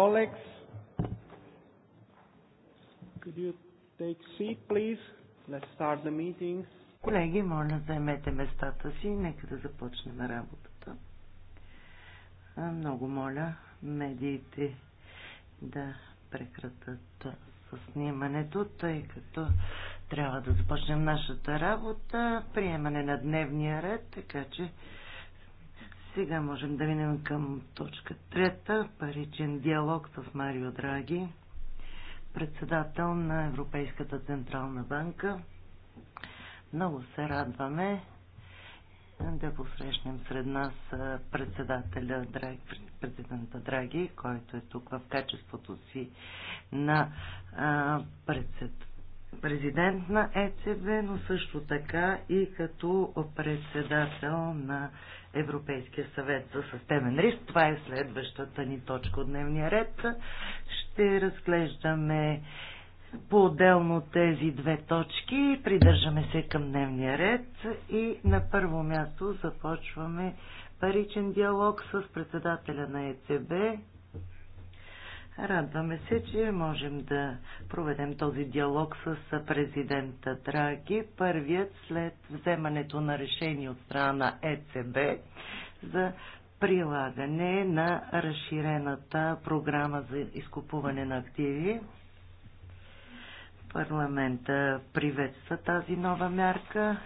colleagues, could you take seat, please? Let's start the meeting. Колеги, моля, заемете местата си. Нека да започнем работата. Много моля медиите да прекратат снимането, тъй като трябва да започнем нашата работа, приемане на дневния ред, така че сега можем да минем към точка трета. Паричен диалог с Марио Драги, председател на Европейската Централна банка. Много се радваме да посрещнем сред нас председателя Драги, президента Драги, който е тук в качеството си на председател президент на ЕЦБ, но също така и като председател на Европейския съвет за системен риск. Това е следващата ни точка от дневния ред. Ще разглеждаме по-отделно тези две точки. Придържаме се към дневния ред и на първо място започваме паричен диалог с председателя на ЕЦБ Радваме се, че можем да проведем този диалог с президента Драги, първият след вземането на решение от страна ЕЦБ за прилагане на разширената програма за изкупуване на активи. Парламента приветства тази нова мярка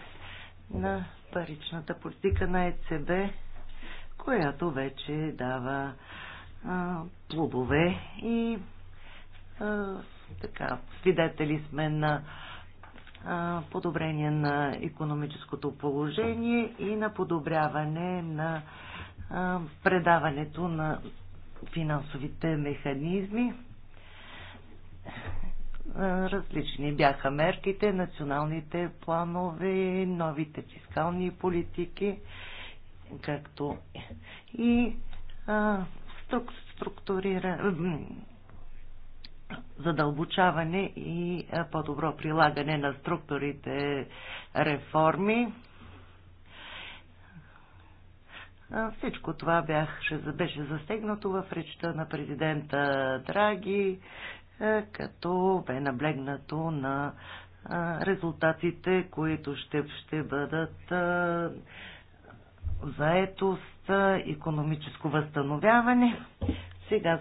на паричната политика на ЕЦБ, която вече дава а, плодове и а, така, свидетели сме на а, подобрение на економическото положение и на подобряване на а, предаването на финансовите механизми. Различни бяха мерките, националните планове, новите фискални политики, както и а, струк, структурира, задълбочаване и по-добро прилагане на структурите реформи. Всичко това бяхше, беше застегнато в речта на президента Драги, като бе наблегнато на резултатите, които ще, ще бъдат заетост, економическо възстановяване. Сега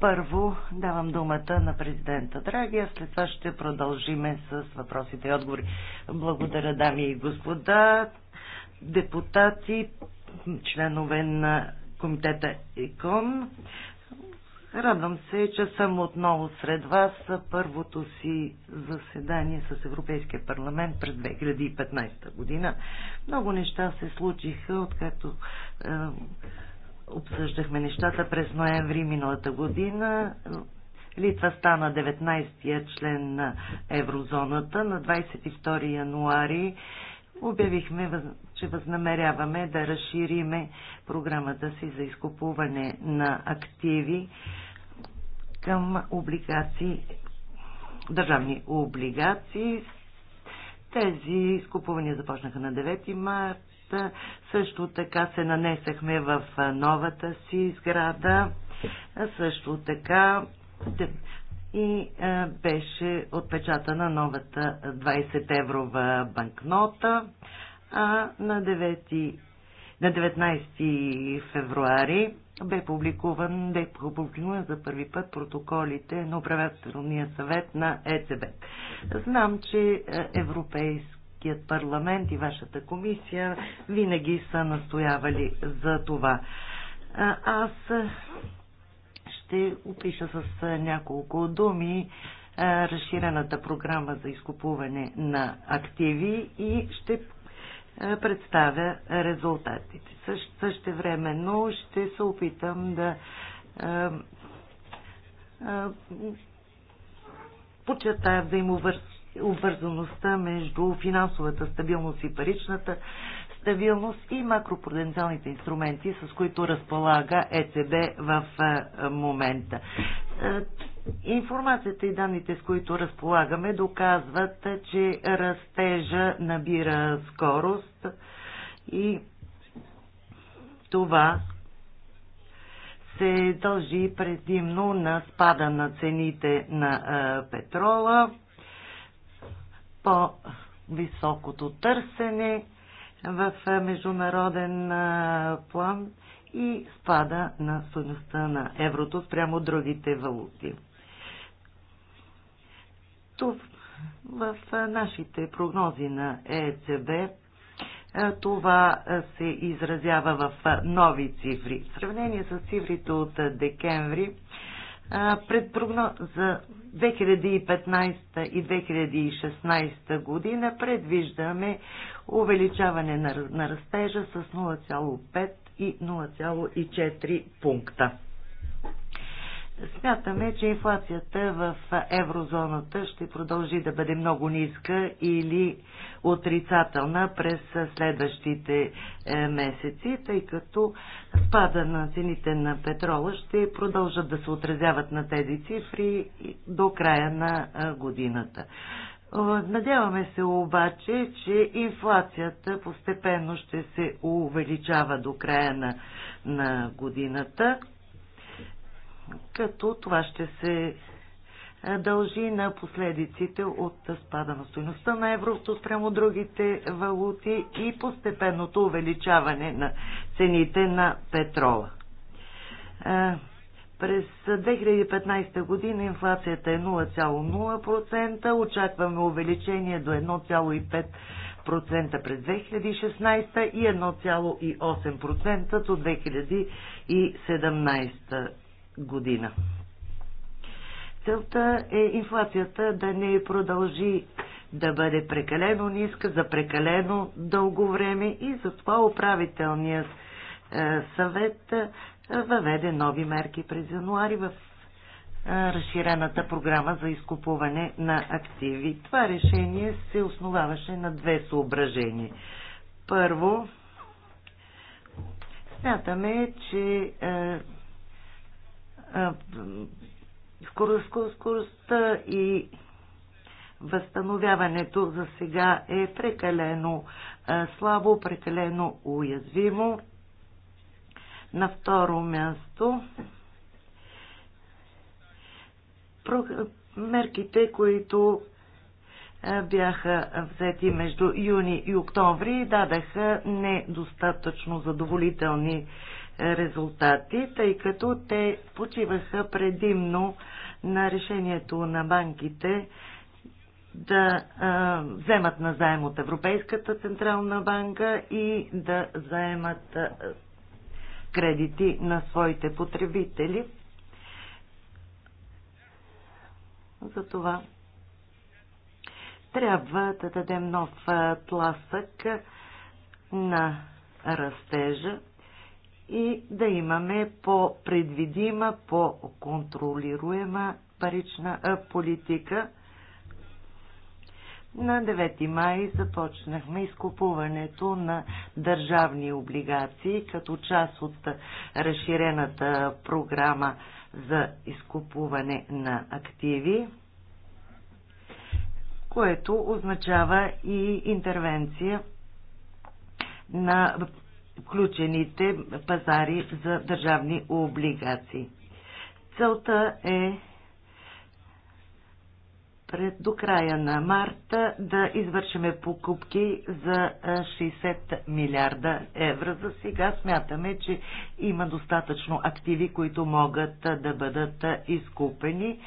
първо давам думата на президента Драги, а след това ще продължиме с въпросите и отговори. Благодаря, дами и господа, депутати, членове на комитета ИКОН. Радвам се, че съм отново сред вас за първото си заседание с Европейския парламент през 2015 година. Много неща се случиха, откакто е, обсъждахме нещата през ноември миналата година. Литва стана 19-я член на еврозоната. На 22 януари обявихме, че възнамеряваме да разшириме програмата си за изкупуване на активи към облигации, държавни облигации. Тези изкупувания започнаха на 9 марта. Също така се нанесахме в новата си сграда. Също така и е, беше отпечатана новата 20-еврова банкнота. А на 9 на 19 февруари бе публикуван, бе публикуван за първи път протоколите на управителния съвет на ЕЦБ. Знам, че е, Европейският парламент и вашата комисия винаги са настоявали за това. Аз е, ще опиша с е, няколко думи разширената програма за изкупуване на активи и ще е, представя резултатите. Също, също но ще се опитам да е, е, почертая а, взаимовързаността между финансовата стабилност и паричната стабилност и макропруденциалните инструменти, с които разполага ЕЦБ в е, момента. Е, информацията и данните, с които разполагаме, доказват, че растежа набира скорост и това се дължи предимно на спада на цените на е, петрола, по-високото търсене в международен план и спада на стоеността на еврото спрямо другите валути. Тук в нашите прогнози на ЕЦБ това се изразява в нови цифри. В сравнение с цифрите от декември, пред прогноз за 2015 и 2016 година предвиждаме увеличаване на, на растежа с 0,5 и 0,4 пункта. Смятаме, че инфлацията в еврозоната ще продължи да бъде много ниска или отрицателна през следващите е, месеци, тъй като спада на цените на петрола ще продължат да се отразяват на тези цифри до края на е, годината. Е, надяваме се обаче, че инфлацията постепенно ще се увеличава до края на, на годината, като това ще се е, дължи на последиците от спада на стоеността на еврото спрямо другите валути и постепенното увеличаване на цените на петрола. Е, през 2015 година инфлацията е 0,0%, очакваме увеличение до 1,5% през 2016 и 1,8% до 2017 година. Целта е инфлацията да не продължи да бъде прекалено ниска за прекалено дълго време и затова управителният е, съвет въведе нови мерки през януари в разширената програма за изкупуване на активи. Това решение се основаваше на две съображения. Първо, смятаме, че скоростта и възстановяването за сега е прекалено слабо, прекалено уязвимо на второ място мерките, които е, бяха взети между юни и октомври и дадаха недостатъчно задоволителни е, резултати, тъй като те почиваха предимно на решението на банките да а, е, вземат назаем от Европейската централна банка и да заемат а, кредити на своите потребители. Затова трябва да дадем нов тласък на растежа и да имаме по-предвидима, по-контролируема парична политика, на 9 май започнахме изкупуването на държавни облигации като част от разширената програма за изкупуване на активи, което означава и интервенция на включените пазари за държавни облигации. Целта е пред до края на марта да извършиме покупки за 60 е, милиарда евро. За сега смятаме, че има достатъчно активи, които могат е, да бъдат е, изкупени.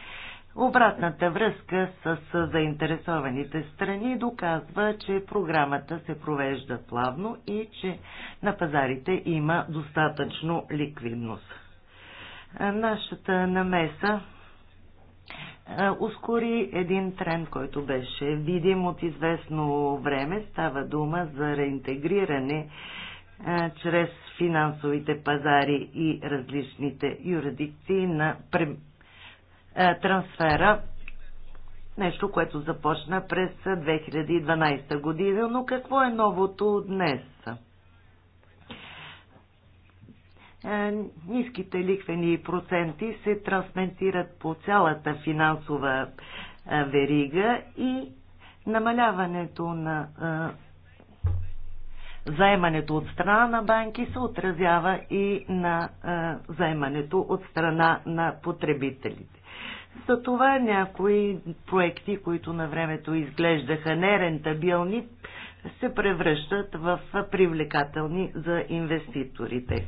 Обратната връзка с заинтересованите страни доказва, че програмата се провежда плавно и че на пазарите има достатъчно ликвидност. Нашата намеса е, ускори един тренд, който беше видим от известно време. Става дума за реинтегриране е, чрез финансовите пазари и различните юрисдикции на е, трансфера нещо, което започна през 2012 година. Но какво е новото днес? Е, ниските ликвени проценти се трансментират по цялата финансова е, верига и намаляването на е, заемането от страна на банки се отразява и на заемането от страна на потребителите. За това някои проекти, които на времето изглеждаха нерентабилни, се превръщат в привлекателни за инвеститорите.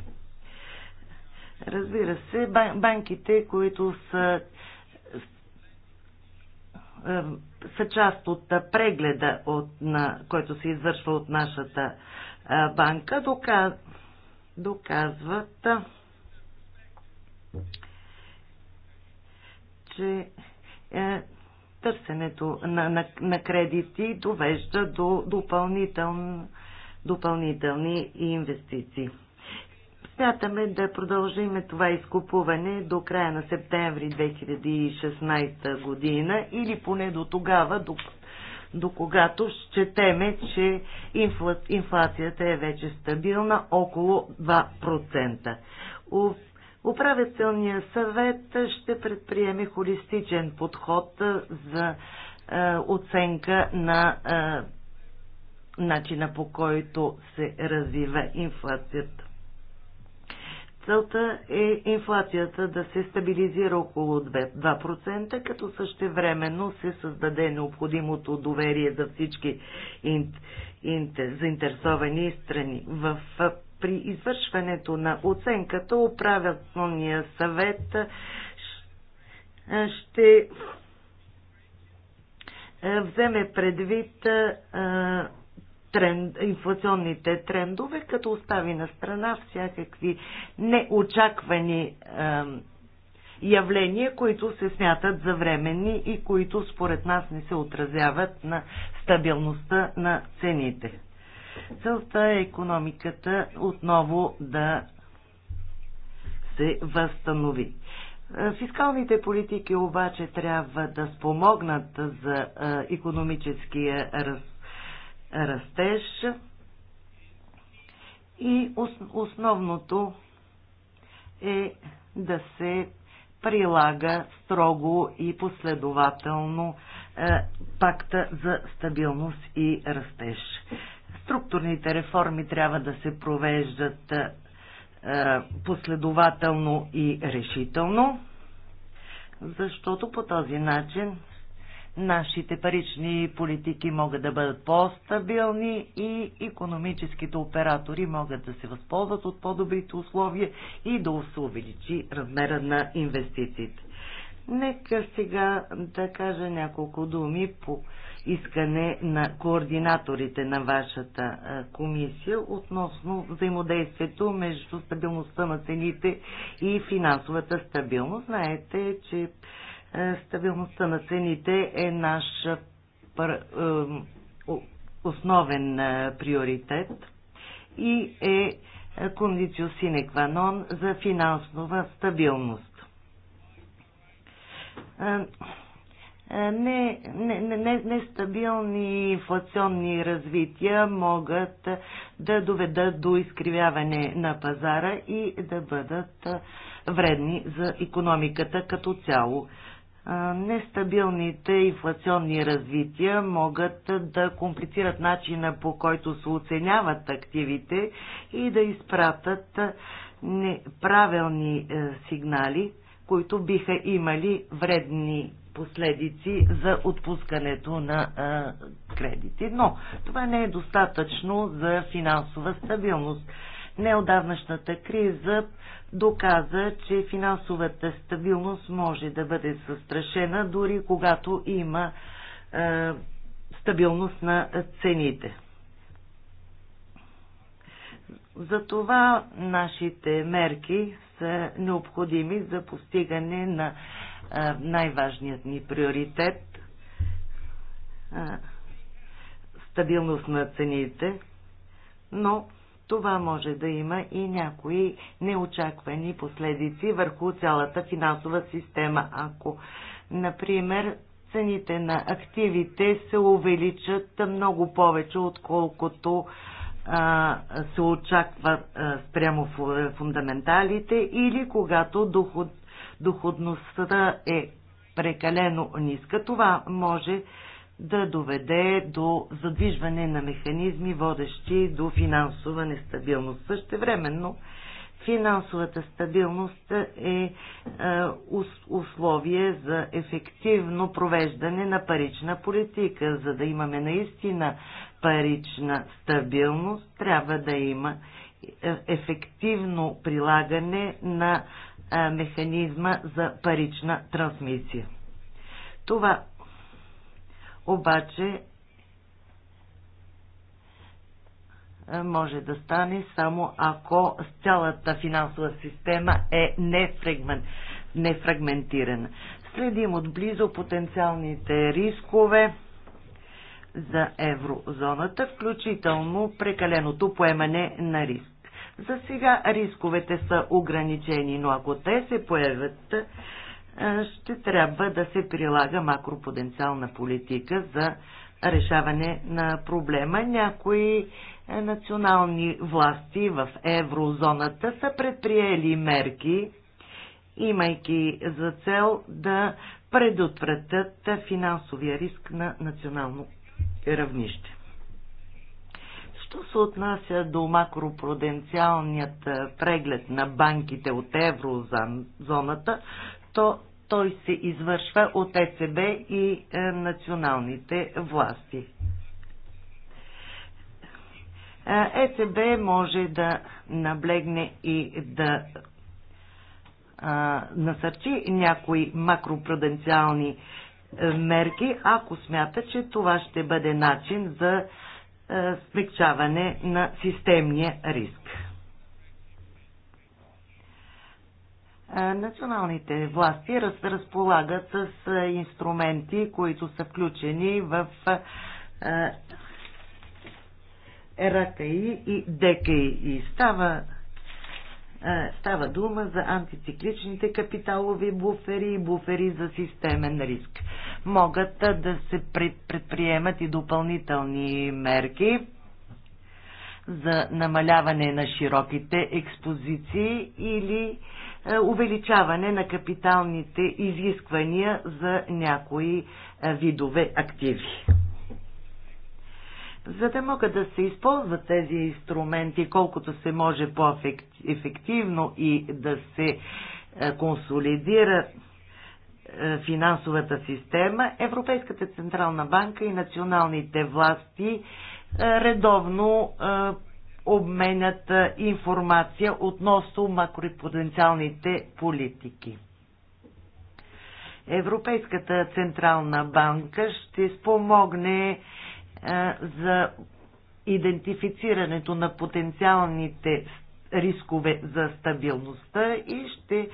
Разбира се, банките, които са е, са част от прегледа, от, на, който се извършва от нашата е, банка, доказ, доказват, че е, търсенето на, на, на кредити довежда до допълнителни инвестиции. Смятаме да продължиме това изкупуване до края на септември 2016 година или поне до тогава, до, до когато счетеме, че инфла, инфлацията е вече стабилна около 2%. Управителният съвет ще предприеме холистичен подход за е, оценка на е, начина по който се развива инфлацията. Целта е инфлацията да се стабилизира около 2%, като същевременно се създаде необходимото доверие за всички заинтересовани страни. В, при извършването на оценката управителния съвет ще вземе предвид тренд, инфлационните трендове, като остави на страна всякакви неочаквани е, явления, които се смятат за временни и които според нас не се отразяват на стабилността на цените. Целта е економиката отново да се възстанови. Е, фискалните политики обаче трябва да спомогнат за економическия раз растеж и основното е да се прилага строго и последователно е, пакта за стабилност и растеж. Структурните реформи трябва да се провеждат е, последователно и решително, защото по този начин нашите парични политики могат да бъдат по-стабилни и економическите оператори могат да се възползват от по-добрите условия и да се увеличи размера на инвестициите. Нека сега да кажа няколко думи по искане на координаторите на вашата комисия относно взаимодействието между стабилността на цените и финансовата стабилност. Знаете, че е, стабилността на цените е наш е, основен е, приоритет и е кондицио синекванон за финансова стабилност. Нестабилни не, не, не инфлационни развития могат да доведат до изкривяване на пазара и да бъдат вредни за економиката като цяло. Нестабилните инфлационни развития могат да комплицират начина по който се оценяват активите и да изпратят неправилни е, сигнали, които биха имали вредни последици за отпускането на а, е, кредити. Но това не е достатъчно за финансова стабилност. Неодавнашната криза доказа, че финансовата стабилност може да бъде застрашена, дори когато има е, стабилност на цените. Затова нашите мерки са необходими за постигане на е, най-важният ни приоритет е, стабилност на цените, но това може да има и някои неочаквани последици върху цялата финансова система. Ако, например, цените на активите се увеличат много повече, отколкото а, се очаква а, спрямо фундаменталите или когато доход, доходността е прекалено ниска, това може да доведе до задвижване на механизми, водещи до финансова нестабилност. времено, финансовата стабилност е, е условие за ефективно провеждане на парична политика. За да имаме наистина парична стабилност, трябва да има е, ефективно прилагане на е, механизма за парична трансмисия. Това обаче е, може да стане само ако цялата финансова система е нефрагментирана. Следим отблизо потенциалните рискове за еврозоната, включително прекаленото поемане на риск. За сега рисковете са ограничени, но ако те се появят, е, ще трябва да се прилага макропотенциална политика за решаване на проблема. Някои е, национални власти в еврозоната са предприели мерки, имайки за цел да предотвратят финансовия риск на национално равнище. Що се отнася до макропруденциалният е, преглед на банките от еврозоната, то той се извършва от ЕЦБ и е, националните власти. Е, ЕЦБ може да наблегне и да а, е, насърчи някои макропруденциални е, мерки, ако смята, че това ще бъде начин за а, смягчаване на системния риск. Националните власти разполагат с инструменти, които са включени в е, РКИ и ДКИ. И става, става дума за антицикличните капиталови буфери и буфери за системен риск. Могат да се предприемат и допълнителни мерки за намаляване на широките експозиции или е, увеличаване на капиталните изисквания за някои е, видове активи. За да могат да се използват тези инструменти колкото се може по-ефективно и да се е, консолидира финансовата система, Европейската централна банка и националните власти редовно обменят информация относно макропотенциалните политики. Европейската централна банка ще спомогне за идентифицирането на потенциалните рискове за стабилността и ще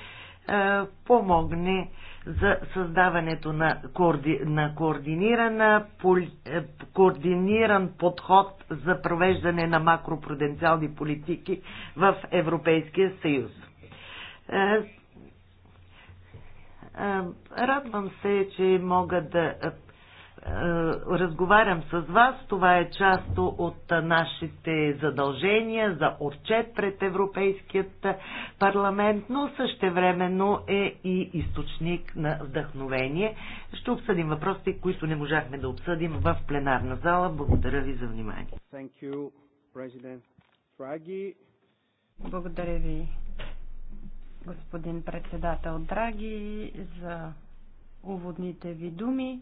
помогне за създаването на, коорди, на координирана, поли, е, координиран подход за провеждане на макропруденциални политики в Европейския съюз. Е, е, радвам се, че мога да е, разговарям с вас. Това е част от е, нашите задължения за отчет пред Европейският парламент, но същевременно е и източник на вдъхновение. Ще обсъдим въпросите, които не можахме да обсъдим в пленарна зала. Благодаря ви за внимание. Благодаря ви, господин председател Драги, за уводните ви думи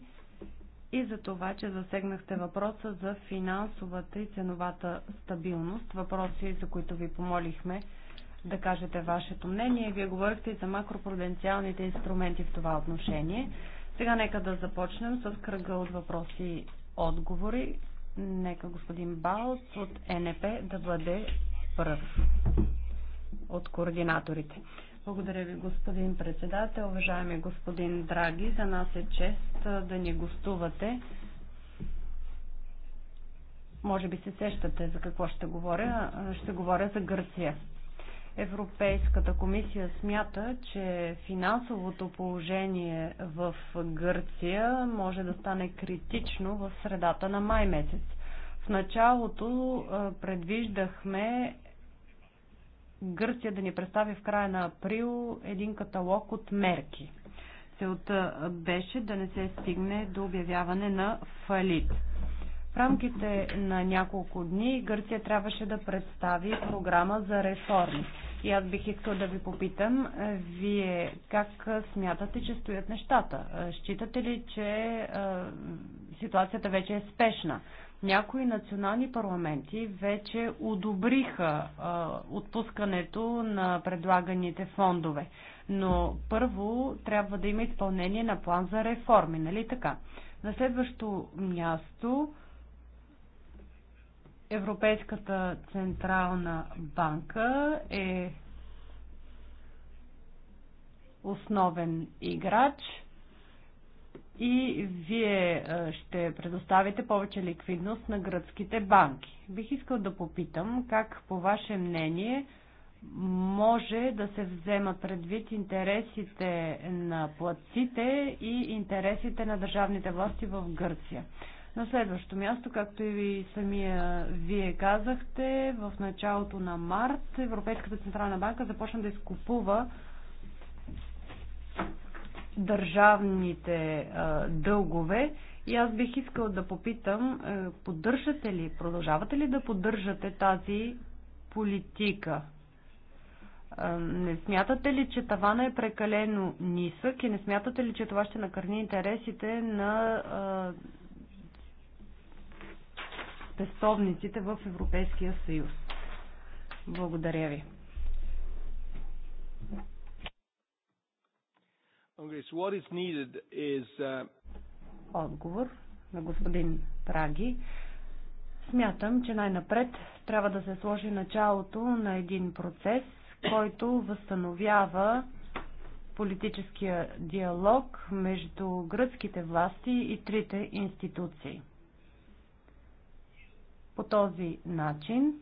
и за това, че засегнахте въпроса за финансовата и ценовата стабилност. Въпроси, за които ви помолихме да кажете вашето мнение. Вие говорихте и за макропруденциалните инструменти в това отношение. Сега нека да започнем с кръга от въпроси и отговори. Нека господин Баус от НП да бъде пръв от координаторите. Благодаря ви, господин председател. Уважаеми господин Драги, за нас е чест да ни гостувате. Може би се сещате за какво ще говоря. Ще говоря за Гърция. Европейската комисия смята, че финансовото положение в Гърция може да стане критично в средата на май месец. В началото предвиждахме Гърция да ни представи в края на април един каталог от мерки. Целта беше да не се стигне до обявяване на фалит. В рамките на няколко дни Гърция трябваше да представи програма за реформи. И аз бих искал да ви попитам, вие как смятате, че стоят нещата? Считате ли, че ситуацията вече е спешна? Някои национални парламенти вече одобриха а, отпускането на предлаганите фондове, но първо трябва да има изпълнение на план за реформи, нали така? На следващо място Европейската централна банка е основен играч – и вие ще предоставите повече ликвидност на гръцките банки. Бих искал да попитам как по ваше мнение може да се вземат предвид интересите на платците и интересите на държавните власти в Гърция. На следващо място, както и самия вие казахте, в началото на март Европейската централна банка започна да изкупува държавните а, дългове и аз бих искал да попитам, а, поддържате ли, продължавате ли да поддържате тази политика? А, не смятате ли, че тавана е прекалено нисък и не смятате ли, че това ще накърни интересите на а, спестовниците в Европейския съюз? Благодаря ви. Uh, Отговор на господин Праги. Смятам, че най-напред трябва да се сложи началото на един процес, който възстановява политическия диалог между гръцките власти и трите институции. По този начин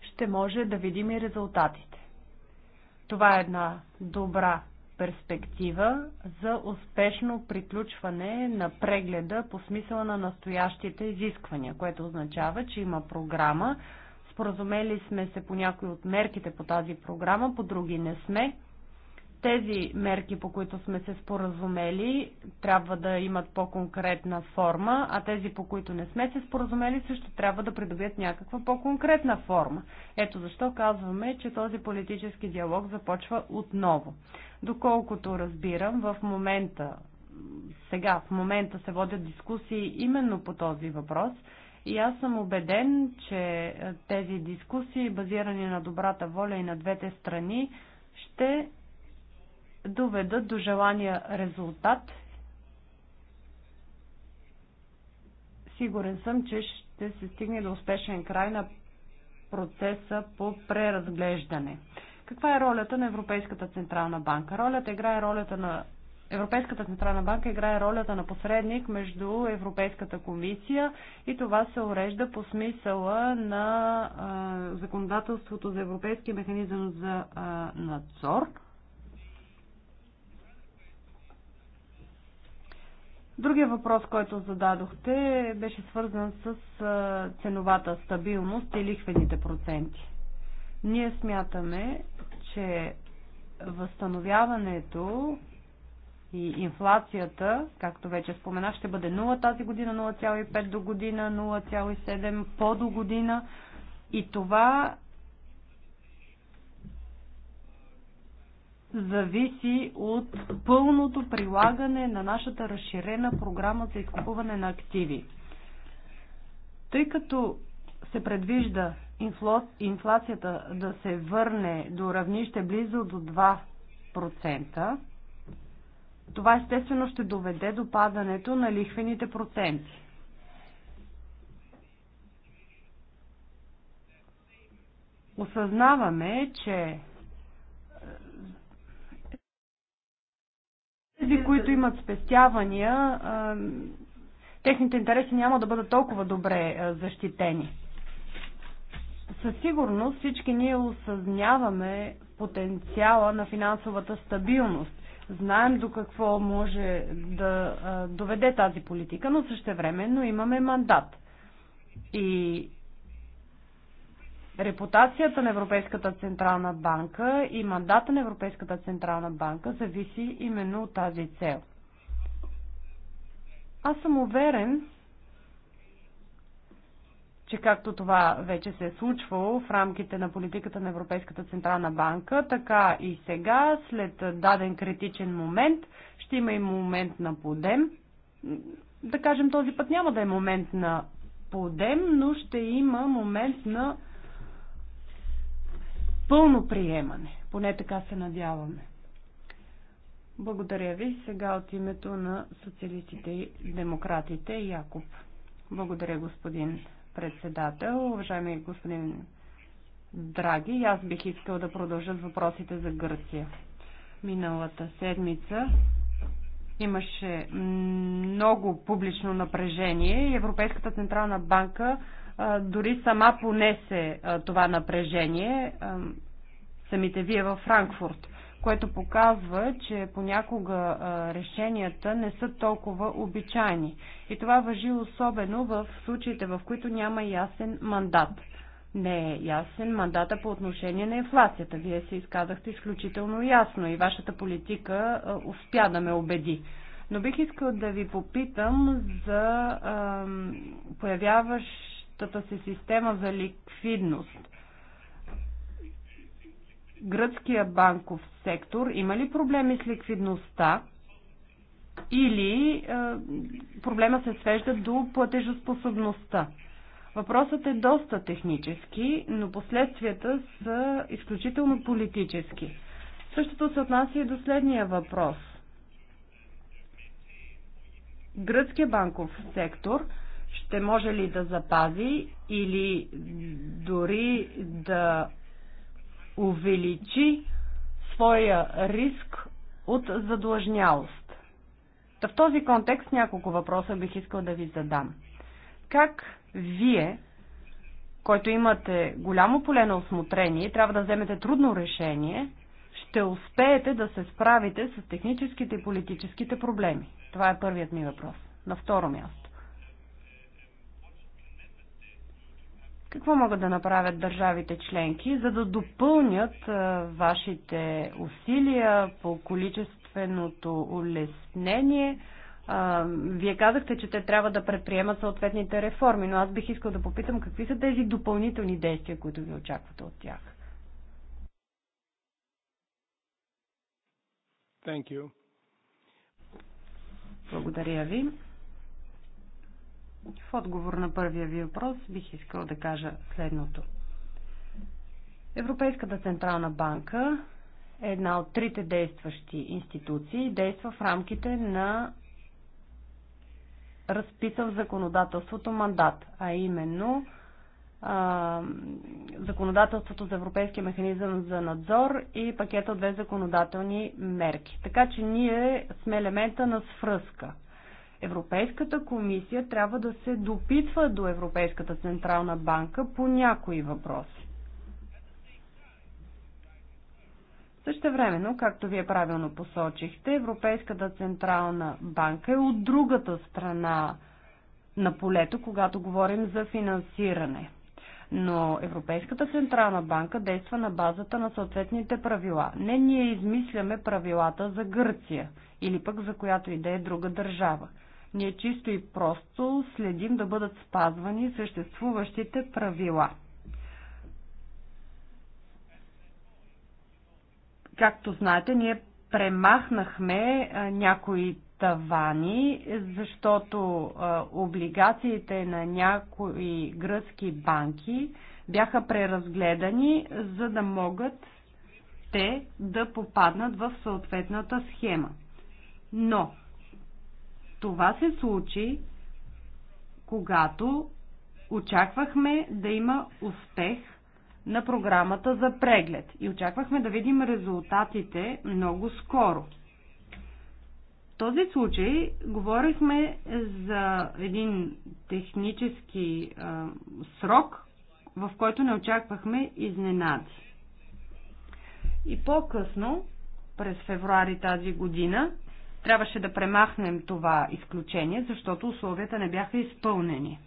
ще може да видим и резултатите. Това е една добра перспектива за успешно приключване на прегледа по смисъла на настоящите изисквания, което означава, че има програма. Споразумели сме се по някои от мерките по тази програма, по други не сме тези мерки, по които сме се споразумели, трябва да имат по-конкретна форма, а тези, по които не сме се споразумели, също трябва да придобият някаква по-конкретна форма. Ето защо казваме, че този политически диалог започва отново. Доколкото разбирам, в момента, сега, в момента се водят дискусии именно по този въпрос – и аз съм убеден, че тези дискусии, базирани на добрата воля и на двете страни, ще доведат до желания резултат. Сигурен съм, че ще се стигне до успешен край на процеса по преразглеждане. Каква е ролята на Европейската Централна банка? Ролята играе ролята на Европейската Централна банка играе ролята на посредник между Европейската комисия и това се урежда по смисъла на а, законодателството за Европейския механизъм за а, надзор – Другия въпрос, който зададохте, беше свързан с ценовата стабилност и лихвените проценти. Ние смятаме, че възстановяването и инфлацията, както вече споменах, ще бъде 0 тази година, 0,5 до година, 0,7 по до година. И това зависи от пълното прилагане на нашата разширена програма за изкупуване на активи. Тъй като се предвижда инфлацията да се върне до равнище близо до 2%, това естествено ще доведе до падането на лихвените проценти. Осъзнаваме, че Тези, които имат спестявания, техните интереси няма да бъдат толкова добре защитени. Със сигурност всички ние осъзнаваме потенциала на финансовата стабилност. Знаем до какво може да доведе тази политика, но същевременно имаме мандат. И Репутацията на Европейската Централна банка и мандата на Европейската Централна банка зависи именно от тази цел. Аз съм уверен, че както това вече се е случвало в рамките на политиката на Европейската Централна банка, така и сега, след даден критичен момент, ще има и момент на подем. Да кажем, този път няма да е момент на подем, но ще има момент на пълно приемане. Поне така се надяваме. Благодаря ви. Сега от името на социалистите и демократите Якоб. Благодаря, господин председател. Уважаеми господин Драги, аз бих искал да продължа с въпросите за Гърция. Миналата седмица имаше много публично напрежение и Европейската централна банка дори сама понесе това напрежение, самите вие във Франкфурт, което показва, че понякога решенията не са толкова обичайни. И това въжи особено в случаите, в които няма ясен мандат. Не е ясен мандата по отношение на инфлацията. Вие се изказахте изключително ясно и вашата политика успя да ме убеди. Но бих искал да ви попитам за появяващ настоящата си система за ликвидност. Гръцкия банков сектор има ли проблеми с ликвидността или е, проблема се свежда до платежоспособността? Въпросът е доста технически, но последствията са изключително политически. Същото се отнася и до следния въпрос. Гръцкия банков сектор – ще може ли да запази или дори да увеличи своя риск от задлъжнялост. Та в този контекст няколко въпроса бих искал да ви задам. Как вие, който имате голямо поле на осмотрение, трябва да вземете трудно решение, ще успеете да се справите с техническите и политическите проблеми? Това е първият ми въпрос. На второ място. Какво могат да направят държавите членки, за да допълнят вашите усилия по количественото улеснение? Вие казахте, че те трябва да предприемат съответните реформи, но аз бих искал да попитам какви са тези допълнителни действия, които ви очаквате от тях. Thank you. Благодаря ви. В отговор на първия ви въпрос бих искал да кажа следното. Европейската централна банка е една от трите действащи институции и действа в рамките на разписан в законодателството мандат, а именно а, законодателството за Европейския механизъм за надзор и пакета от две законодателни мерки. Така че ние сме елемента на свръзка Европейската комисия трябва да се допитва до Европейската централна банка по някои въпроси. времено, както вие правилно посочихте, Европейската централна банка е от другата страна на полето, когато говорим за финансиране. Но Европейската централна банка действа на базата на съответните правила. Не ние измисляме правилата за Гърция или пък за която и да е друга държава. Ние чисто и просто следим да бъдат спазвани съществуващите правила. Както знаете, ние премахнахме някои тавани, защото облигациите на някои гръцки банки бяха преразгледани, за да могат те да попаднат в съответната схема. Но това се случи, когато очаквахме да има успех на програмата за преглед и очаквахме да видим резултатите много скоро. В този случай говорихме за един технически а, срок, в който не очаквахме изненади. И по-късно, през февруари тази година, Трябваше да премахнем това изключение, защото условията не бяха изпълнени.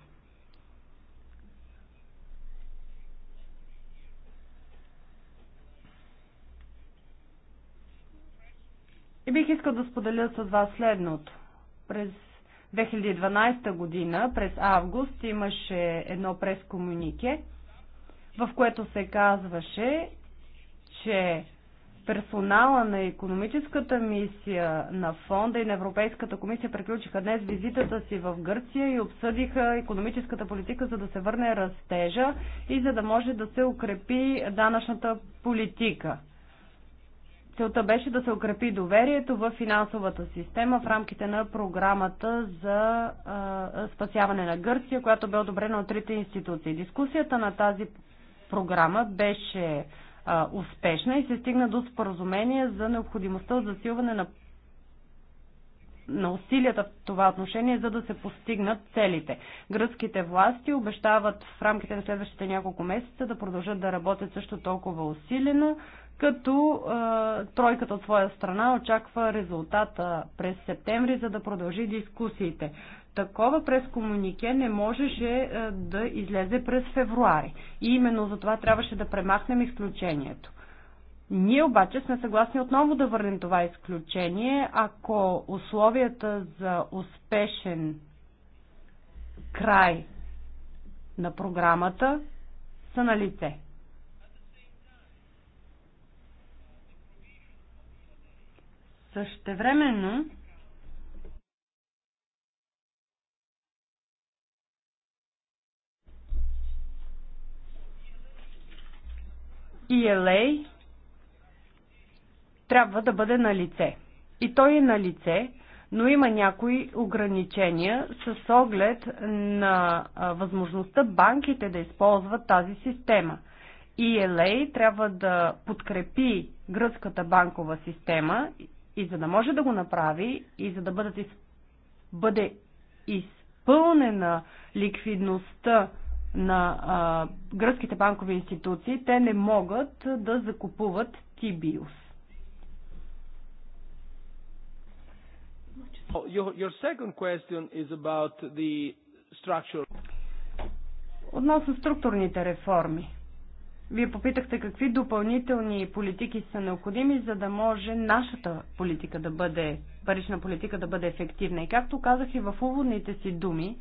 И бих искал да споделя с вас следното. През 2012 година, през август, имаше едно прескомунике, в което се казваше, че персонала на економическата мисия на фонда и на Европейската комисия приключиха днес визитата си в Гърция и обсъдиха економическата политика, за да се върне растежа и за да може да се укрепи данъчната политика. Целта беше да се укрепи доверието в финансовата система в рамките на програмата за а, спасяване на Гърция, която бе одобрена от трите институции. Дискусията на тази програма беше а, успешна и се стигна до споразумение за необходимостта от засилване на, на усилията в това отношение, за да се постигнат целите. Гръцките власти обещават в рамките на следващите няколко месеца да продължат да работят също толкова усилено, като а, тройката от своя страна очаква резултата през септември, за да продължи дискусиите такова през комунике не можеше е, да излезе през февруари. И именно за това трябваше да премахнем изключението. Ние обаче сме съгласни отново да върнем това изключение, ако условията за успешен край на програмата са на лице. Същевременно, ELA трябва да бъде на лице. И той е на лице, но има някои ограничения с оглед на възможността банките да използват тази система. ELA трябва да подкрепи гръцката банкова система и за да може да го направи и за да бъде изпълнена ликвидността на а, гръцките банкови институции, те не могат да закупуват Тибиус. Your, your second question is about the structure. Относно структурните реформи. Вие попитахте какви допълнителни политики са необходими, за да може нашата политика да бъде, парична политика да бъде ефективна. И както казах и в уводните си думи,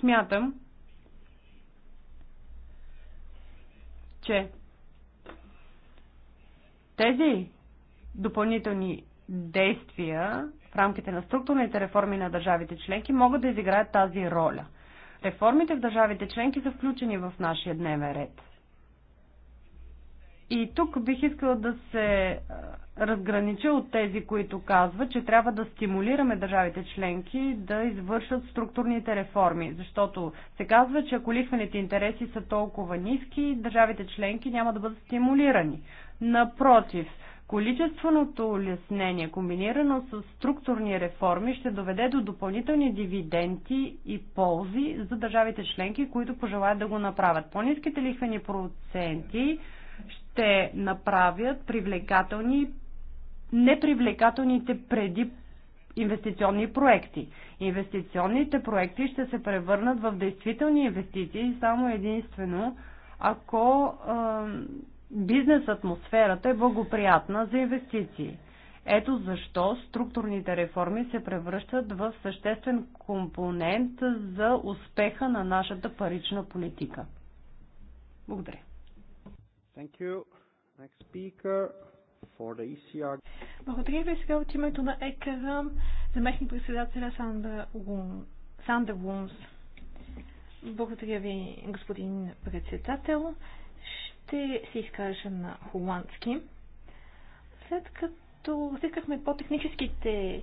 Смятам, че тези допълнителни действия в рамките на структурните реформи на държавите членки могат да изиграят тази роля. Реформите в държавите членки са включени в нашия дневен ред – и тук бих искала да се е, разгранича от тези, които казват, че трябва да стимулираме държавите членки да извършат структурните реформи, защото се казва, че ако лихвените интереси са толкова ниски, държавите членки няма да бъдат стимулирани. Напротив, количественото улеснение, комбинирано с структурни реформи, ще доведе до допълнителни дивиденти и ползи за държавите членки, които пожелаят да го направят. По-низките лихвени проценти ще направят привлекателни непривлекателните преди инвестиционни проекти. Инвестиционните проекти ще се превърнат в действителни инвестиции само единствено, ако е, бизнес атмосферата е благоприятна за инвестиции. Ето защо структурните реформи се превръщат в съществен компонент за успеха на нашата парична политика. Благодаря. Thank you. Next speaker for the ECR. Благодаря ви сега от името на ЕКР, заместник председателя Сандър Лунс. Благодаря ви, господин председател. Ще се изкажа на холандски. След като разискахме по-техническите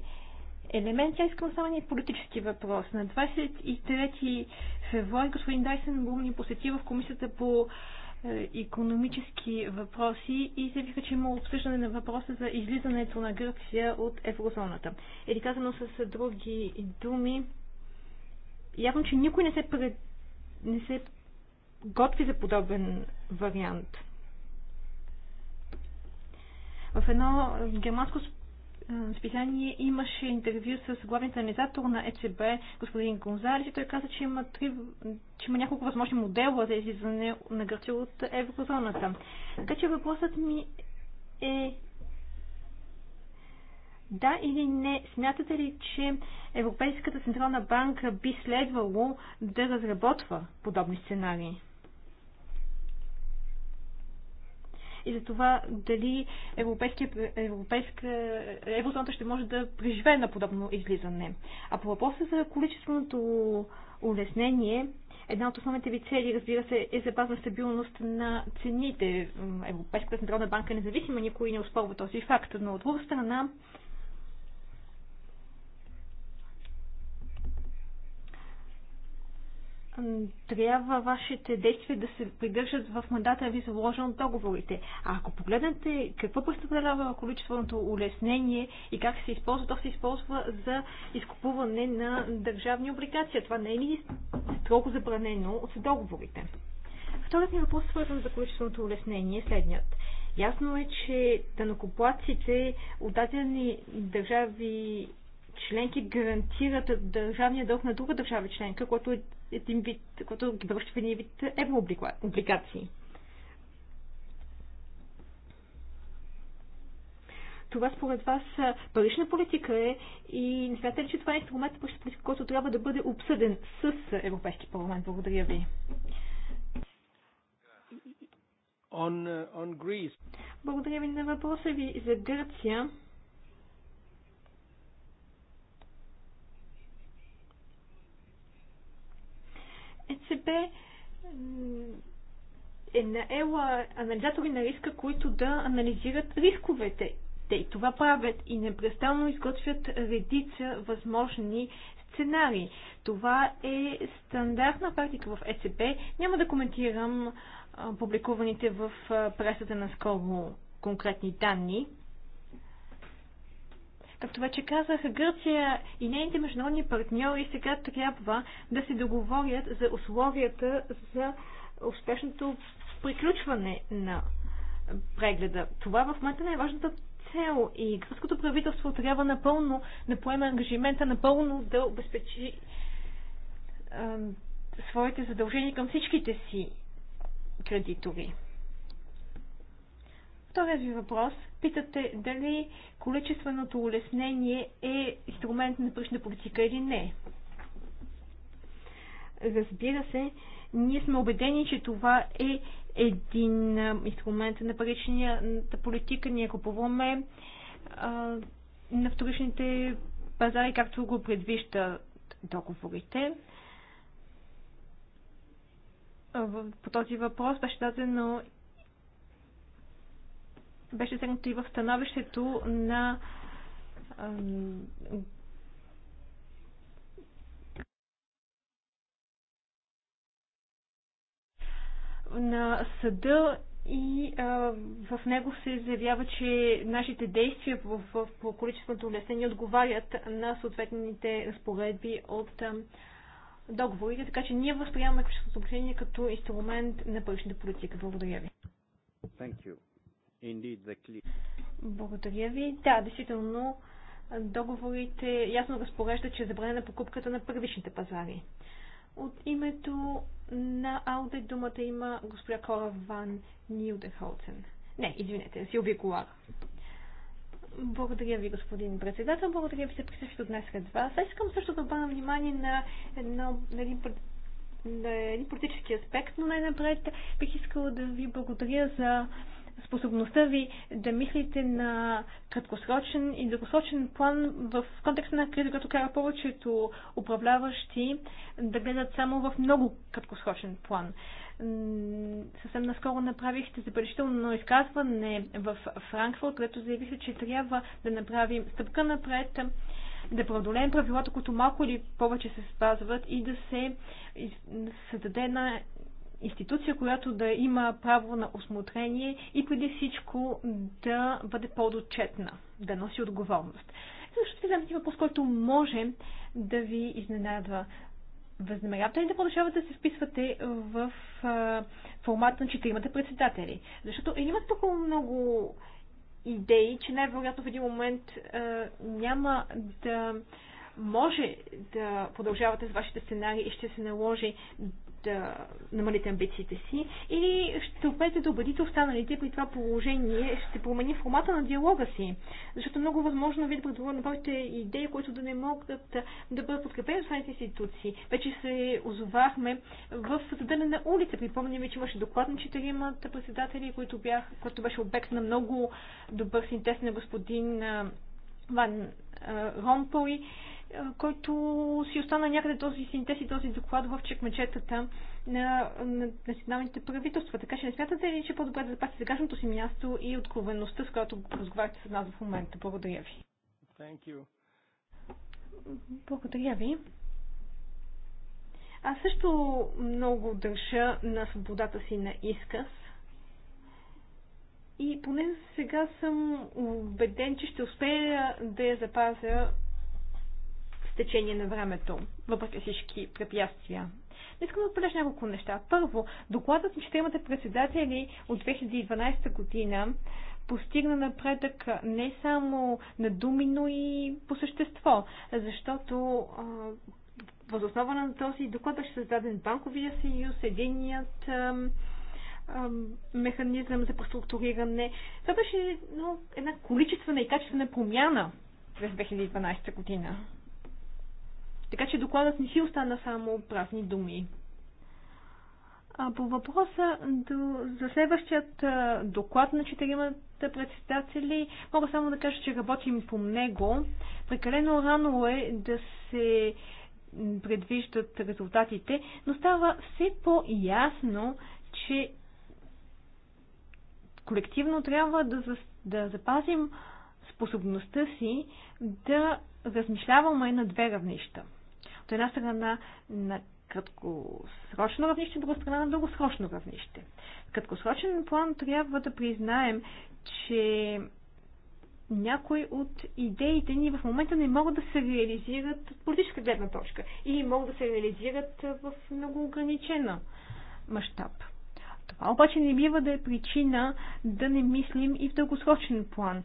елементи, аз искам само един политически въпрос. На 23 февруари господин Дайсен Бум ни посети в комисията по економически въпроси и се заявиха, че има обсъждане на въпроса за излизането на Гърция от еврозоната. Или е, казано с други думи, явно, че никой не се, пред... не се готви за подобен вариант. В едно германско списание имаше интервю с главният анализатор на ЕЦБ, господин Гонзалес, и той каза, че има, три, че има няколко възможни модела за излизане на Гърция от еврозоната. Така че въпросът ми е да или не, смятате ли, че Европейската Централна банка би следвало да разработва подобни сценарии? и за това дали европейска, еврозоната ще може да преживее на подобно излизане. А по въпроса за количественото улеснение, една от основните ви цели, разбира се, е запазна стабилност на цените. Европейската централна банка е независима, никой не успорва този факт, но от друга страна трябва вашите действия да се придържат в мандата ви заложен от договорите. А ако погледнете какво представлява количественото улеснение и как се използва, то се използва за изкупуване на държавни облигации. Това не е ли строго забранено от договорите? Вторият ми въпрос, свързан за количественото улеснение, е следният. Ясно е, че данокоплаците от дадени държави членки гарантират държавния дълг на друга държава членка, което е един вид, който ги превръща в един вид еврооблигации. Това според вас е парична политика е и не смятате ли, че това е инструмент който трябва да бъде обсъден с Европейски парламент? Благодаря ви. On, uh, on Greece. Благодаря ви на въпроса ви за Гърция. ЕЦБ е наела анализатори на риска, които да анализират рисковете. Те и това правят и непрестанно изготвят редица възможни сценарии. Това е стандартна практика в ЕЦБ. Няма да коментирам публикуваните в пресата на скоро конкретни данни. Както вече казах, Гърция и нейните международни партньори сега трябва да се договорят за условията за успешното приключване на прегледа. Това в момента не е важната цел и гръцкото правителство трябва напълно да поеме ангажимента, напълно да обезпечи своите задължения към всичките си кредитори. Вторият ви въпрос. Питате дали количественото улеснение е инструмент на пръщна политика или не. Разбира се, ние сме убедени, че това е един инструмент на паричната политика. Ние купуваме а, на вторичните пазари, както го предвижда договорите. По този въпрос беше дадено беше засегнато и в становището на на съда и а, в него се заявява, че нашите действия в, в, по количественото улеснение отговарят на съответните разпоредби от а, договорите, така че ние възприемаме количественото улеснение като инструмент на паричната политика. Благодаря ви. Thank you. Благодаря ви. Да, действително, договорите ясно разпорежда, че е забранена покупката на първичните пазари. От името на Ауде думата има госпожа Кора Ван Нилдехолцен. Не, извинете, си Колар. Благодаря ви, господин председател. Благодаря ви се присъщите днес след вас. Аз искам също да обърна внимание на, едно, на един на един политически аспект, но най-напред бих искала да ви благодаря за способността ви да мислите на краткосрочен и дългосрочен план в контекста на криза, като кара повечето управляващи да гледат само в много краткосрочен план. Съвсем наскоро направихте забележително изказване в Франкфурт, където заявихте, че трябва да направим стъпка напред, да преодолеем правилата, които малко или повече се спазват и да се създаде една институция, която да има право на осмотрение и преди всичко да бъде по-дочетна, да носи отговорност. Също ще задам въпрос, който може да ви изненадва. Възнамерявате ли да продължавате да се вписвате в а, формата на четиримата председатели? Защото има толкова много идеи, че най-вероятно в един момент а, няма да може да продължавате с вашите сценарии и ще се наложи да намалите амбициите си И ще опитате да убедите останалите при това положение, ще промени формата на диалога си. Защото е много възможно ви да предложите идеи, които да не могат да, да бъдат подкрепени от останалите институции. Вече се озовахме в създадена на улица. Припомняме, че имаше доклад на четиримата председатели, които бях, който беше обект на много добър синтез на господин Ван Ромпой. Uh, който си остана някъде този синтез и този доклад в чекмечетата на, на националните правителства. Така че не смятате ли, че е по-добре да запасите сегашното си място и откровеността, с която разговаряте с нас в момента? Благодаря ви. Thank you. Благодаря ви. Аз също много държа на свободата си на изказ. И поне сега съм убеден, че ще успея да я запазя течение на времето, въпреки всички препятствия. Не искам да отбележа няколко неща. Първо, докладът на четиримата председатели от 2012 година постигна напредък не само на думи, но и по същество, защото възоснова на този доклад беше създаден Банковия съюз, единият механизъм за преструктуриране. Това беше ну, една количествена и качествена промяна през 2012 година. Така че докладът не си остана само празни думи. А по въпроса до, за следващият доклад на четиримата председатели, мога само да кажа, че работим по него. Прекалено рано е да се предвиждат резултатите, но става все по-ясно, че колективно трябва да, за, да запазим способността си да размишляваме на две равнища една страна на краткосрочно равнище, от друга страна на дългосрочно равнище. В краткосрочен план трябва да признаем, че някои от идеите ни в момента не могат да се реализират от политическа гледна точка или могат да се реализират в много ограничена мащаб. Това обаче не бива да е причина да не мислим и в дългосрочен план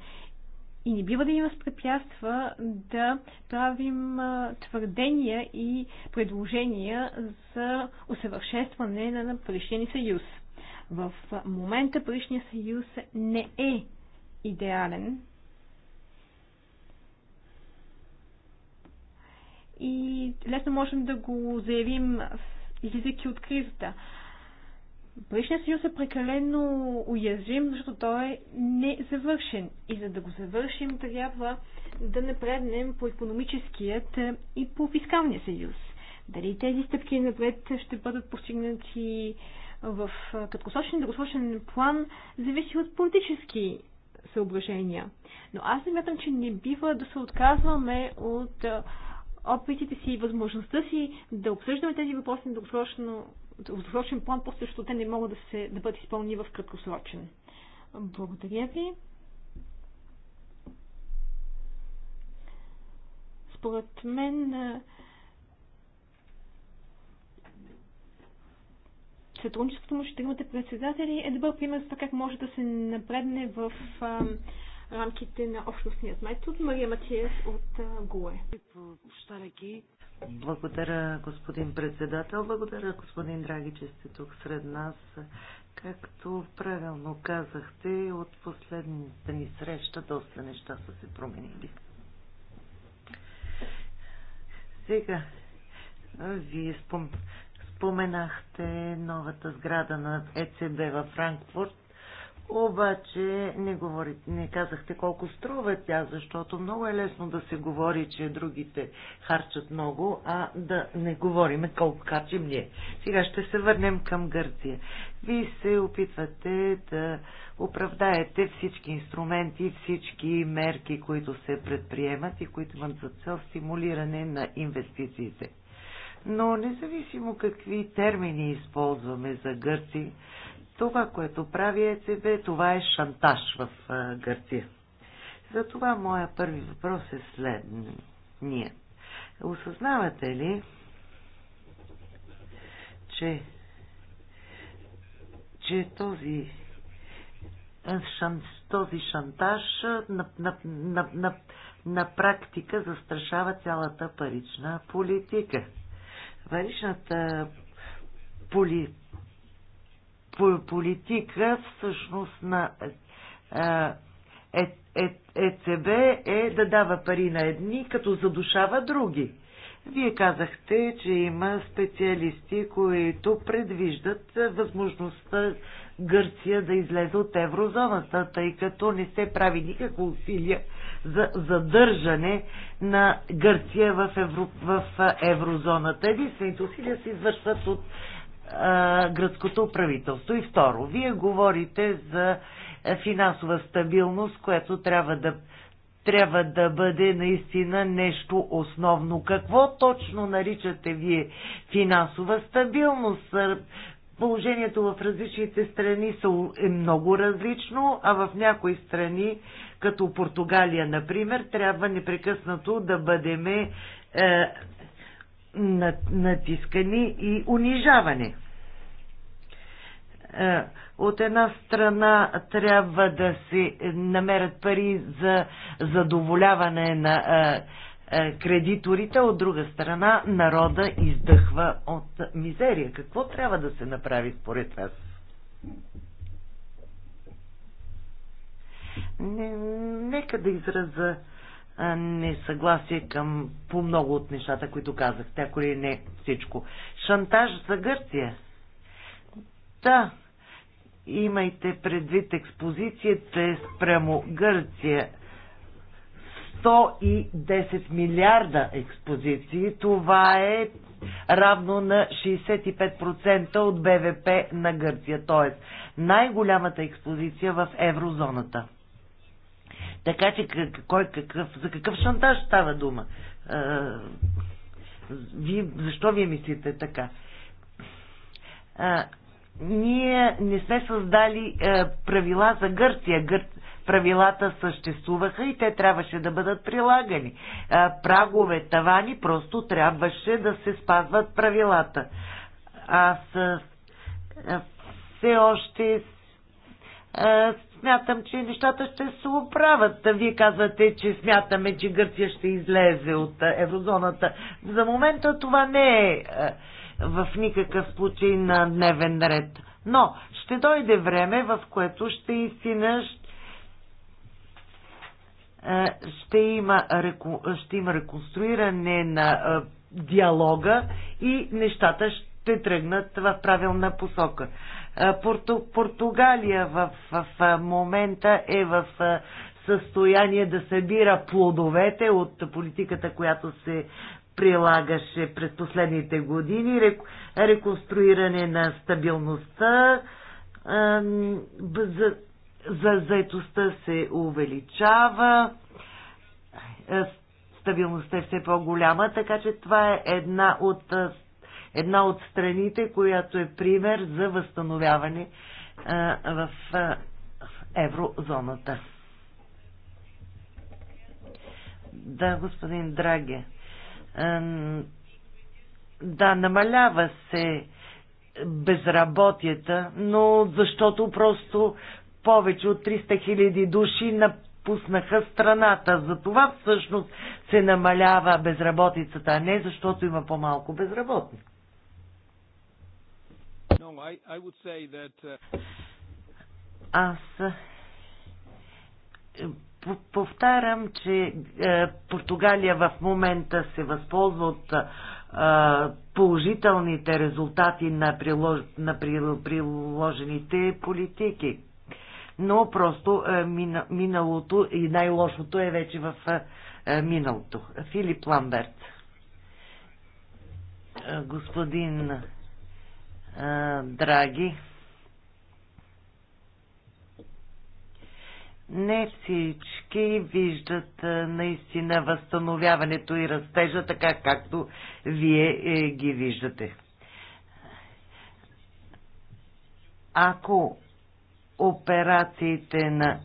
и не бива да ни възпрепятства да правим твърдения и предложения за усъвършенстване на Парижния ни съюз. В момента Парижния съюз не е идеален. И лесно можем да го заявим излизайки от кризата. Бъдещия съюз е прекалено уязвим, защото той е незавършен. И за да го завършим, трябва да напреднем по економическият е, и по фискалния съюз. Дали тези стъпки напред ще бъдат постигнати в е, краткосрочен и дългосрочен план, зависи от политически съображения. Но аз не мятам, че не бива да се отказваме от е, опитите си и възможността си да обсъждаме тези въпроси на дългосрочно дългосрочен план, просто защото те не могат да, се, да бъдат изпълни в краткосрочен. Благодаря ви. Според мен сътрудничеството му ще имате председатели е добър пример за това как може да се напредне в рамките на общностният метод. Мария Матиев от ГУЕ. Благодаря, господин председател. Благодаря, господин Драги, че сте тук сред нас. Както правилно казахте, от последната ни среща доста неща са се променили. Сега, вие спом... споменахте новата сграда на ЕЦБ във Франкфурт обаче не, говори, не казахте колко струва тя, защото много е лесно да се говори, че другите харчат много, а да не говориме колко харчим ние. Сега ще се върнем към Гърция. Вие се опитвате да оправдаете всички инструменти, всички мерки, които се предприемат и които имат за цел стимулиране на инвестициите. Но независимо какви термини използваме за Гърци, това, което прави ЕЦБ, това е шантаж в Гърция. Затова моя първи въпрос е следния. Осъзнавате ли, че, че този, шан, този шантаж на, на, на, на, на практика застрашава цялата парична политика? Паричната политика политика всъщност на е, е, ЕЦБ е да дава пари на едни, като задушава други. Вие казахте, че има специалисти, които предвиждат възможността Гърция да излезе от еврозоната, тъй като не се прави никакво усилие за задържане на Гърция в, евро, в еврозоната. Единствените усилия се извършват от градското гръцкото правителство. И второ, вие говорите за е, финансова стабилност, което трябва да, трябва да бъде наистина нещо основно. Какво точно наричате вие финансова стабилност? Положението в различните страни е много различно, а в някои страни, като Португалия, например, трябва непрекъснато да бъдеме е, натискани и унижавани. Е, от една страна трябва да се намерят пари за задоволяване на е, е, кредиторите, от друга страна народа издъхва от мизерия. Какво трябва да се направи според вас? Не, нека да израза несъгласие към по много от нещата, които казах. ако ли не всичко. Шантаж за Гърция. Да, имайте предвид експозицията спрямо Гърция. 110 милиарда експозиции. Това е равно на 65% от БВП на Гърция, т.е. най-голямата експозиция в еврозоната. Така че кой, какъв, за какъв шантаж става дума? А, ви, защо вие мислите така? А, ние не сме създали а, правила за Гърция. Гър... Правилата съществуваха и те трябваше да бъдат прилагани. А, прагове, тавани, просто трябваше да се спазват правилата. Аз а, все още смятам, че нещата ще се оправят. Вие казвате, че смятаме, че Гърция ще излезе от еврозоната. За момента това не е в никакъв случай на дневен ред. Но ще дойде време, в което ще истина ще има, ще има реконструиране на диалога и нещата ще тръгнат в правилна посока. Порту, Португалия в, в, в момента е в състояние да събира плодовете от политиката, която се прилагаше през последните години, реконструиране на стабилността, за, за заетостта се увеличава, стабилността е все по-голяма, така че това е една от една от страните, която е пример за възстановяване а, в а, еврозоната. Да, господин Драге. А, да, намалява се безработията, но защото просто повече от 300 хиляди души напуснаха страната. За това всъщност се намалява безработицата, а не защото има по-малко безработни. Uh, Аз е, повтарям, че е, Португалия в момента се възползва от е, положителните резултати на, прилож... на приложените политики. Но просто миналото и най-лошото е вече в миналото. Филип Ламберт. Господин Драги. Не всички виждат наистина възстановяването и растежа така, както вие е, ги виждате. Ако операциите на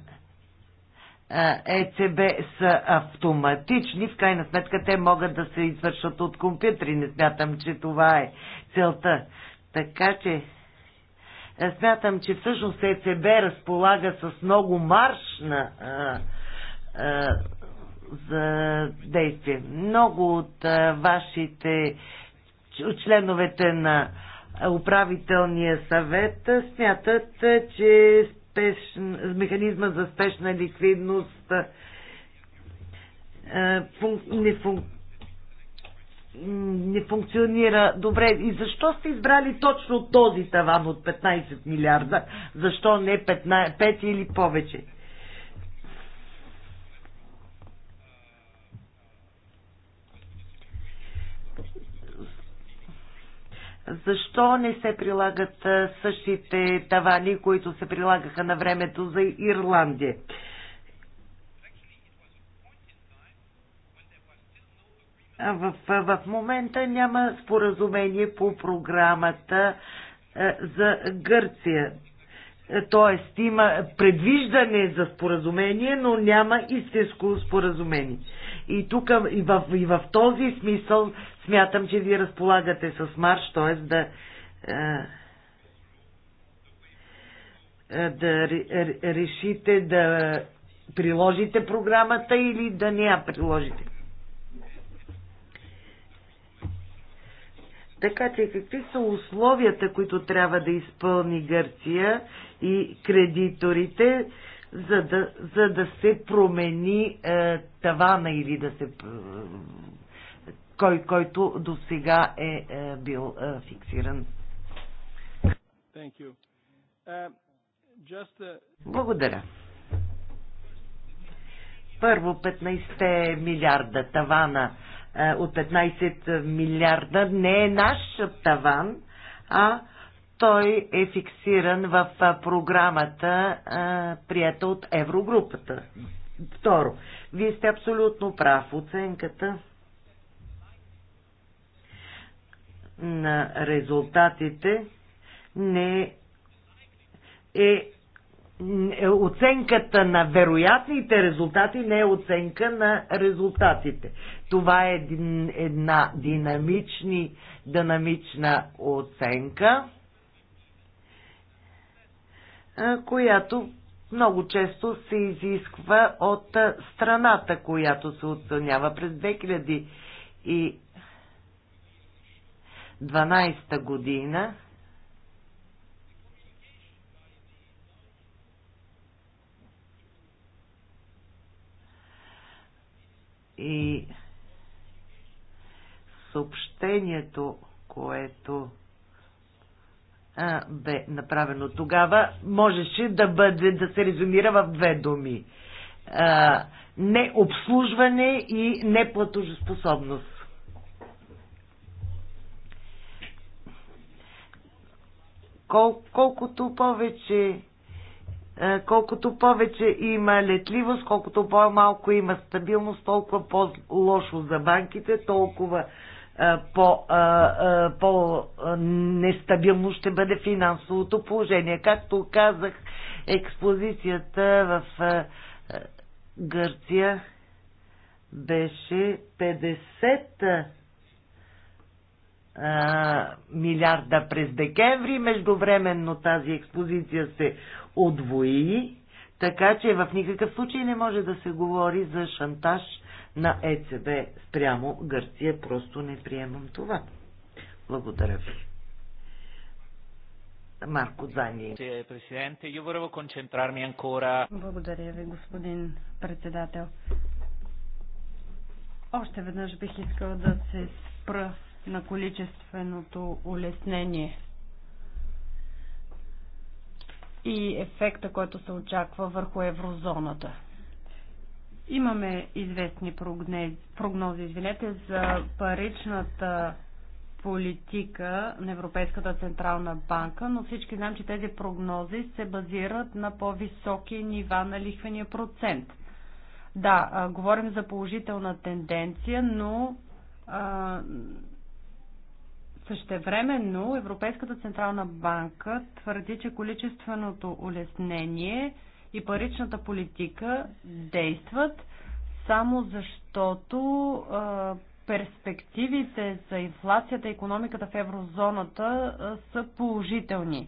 ЕЦБ са автоматични, в крайна сметка те могат да се извършат от компютри. Не смятам, че това е целта. Така че е, смятам, че всъщност ЕЦБ разполага с много марш на а, е, а, е, за действие. Много от а, вашите от членовете на управителния съвет смятат, че спеш, механизма за спешна ликвидност а, функ, не фун, не функционира добре. И защо сте избрали точно този таван от 15 милиарда? Защо не 15, 5 или повече? Защо не се прилагат същите тавани, които се прилагаха на времето за Ирландия? в, в момента няма споразумение по програмата е, за Гърция. Е, тоест има предвиждане за споразумение, но няма истинско споразумение. И тук и в, и в този смисъл смятам, че вие разполагате с марш, т.е. да е, да решите да приложите програмата или да не я приложите. Така че какви са условията, които трябва да изпълни Гърция и кредиторите, за да, за да се промени е, тавана или да се. Е, кой, който до сега е, е бил е, фиксиран? Thank you. Uh, just a... Благодаря. Първо 15 милиарда тавана е, от 15 милиарда не е наш таван, а той е фиксиран в е, програмата, е, прията от Еврогрупата. Второ, вие сте абсолютно прав. Оценката на резултатите не е е оценката на вероятните резултати не е оценка на резултатите. Това е един, една динамични, динамична оценка, която много често се изисква от страната, която се оценява през 2012 година. и съобщението, което а, бе направено тогава, можеше да, бъде, да се резюмира в две думи. А, необслужване и неплатожеспособност. Кол, колкото повече е, колкото повече има летливост, колкото по-малко има стабилност, толкова по-лошо за банките, толкова е, е, по-нестабилно по ще бъде финансовото положение. Както казах, експозицията в Гърция беше 50 милиарда през декември. Междувременно тази експозиция се отвоили, така че в никакъв случай не може да се говори за шантаж на ЕЦБ спрямо Гърция. Просто не приемам това. Благодаря ви. Марко Зани. Благодаря ви, господин председател. Още веднъж бих искал да се спра на количественото улеснение и ефекта, който се очаква върху еврозоната. Имаме известни прогнози, прогнози извинете, за паричната политика на Европейската централна банка, но всички знаем, че тези прогнози се базират на по-високи нива на лихвения процент. Да, а, говорим за положителна тенденция, но а, Същевременно Европейската централна банка твърди, че количественото улеснение и паричната политика действат само защото а, перспективите за инфлацията и економиката в еврозоната а, са положителни.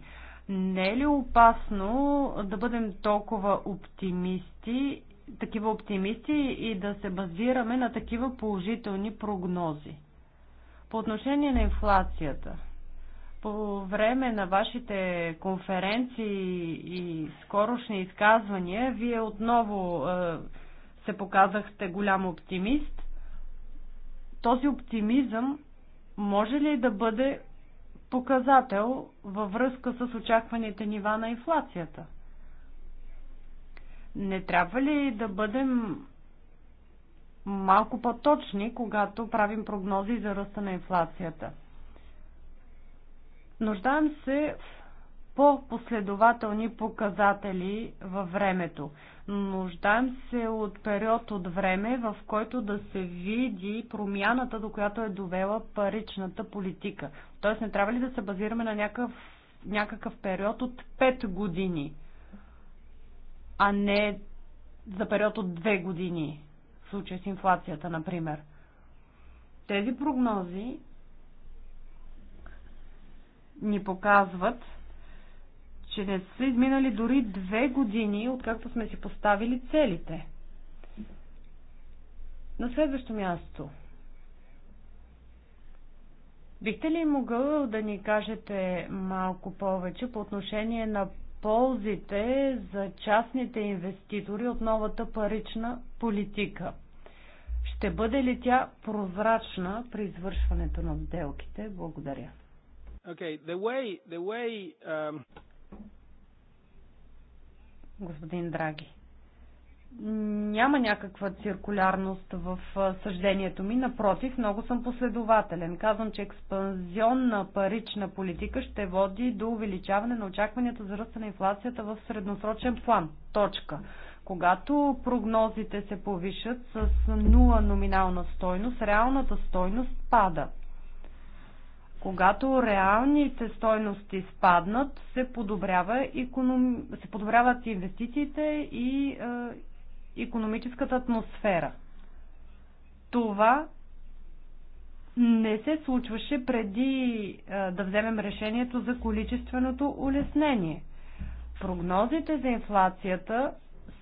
Не е ли опасно да бъдем толкова оптимисти, такива оптимисти и да се базираме на такива положителни прогнози? По отношение на инфлацията, по време на вашите конференции и скорошни изказвания, вие отново е, се показахте голям оптимист. Този оптимизъм може ли да бъде показател във връзка с очакваните нива на инфлацията? Не трябва ли да бъдем малко по-точни, когато правим прогнози за ръста на инфлацията. Нуждаем се в по-последователни показатели във времето. Нуждаем се от период от време, в който да се види промяната, до която е довела паричната политика. Тоест не трябва ли да се базираме на някакъв, някакъв период от 5 години, а не за период от 2 години? случай с инфлацията, например. Тези прогнози ни показват, че не са изминали дори две години, откакто сме си поставили целите. На следващо място. Бихте ли могъл да ни кажете малко повече по отношение на ползите за частните инвеститори от новата парична политика? Ще бъде ли тя прозрачна при извършването на сделките? Благодаря. Okay, the way, the way, um... Господин Драги, няма някаква циркулярност в съждението ми. Напротив, много съм последователен. Казвам, че експанзионна парична политика ще води до увеличаване на очакванията за ръста на инфлацията в средносрочен план. Точка. Когато прогнозите се повишат с нула номинална стойност, реалната стойност пада. Когато реалните стойности спаднат, се, подобрява економ... се подобряват инвестициите и е, економическата атмосфера. Това не се случваше преди е, да вземем решението за количественото улеснение. Прогнозите за инфлацията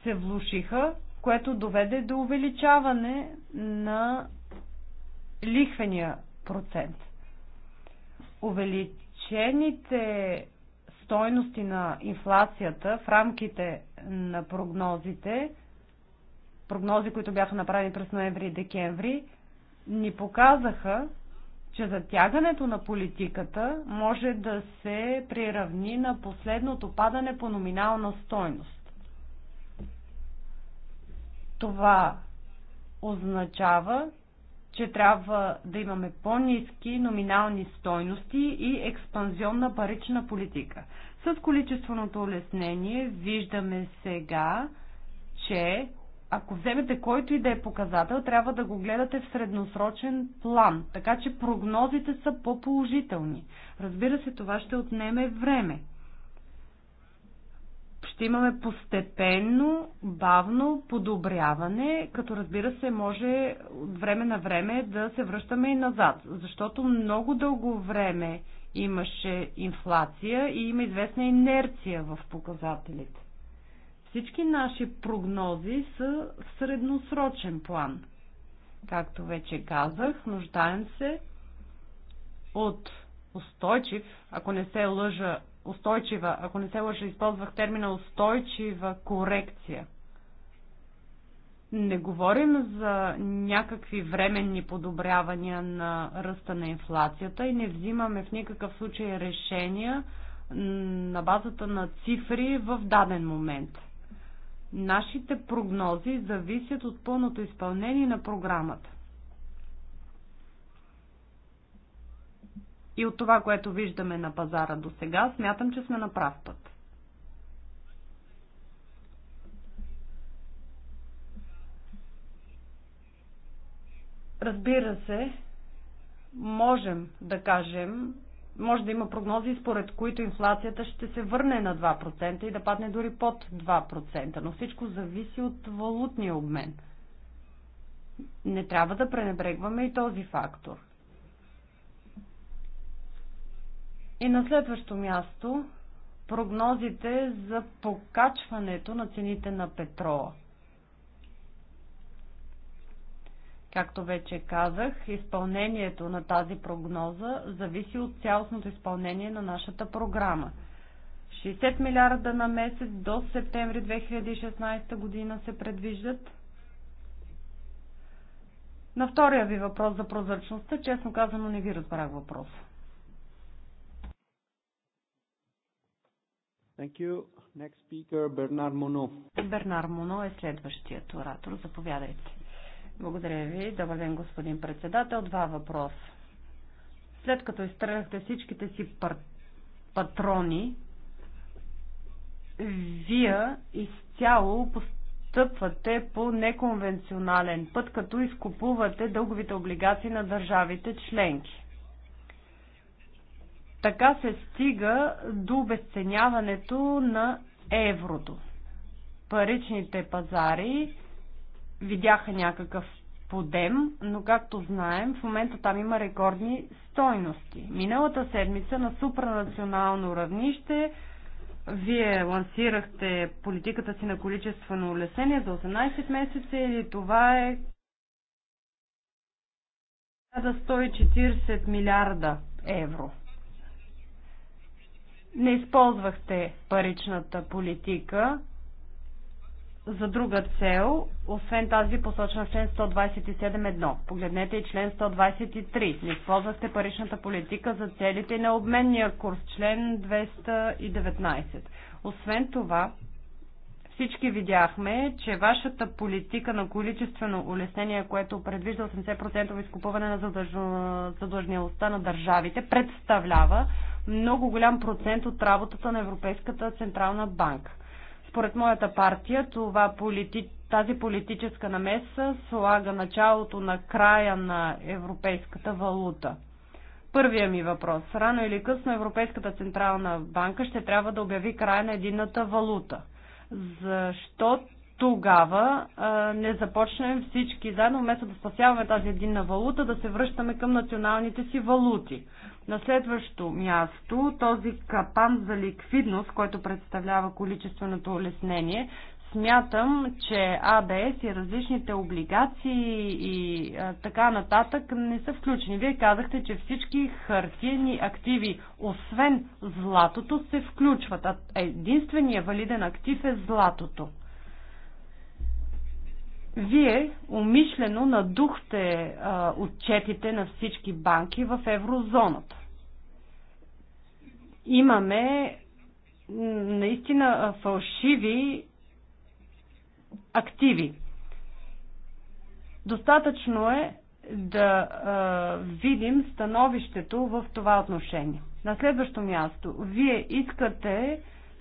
се влушиха, което доведе до увеличаване на лихвения процент. Увеличените стойности на инфлацията в рамките на прогнозите, прогнози, които бяха направени през ноември и декември, ни показаха, че затягането на политиката може да се приравни на последното падане по номинална стойност. Това означава, че трябва да имаме по-низки номинални стойности и експанзионна парична политика. С количественото улеснение виждаме сега, че ако вземете който и да е показател, трябва да го гледате в средносрочен план, така че прогнозите са по-положителни. Разбира се, това ще отнеме време ще имаме постепенно, бавно подобряване, като разбира се, може от време на време да се връщаме и назад, защото много дълго време имаше инфлация и има известна инерция в показателите. Всички наши прогнози са в средносрочен план. Както вече казах, нуждаем се от устойчив, ако не се лъжа, устойчива, ако не се лъжа, използвах термина устойчива корекция. Не говорим за някакви временни подобрявания на ръста на инфлацията и не взимаме в никакъв случай решения на базата на цифри в даден момент. Нашите прогнози зависят от пълното изпълнение на програмата. и от това, което виждаме на пазара до сега, смятам, че сме на прав път. Разбира се, можем да кажем, може да има прогнози, според които инфлацията ще се върне на 2% и да падне дори под 2%, но всичко зависи от валутния обмен. Не трябва да пренебрегваме и този фактор – И на следващо място прогнозите за покачването на цените на петрола. Както вече казах, изпълнението на тази прогноза зависи от цялостното изпълнение на нашата програма. 60 милиарда на месец до септември 2016 година се предвиждат. На втория ви въпрос за прозрачността, честно казано, не ви разбрах въпроса. Thank you. Next speaker, Бернар Моно. Бернар Моно е следващият оратор. Заповядайте. Благодаря ви. Добър ден, господин председател. Два въпроса. След като изстреляхте всичките си пар... патрони, вие изцяло постъпвате по неконвенционален път, като изкупувате дълговите облигации на държавите членки. Така се стига до обесценяването на еврото. Паричните пазари видяха някакъв подем, но както знаем, в момента там има рекордни стойности. Миналата седмица на супранационално равнище вие лансирахте политиката си на количествено улесение за 18 месеца или това е за 140 милиарда евро не използвахте паричната политика за друга цел, освен тази посочена в член 127.1. Погледнете и член 123. Не използвахте паричната политика за целите на обменния курс, член 219. Освен това, всички видяхме, че вашата политика на количествено улеснение, което предвижда 80% изкупуване на задлъжнялостта на държавите, представлява много голям процент от работата на Европейската Централна банка. Според моята партия, това полити... тази политическа намеса слага началото на края на европейската валута. Първия ми въпрос. Рано или късно Европейската Централна банка ще трябва да обяви края на единната валута. Защо тогава а, не започнем всички заедно, вместо да спасяваме тази единна валута, да се връщаме към националните си валути. На следващо място, този капан за ликвидност, който представлява количественото улеснение, смятам, че АДС и различните облигации и а, така нататък не са включени. Вие казахте, че всички хартиени активи, освен златото, се включват. А единственият валиден актив е златото. Вие умишлено надухте а, отчетите на всички банки в еврозоната. Имаме наистина фалшиви активи. Достатъчно е да а, видим становището в това отношение. На следващо място, вие искате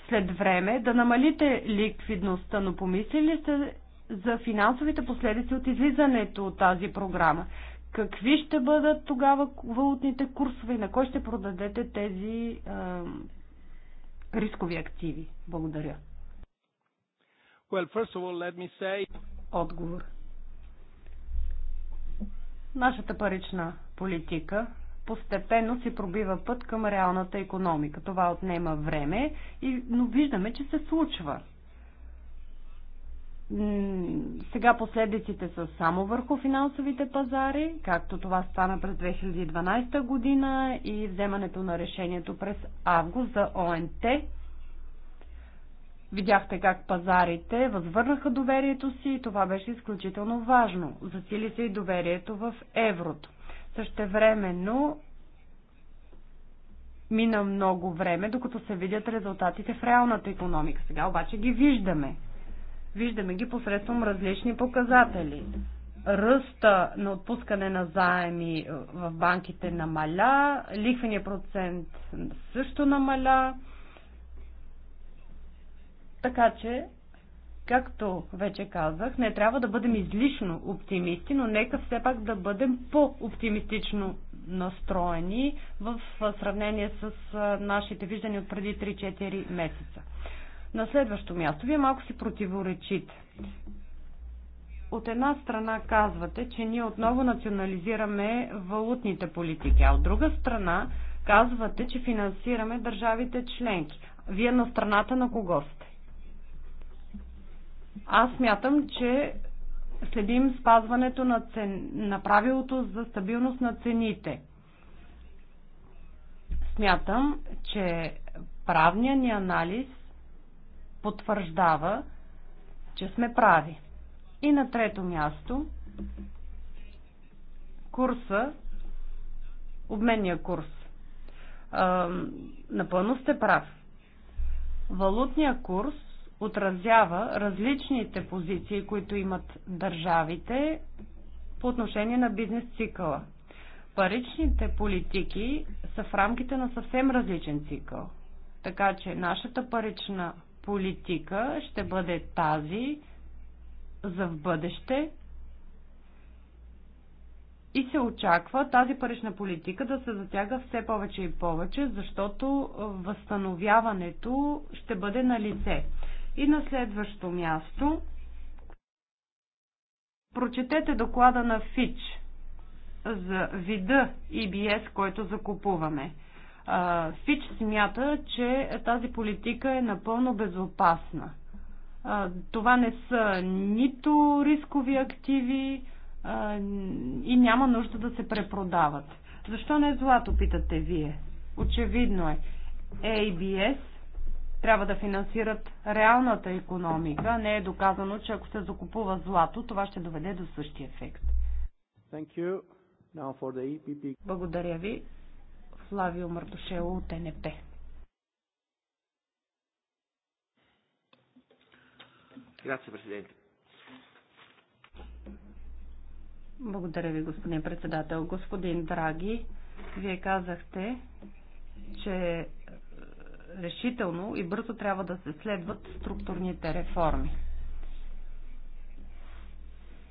след време да намалите ликвидността, но помислили сте за финансовите последици от излизането от тази програма. Какви ще бъдат тогава валутните курсове и на кой ще продадете тези а, рискови активи? Благодаря. Well, first of all, let me say... Отговор. Нашата парична политика постепенно си пробива път към реалната економика. Това отнема време, но виждаме, че се случва. Сега последиците са само върху финансовите пазари, както това стана през 2012 година и вземането на решението през август за ОНТ Видяхте как пазарите възвърнаха доверието си и това беше изключително важно. Засили се и доверието в еврото. Същевременно мина много време, докато се видят резултатите в реалната економика. Сега обаче ги виждаме. Виждаме ги посредством различни показатели. Ръста на отпускане на заеми е, в банките намаля, лихвения процент също намаля така че, както вече казах, не трябва да бъдем излишно оптимисти, но нека все пак да бъдем по-оптимистично настроени в сравнение с нашите виждания от преди 3-4 месеца. На следващо място, вие малко си противоречите. От една страна казвате, че ние отново национализираме валутните политики, а от друга страна казвате, че финансираме държавите членки. Вие на страната на кого сте? Аз мятам, че следим спазването на, цен... на правилото за стабилност на цените. Смятам, че правният ни анализ потвърждава, че сме прави. И на трето място, курса, обменния курс. А, напълно сте прав. Валутния курс отразява различните позиции, които имат държавите по отношение на бизнес цикъла. Паричните политики са в рамките на съвсем различен цикъл. Така че нашата парична политика ще бъде тази за в бъдеще и се очаква тази парична политика да се затяга все повече и повече, защото възстановяването ще бъде на лице. И на следващо място, прочетете доклада на Фич за вида EBS, който закупуваме. Фич смята, че тази политика е напълно безопасна. Това не са нито рискови активи и няма нужда да се препродават. Защо не е злато, питате вие? Очевидно е. ABS е трябва да финансират реалната економика. Не е доказано, че ако се закупува злато, това ще доведе до същия ефект. Thank you. Now for the EPP. Благодаря ви. Флавио Мартушело от НП. Благодаря ви, господин председател. Господин Драги, вие казахте, че решително и бързо трябва да се следват структурните реформи.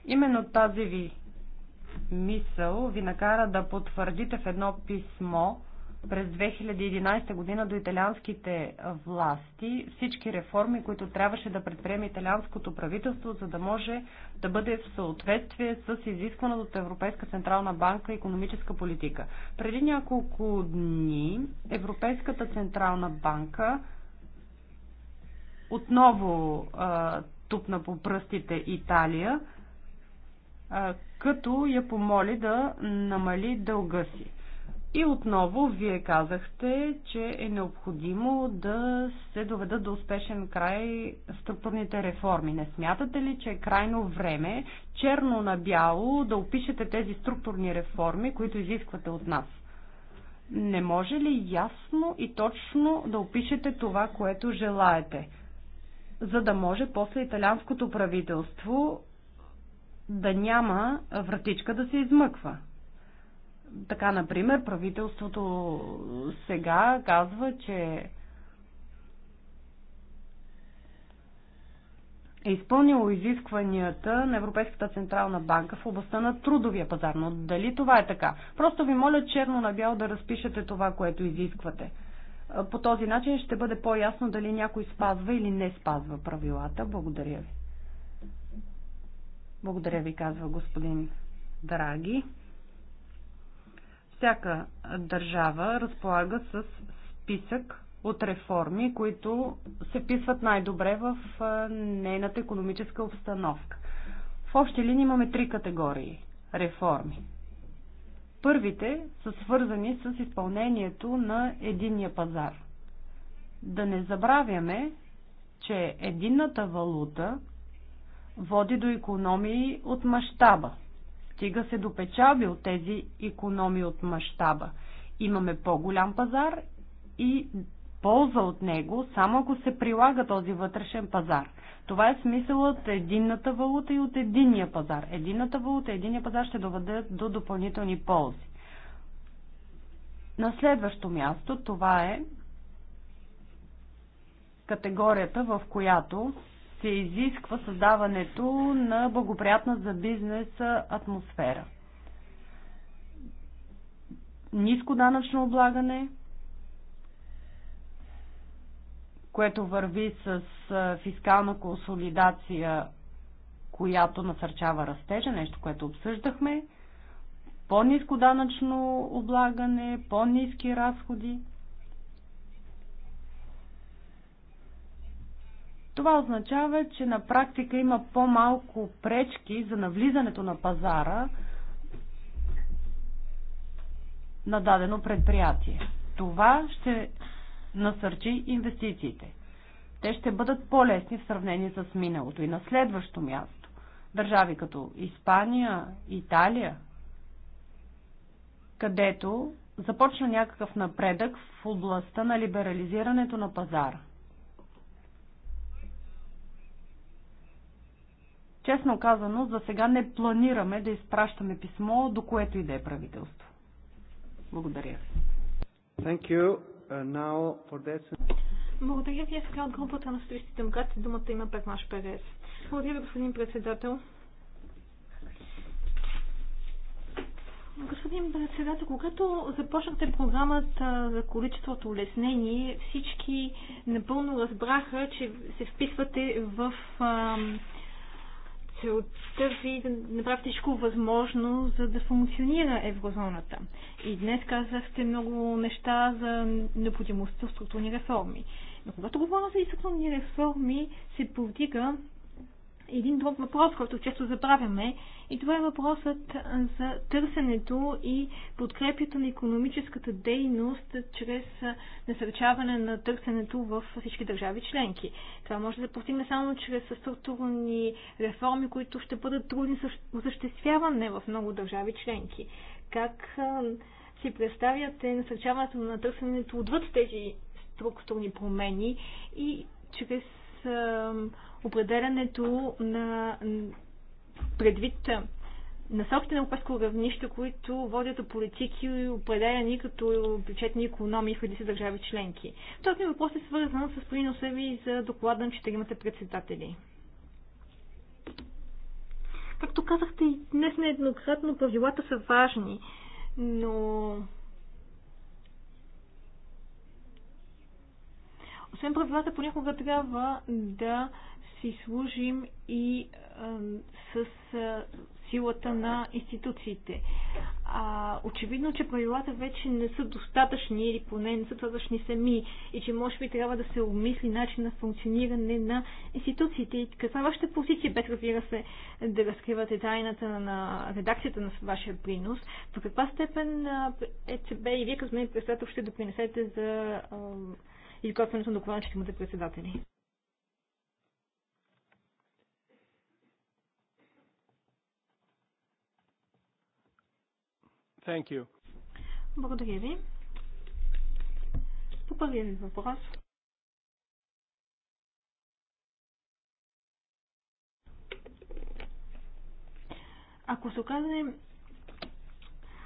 Именно тази ви мисъл ви накара да потвърдите в едно писмо през 2011 година до италианските власти всички реформи, които трябваше да предприеме италианското правителство, за да може да бъде в съответствие с изискваната от Европейска Централна банка економическа политика. Преди няколко дни Европейската Централна банка отново а, тупна по пръстите Италия, а, като я помоли да намали дълга си. И отново вие казахте, че е необходимо да се доведат до успешен край структурните реформи. Не смятате ли, че е крайно време черно на бяло да опишете тези структурни реформи, които изисквате от нас? Не може ли ясно и точно да опишете това, което желаете, за да може после италианското правителство да няма вратичка да се измъква? Така, например, правителството сега казва, че е изпълнило изискванията на Европейската централна банка в областта на трудовия пазар. Но дали това е така? Просто ви моля черно на бяло да разпишете това, което изисквате. По този начин ще бъде по-ясно дали някой спазва или не спазва правилата. Благодаря ви. Благодаря ви, казва господин Драги. Всяка държава разполага с списък от реформи, които се писват най-добре в нейната економическа обстановка. В общи линии имаме три категории реформи. Първите са свързани с изпълнението на единния пазар. Да не забравяме, че единната валута води до економии от мащаба – стига се до печалби от тези економии от мащаба. Имаме по-голям пазар и полза от него, само ако се прилага този вътрешен пазар. Това е смисъл от единната валута и от единния пазар. Единната валута и единния пазар ще доведат до допълнителни ползи. На следващо място това е категорията, в която се изисква създаването на благоприятна за бизнеса атмосфера. Ниско данъчно облагане, което върви с фискална консолидация, която насърчава растежа, нещо, което обсъждахме, по-низко данъчно облагане, по-низки разходи. Това означава, че на практика има по-малко пречки за навлизането на пазара на дадено предприятие. Това ще насърчи инвестициите. Те ще бъдат по-лесни в сравнение с миналото. И на следващо място, държави като Испания, Италия, където започна някакъв напредък в областта на либерализирането на пазара. Честно казано, за сега не планираме да изпращаме писмо до което и да е правителство. Благодаря ви. Thank you. Uh, now for Благодаря ви. Сега от групата на социалистите демократи думата има Пермаш Перес. Благодаря ви, господин председател. Господин председател, когато започнахте програмата за количеството улеснение, всички напълно разбраха, че се вписвате в ам, целта ви е да направите всичко възможно, за да функционира еврозоната. И днес казахте много неща за необходимостта в структурни реформи. Но когато говорим за структурни реформи, се повдига един друг въпрос, който често забравяме, и това е въпросът за търсенето и подкрепята на економическата дейност чрез насърчаване на търсенето в всички държави членки. Това може да постигне само чрез структурни реформи, които ще бъдат трудни осъществяване в много държави членки. Как си представяте насърчаването на търсенето отвъд тези структурни промени и чрез определянето на предвид насоките на европейско равнище, които водят до политики, и определени като бюджетни економии в редица държави членки. Този въпрос е свързан с приноса ви за доклада на четиримата председатели. Както казахте и днес нееднократно, правилата са важни, но освен правилата, понякога трябва да си служим и с а, силата на институциите. А, очевидно, че правилата вече не са достатъчни или поне не са достатъчни сами и че може би трябва да се обмисли начин на функциониране на институциите. И каква е вашата позиция, без разбира се, да разкривате тайната на редакцията на вашия принос? В каква степен ЕЦБ и вие като мен председател ще допринесете за изготвянето на докладчите му председатели? Thank you. Благодаря ви. По първия ви въпрос. Ако се окаже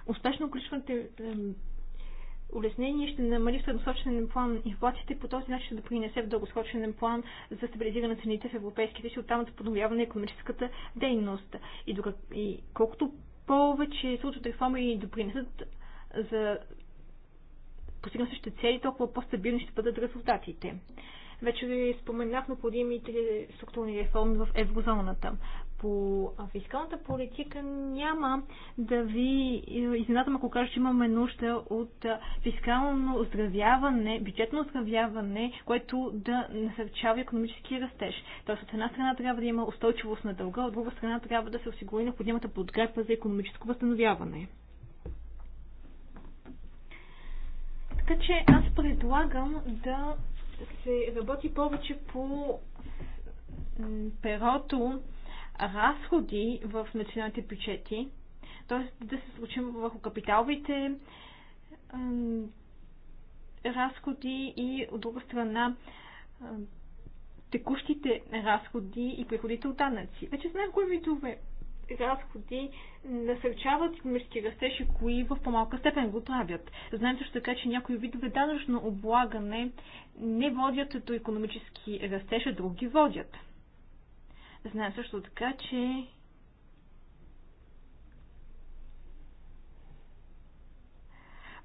успешно включвате улеснение ще намали в дългосрочен план инфлацията и по този начин ще да принесе в дългосрочен план за стабилизиране на цените в европейските си оттам да подновяване на економическата дейност. И, докато, и колкото повече случат реформи и допринесат за постигна същите цели, толкова по-стабилни ще бъдат резултатите. Вече споменах необходимите структурни реформи в еврозоната по фискалната политика няма да ви е, изненадам, ако кажа, че имаме нужда от фискално оздравяване, бюджетно оздравяване, което да насърчава економически растеж. Тоест, от една страна трябва да има устойчивост на дълга, от друга страна трябва да се осигури необходимата подкрепа за економическо възстановяване. Така че аз предлагам да се работи повече по перото разходи в националните бюджети, т.е. да се случим върху капиталовите разходи и от друга страна текущите разходи и приходите от данъци. Вече знаем кои видове разходи насърчават економически растеж и кои в по-малка степен го правят. Знаем също така, че някои видове данъчно облагане не водят до економически растеж, а други водят. Знаем също така, че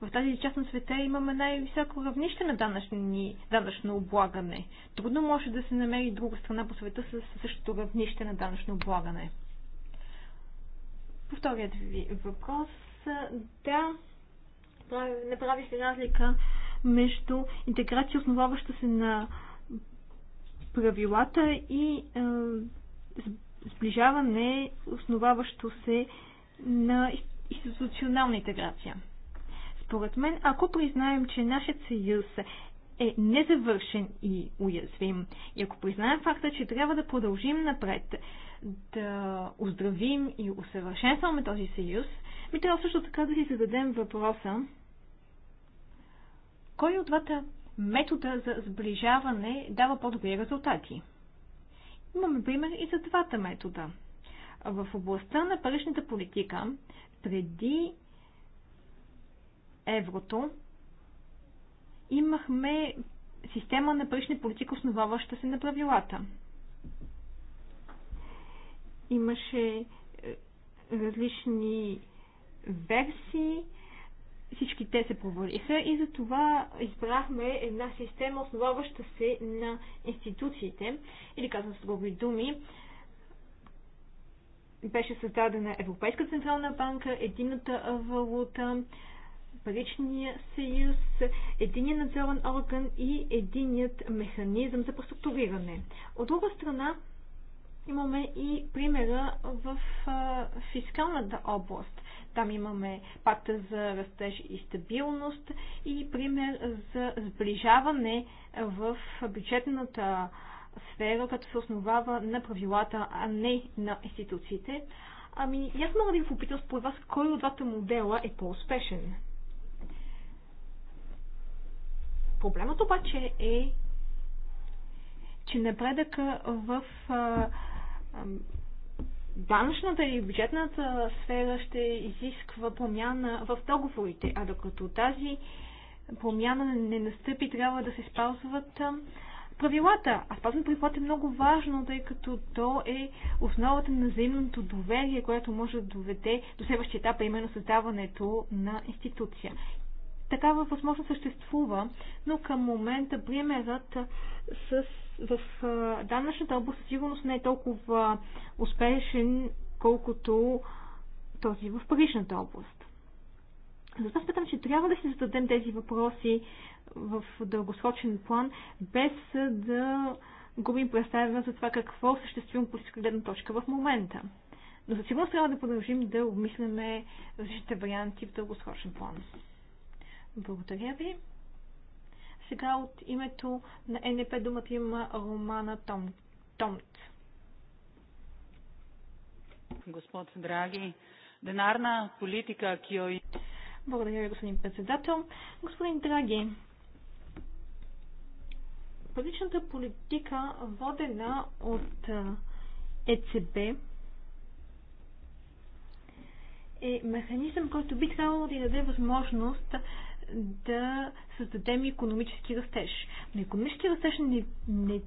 в тази част на света имаме най-високо равнище на данъчни, данъчно облагане. Трудно може да се намери друга страна по света с същото равнище на данъчно облагане. По вторият ви въпрос, да, не прави се разлика между интеграция, основаваща се на правилата и е, сближаване, основаващо се на институционална интеграция. Според мен, ако признаем, че нашият съюз е незавършен и уязвим, и ако признаем факта, че трябва да продължим напред, да оздравим и усъвършенстваме този съюз, ми трябва също така да си зададем въпроса, кой от двата метода за сближаване дава по-добри резултати? Имаме пример и за двата метода. В областта на паричната политика, преди еврото, имахме система на парична политика, основаваща се на правилата. Имаше е, различни версии всички те се провалиха и затова избрахме една система, основаваща се на институциите, или казвам с други думи, беше създадена Европейска централна банка, едината валута, паричния съюз, единият надзорен орган и единият механизъм за преструктуриране. От друга страна, имаме и примера в фискалната област. Там имаме пакта за растеж и стабилност и пример за сближаване в бюджетната сфера, като се основава на правилата, а не на институциите. Ами, аз мога да ви попитам според вас, кой от двата модела е по-успешен? Проблемът обаче е, че напредъка в а, а, данъчната и бюджетната сфера ще изисква промяна в договорите, а докато тази промяна не настъпи, трябва да се спазват правилата. А спазването на правилата е много важно, тъй като то е основата на взаимното доверие, което може да доведе до следващия етап, именно създаването на институция. Такава възможност съществува, но към момента примерът с в данъчната област сигурност не е толкова успешен, колкото този в паричната област. Затова смятам, че трябва да си зададем тези въпроси в дългосрочен план, без да губим представя за това какво съществува по гледна точка в момента. Но за сигурност трябва да продължим да обмисляме различните варианти в дългосрочен план. Благодаря ви. Сега от името на НП думата има Романа Том, Томт. Господ Драги, денарна политика, кио... Благодаря ви, господин председател. Господин Драги, паричната политика, водена от ЕЦБ, е механизъм, който би трябвало да даде възможност да създадем економически растеж. Но економически растеж не, не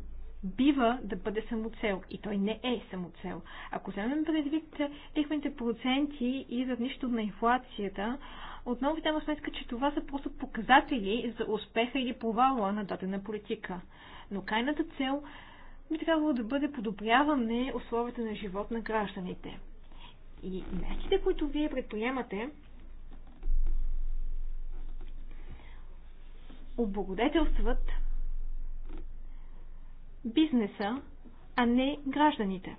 бива да бъде самоцел. И той не е самоцел. Ако вземем предвид лихвените проценти и равнището на инфлацията, отново ви дам сметка, че това са просто показатели за успеха или провала на дадена политика. Но крайната цел би трябвало да бъде подобряване условията на живот на гражданите. И мерките, които вие предприемате, облагодетелстват бизнеса, а не гражданите.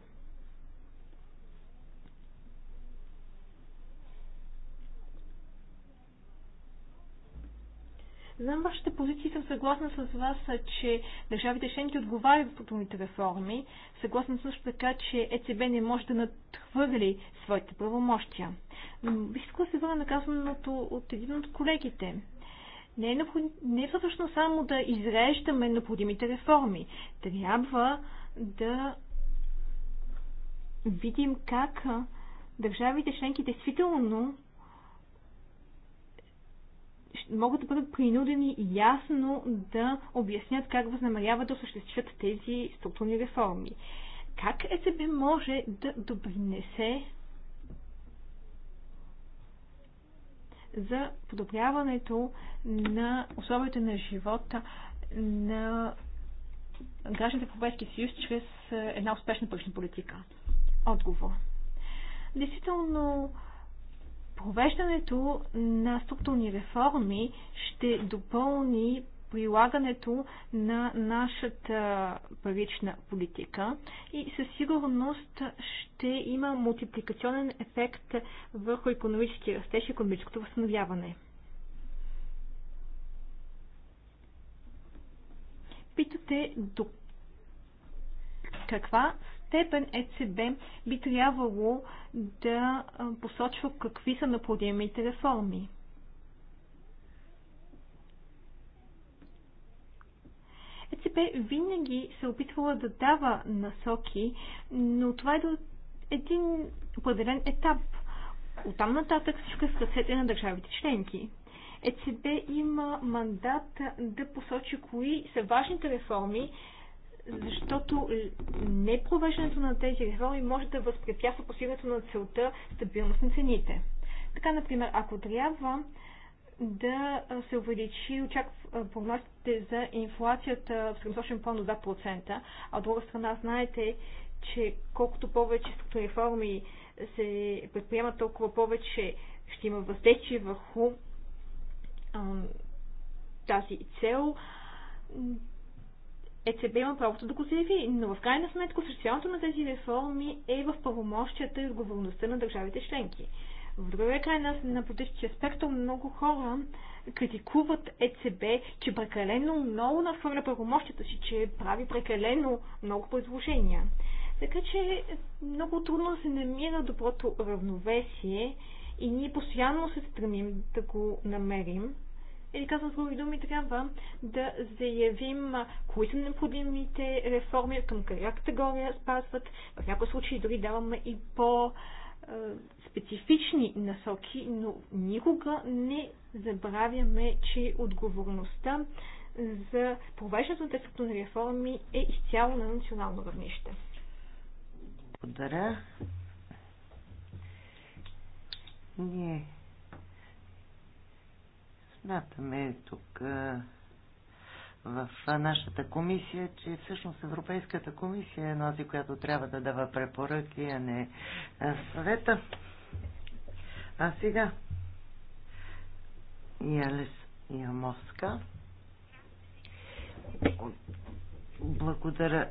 Знам вашите позиции, съм съгласна с вас, че държавите членки отговарят за структурните реформи. Съгласна също така, че ЕЦБ не може да надхвърли своите правомощия. Но бих искала да се върна на казаното от един от колегите не е, необход... не е всъщност само да изреждаме необходимите реформи. Трябва да видим как държавите членки действително могат да бъдат принудени ясно да обяснят как възнамеряват да осъществят тези структурни реформи. Как ЕЦБ може да допринесе за подобряването на условията на живота на гражданите в Европейския съюз чрез е, една успешна парична политика? Отговор. Действително, провеждането на структурни реформи ще допълни прилагането на нашата парична политика и със сигурност ще има мултипликационен ефект върху економическия растеж и економическото възстановяване. Питате до каква степен ЕЦБ би трябвало да посочва какви са необходимите реформи. ЕЦБ винаги се е опитвала да дава насоки, но това е до един определен етап. Оттам нататък всичко е в ръцете на държавите членки. ЕЦБ има мандат да посочи кои са важните реформи, защото непровеждането на тези реформи може да възпрепятства постигането на целта стабилност на цените. Така, например, ако трябва да се увеличи очаква прогнозите за инфлацията в средносрочен план до 2%, а от друга страна знаете, че колкото повече реформи се предприемат, толкова повече ще има въздействие върху тази цел. ЕЦБ има правото да го заяви, но в крайна сметка осъществяването на тези реформи е в правомощията и отговорността на държавите членки. В другия край на, на политическия спектър много хора критикуват ЕЦБ, че прекалено много нахвърля правомощията си, че прави прекалено много предложения. Така че е, много трудно се намира доброто равновесие и ние постоянно се стремим да го намерим. Или казвам с други думи, трябва да заявим кои са необходимите реформи, към коя категория спазват. В някои случаи дори даваме и по- специфични насоки, но никога не забравяме, че отговорността за провеждането на тези реформи е изцяло на национално равнище. Благодаря. Ние смятаме тук в нашата комисия, че всъщност Европейската комисия е нози, която трябва да дава препоръки, а не съвета. А сега Ялес Ямоска. Благодаря,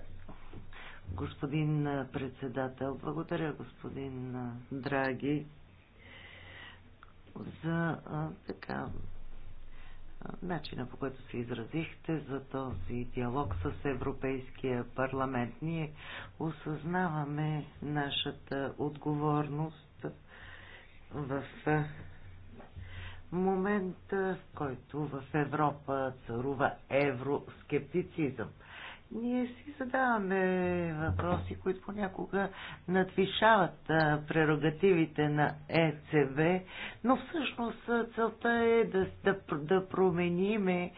господин председател. Благодаря, господин Драги, за така начина по който се изразихте за този диалог с Европейския парламент. Ние осъзнаваме нашата отговорност в момента, в който в Европа царува евроскептицизъм ние си задаваме въпроси, които понякога надвишават прерогативите на ЕЦБ, но всъщност целта е да, да, да промениме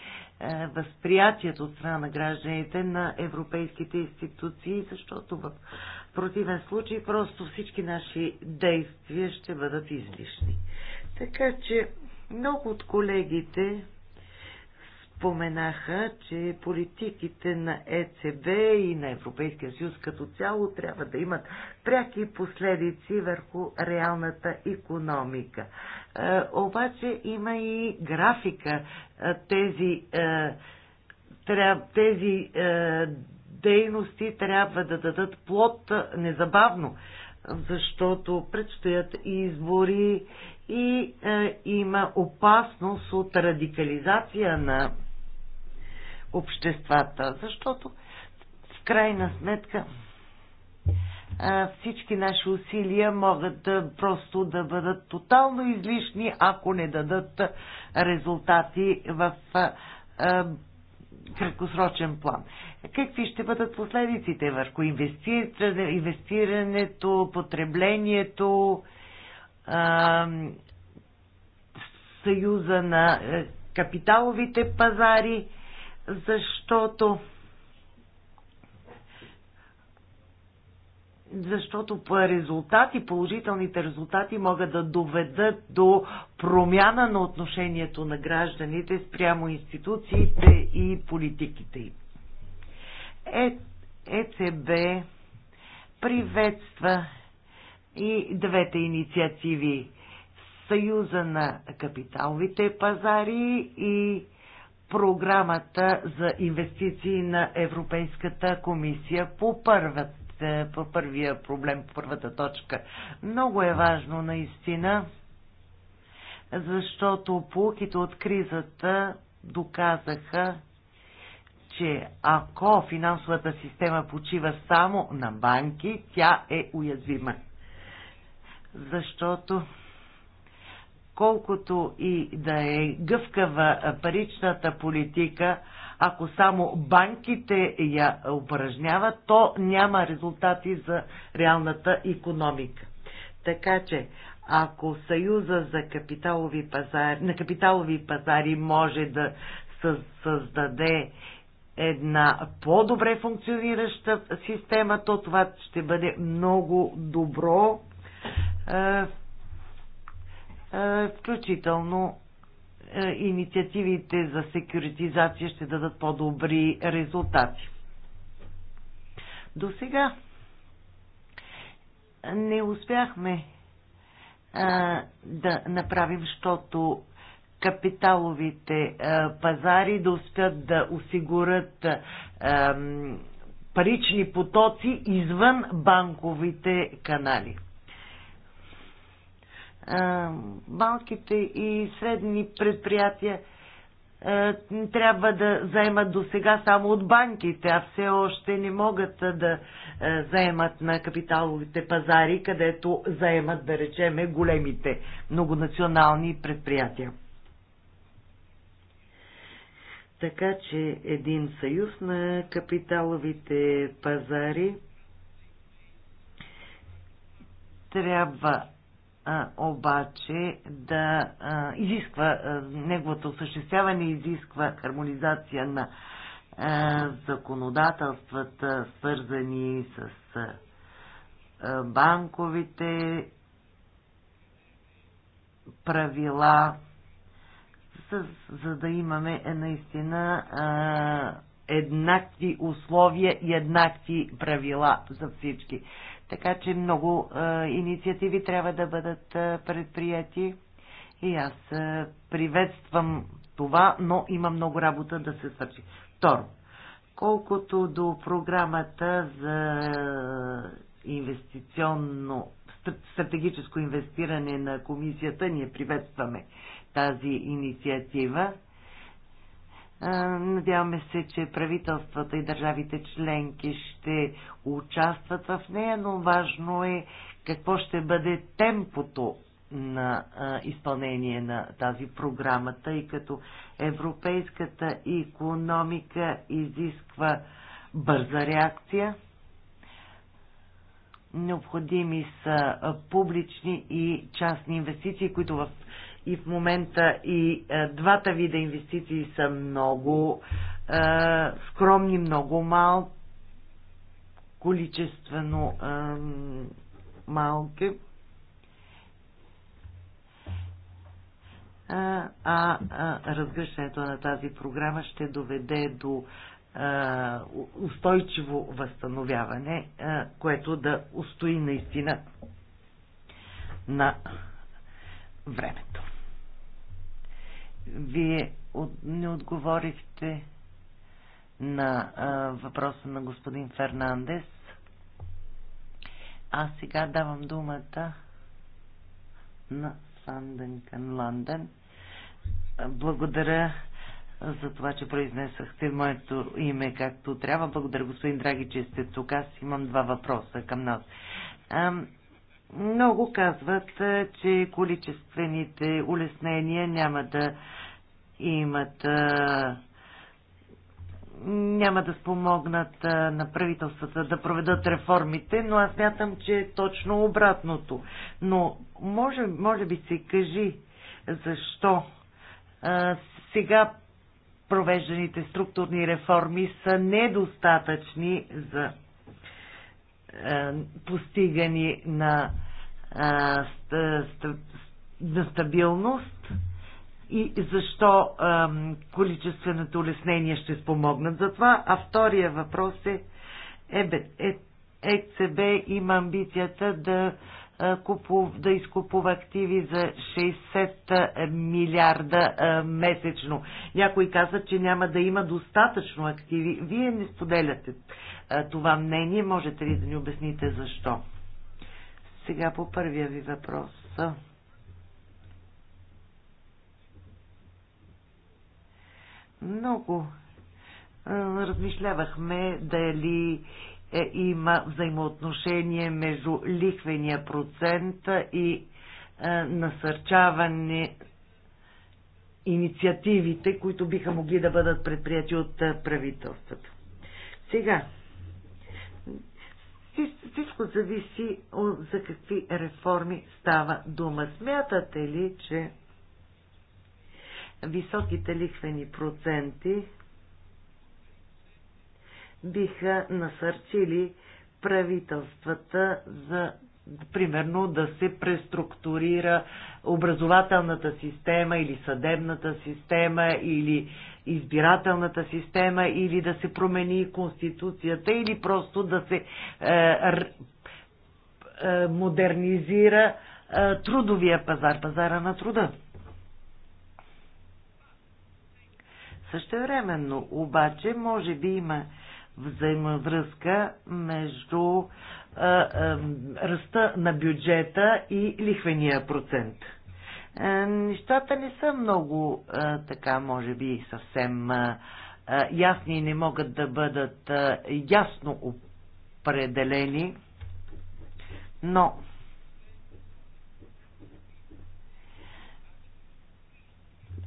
възприятието от страна на гражданите на европейските институции, защото в противен случай просто всички наши действия ще бъдат излишни. Така че много от колегите споменаха, че политиките на ЕЦБ и на Европейския съюз като цяло трябва да имат пряки последици върху реалната економика. Е, обаче има и графика. Е, тези, е, тези е, дейности трябва да дадат плод незабавно, защото предстоят избори и е, има опасност от радикализация на обществата, защото в крайна сметка всички наши усилия могат да, просто да бъдат тотално излишни, ако не дадат резултати в краткосрочен план. Какви ще бъдат последиците върху инвестирането, потреблението, съюза на капиталовите пазари – защото защото по резултати, положителните резултати могат да доведат до промяна на отношението на гражданите спрямо институциите и политиките им. Е, ЕЦБ приветства и двете инициативи Съюза на капиталовите пазари и програмата за инвестиции на Европейската комисия по първата по първия проблем, по първата точка. Много е важно наистина, защото полуките от кризата доказаха, че ако финансовата система почива само на банки, тя е уязвима. Защото колкото и да е гъвкава паричната политика, ако само банките я упражняват, то няма резултати за реалната економика. Така че, ако Съюза за капиталови пазари, на капиталови пазари може да създаде една по-добре функционираща система, то това ще бъде много добро е, включително е, инициативите за секюритизация ще дадат по-добри резултати. До сега не успяхме е, да направим, защото капиталовите пазари да успят да осигурят парични потоци извън банковите канали малките и средни предприятия трябва да заемат до сега само от банките, а все още не могат да заемат на капиталовите пазари, където заемат, да речеме, големите многонационални предприятия. Така че един съюз на капиталовите пазари трябва а, обаче да а, изисква, а, неговото осъществяване изисква хармонизация на а, законодателствата, свързани с а, банковите правила, с, за да имаме е, наистина а, еднакви условия и еднакви правила за всички. Така че много а, инициативи трябва да бъдат а, предприяти и аз а, приветствам това, но има много работа да се свърши. Второ, колкото до програмата за инвестиционно стратегическо инвестиране на комисията, ние приветстваме тази инициатива. Надяваме се, че правителствата и държавите членки ще участват в нея, но важно е какво ще бъде темпото на изпълнение на тази програма, тъй като европейската економика изисква бърза реакция. Необходими са публични и частни инвестиции, които в и в момента и а, е, двата вида инвестиции са много а, е, скромни, много мал, количествено а, е, малки. А, а, разгръщането на тази програма ще доведе до а, устойчиво възстановяване, а, което да устои наистина на времето. Вие не отговорихте на а, въпроса на господин Фернандес. А сега давам думата на Санден Ланден. Благодаря за това, че произнесахте моето име както трябва. Благодаря, господин Драги, че сте тук. Аз имам два въпроса към нас. Ам, много казват, че количествените улеснения няма да имат няма да спомогнат на правителствата да проведат реформите, но аз мятам, че е точно обратното. Но може, може би се кажи защо а, сега провежданите структурни реформи са недостатъчни за а, постигани на, а, ст, ст, на стабилност и защо ам, количественото улеснение ще спомогнат за това. А втория въпрос е, е, е ЕЦБ има амбицията да, а, купу, да изкупува активи за 60 милиарда а, месечно. Някой каза, че няма да има достатъчно активи. Вие не споделяте а, това мнение. Можете ли да ни обясните защо? Сега по първия ви въпрос. много размишлявахме дали е, има взаимоотношение между лихвения процент и насърчаване инициативите, които биха могли да бъдат предприяти от правителството. Сега, всичко зависи от за какви реформи става дума. Смятате ли, че високите лихвени проценти биха насърчили правителствата за примерно да се преструктурира образователната система или съдебната система или избирателната система или да се промени конституцията или просто да се е, е, модернизира е, трудовия пазар, пазара на труда. Същевременно обаче може би има взаимовръзка между а, а, ръста на бюджета и лихвения процент. А, нещата не са много а, така, може би, съвсем а, ясни и не могат да бъдат а, ясно определени, но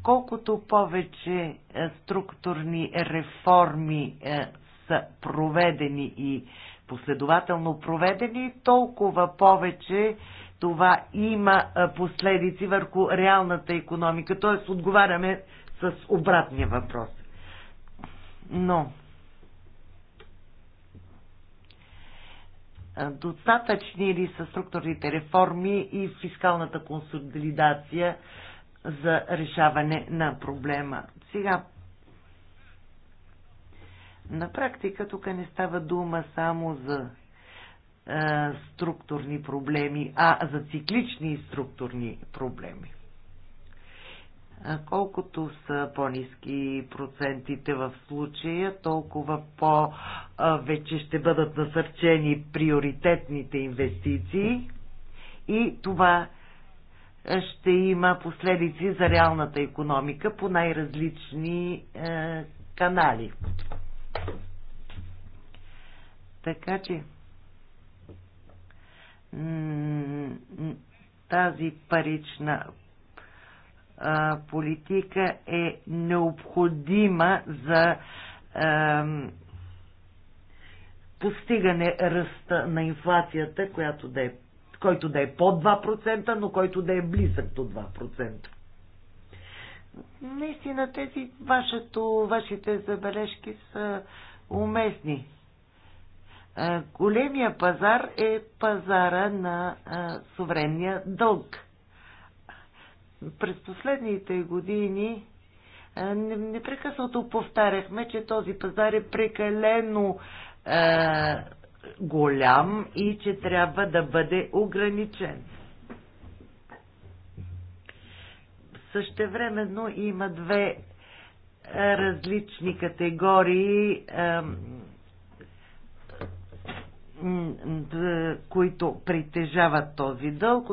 колкото повече е, структурни реформи е, са проведени и последователно проведени, толкова повече това има е, последици върху реалната економика. Т.е. отговаряме с обратния въпрос. Но достатъчни ли са структурните реформи и фискалната консолидация за решаване на проблема. Сега, на практика тук не става дума само за е, структурни проблеми, а за циклични структурни проблеми. Колкото са по-низки процентите в случая, толкова по-вече ще бъдат насърчени приоритетните инвестиции и това ще има последици за реалната економика по най-различни е, канали. Така че тази парична а, политика е необходима за а, постигане ръста на инфлацията, която да е който да е под 2%, но който да е близък до 2%. Наистина тези вашето, вашите забележки са уместни. Големия пазар е пазара на суверенния дълг. През последните години непрекъснато повтаряхме, че този пазар е прекалено голям и че трябва да бъде ограничен. Същевременно има две е, различни категории, е, които притежават този дълг.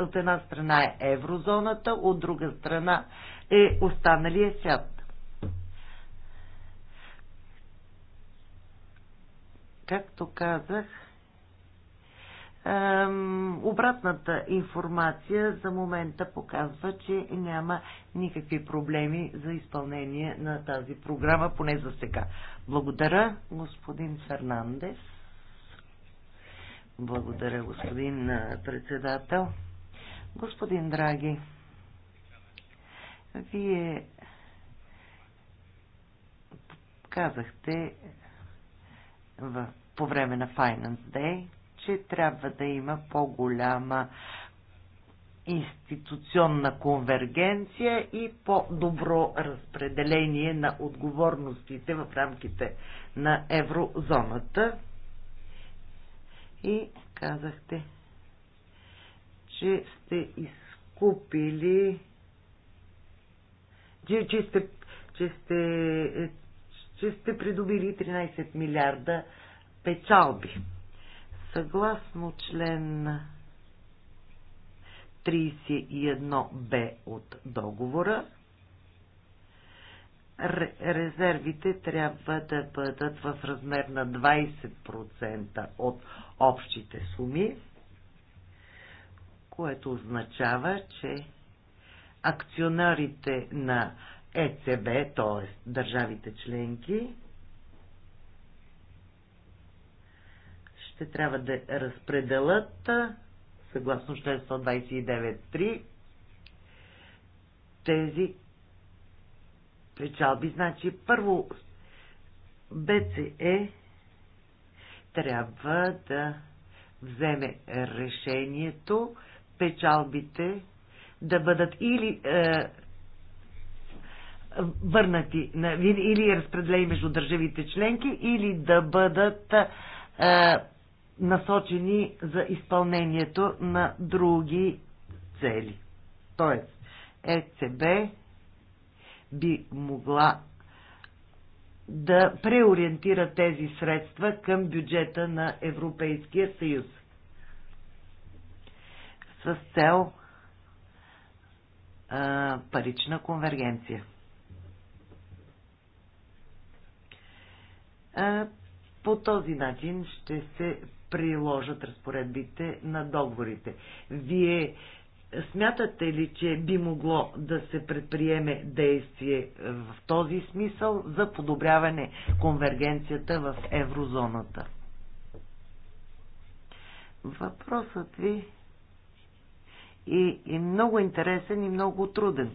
От една страна е еврозоната, от друга страна е останалия свят. Както казах, обратната информация за момента показва, че няма никакви проблеми за изпълнение на тази програма, поне за сега. Благодаря, господин Фернандес. Благодаря, господин председател. Господин Драги, вие казахте в, по време на Finance Day, че трябва да има по-голяма институционна конвергенция и по-добро разпределение на отговорностите в рамките на еврозоната. И казахте, че сте изкупили, че, че сте че сте че сте придобили 13 милиарда печалби. Съгласно член 31б от договора, резервите трябва да бъдат в размер на 20% от общите суми, което означава, че акционарите на ЕЦБ, т.е. държавите членки, ще трябва да разпределят съгласно член 129.3 тези печалби. Значи първо БЦЕ трябва да вземе решението печалбите да бъдат или е, върнати или е разпределени между държавите членки, или да бъдат насочени за изпълнението на други цели. Тоест, ЕЦБ би могла да преориентира тези средства към бюджета на Европейския съюз с цел а, парична конвергенция. По този начин ще се приложат разпоредбите на договорите. Вие смятате ли, че би могло да се предприеме действие в този смисъл за подобряване конвергенцията в еврозоната? Въпросът ви е, е много интересен и много труден.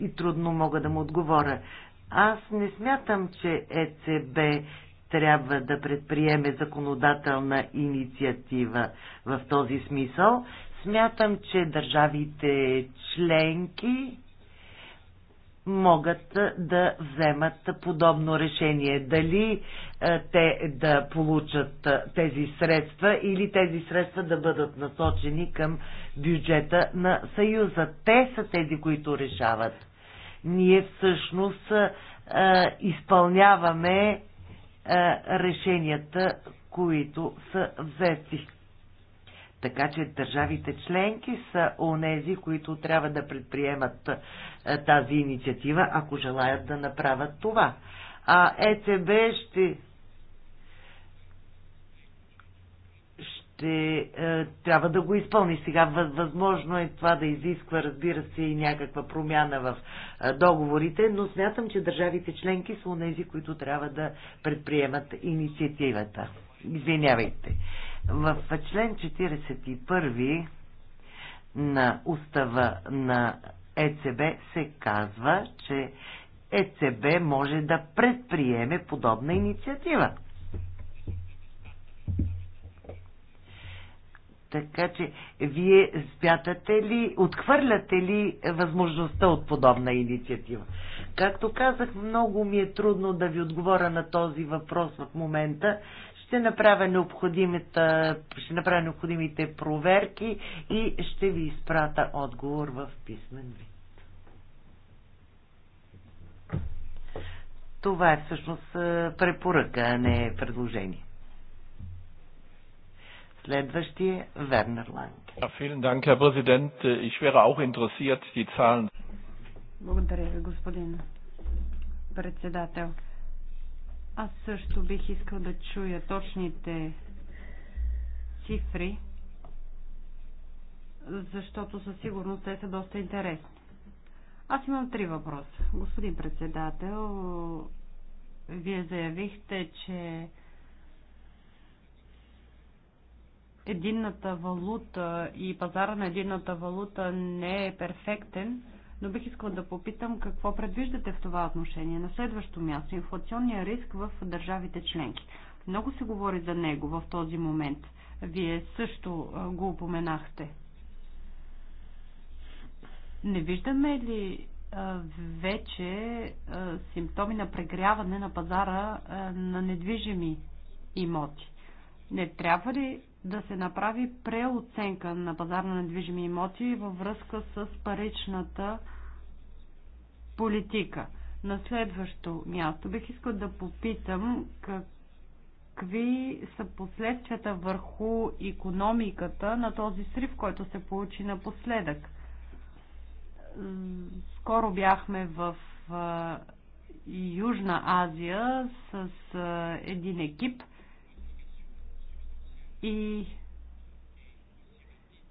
И трудно мога да му отговоря. Аз не смятам, че ЕЦБ трябва да предприеме законодателна инициатива в този смисъл. Смятам, че държавите членки могат да вземат подобно решение. Дали е, те да получат е, тези средства или тези средства да бъдат насочени към бюджета на Съюза. Те са тези, които решават ние всъщност изпълняваме решенията, които са взети. Така че държавите членки са онези, които трябва да предприемат тази инициатива, ако желаят да направят това. А ЕЦБ ще ще е, трябва да го изпълни. Сега възможно е това да изисква, разбира се, и някаква промяна в е, договорите, но смятам, че държавите членки са онези, които трябва да предприемат инициативата. Извинявайте. В член 41 на устава на ЕЦБ се казва, че ЕЦБ може да предприеме подобна инициатива. Така че, вие спятате ли, отхвърляте ли възможността от подобна инициатива? Както казах, много ми е трудно да ви отговоря на този въпрос в момента. Ще направя, необходимите, ще направя необходимите проверки и ще ви изпрата отговор в писмен вид. Това е всъщност е, препоръка, а не предложение. Следващия е Вернер Ланг. Благодаря ви, господин председател. Аз също бих искал да чуя точните цифри, защото със сигурност те са доста интересни. Аз имам три въпроса. Господин председател, вие заявихте, че единната валута и пазара на единната валута не е перфектен, но бих искал да попитам какво предвиждате в това отношение. На следващо място, инфлационния риск в държавите членки. Много се говори за него в този момент. Вие също го упоменахте. Не виждаме ли вече симптоми на прегряване на пазара на недвижими имоти? Не трябва ли да се направи преоценка на пазар на недвижими имоти във връзка с паричната политика. На следващо място бих искал да попитам какви са последствията върху економиката на този срив, който се получи напоследък. Скоро бяхме в Южна Азия с един екип – и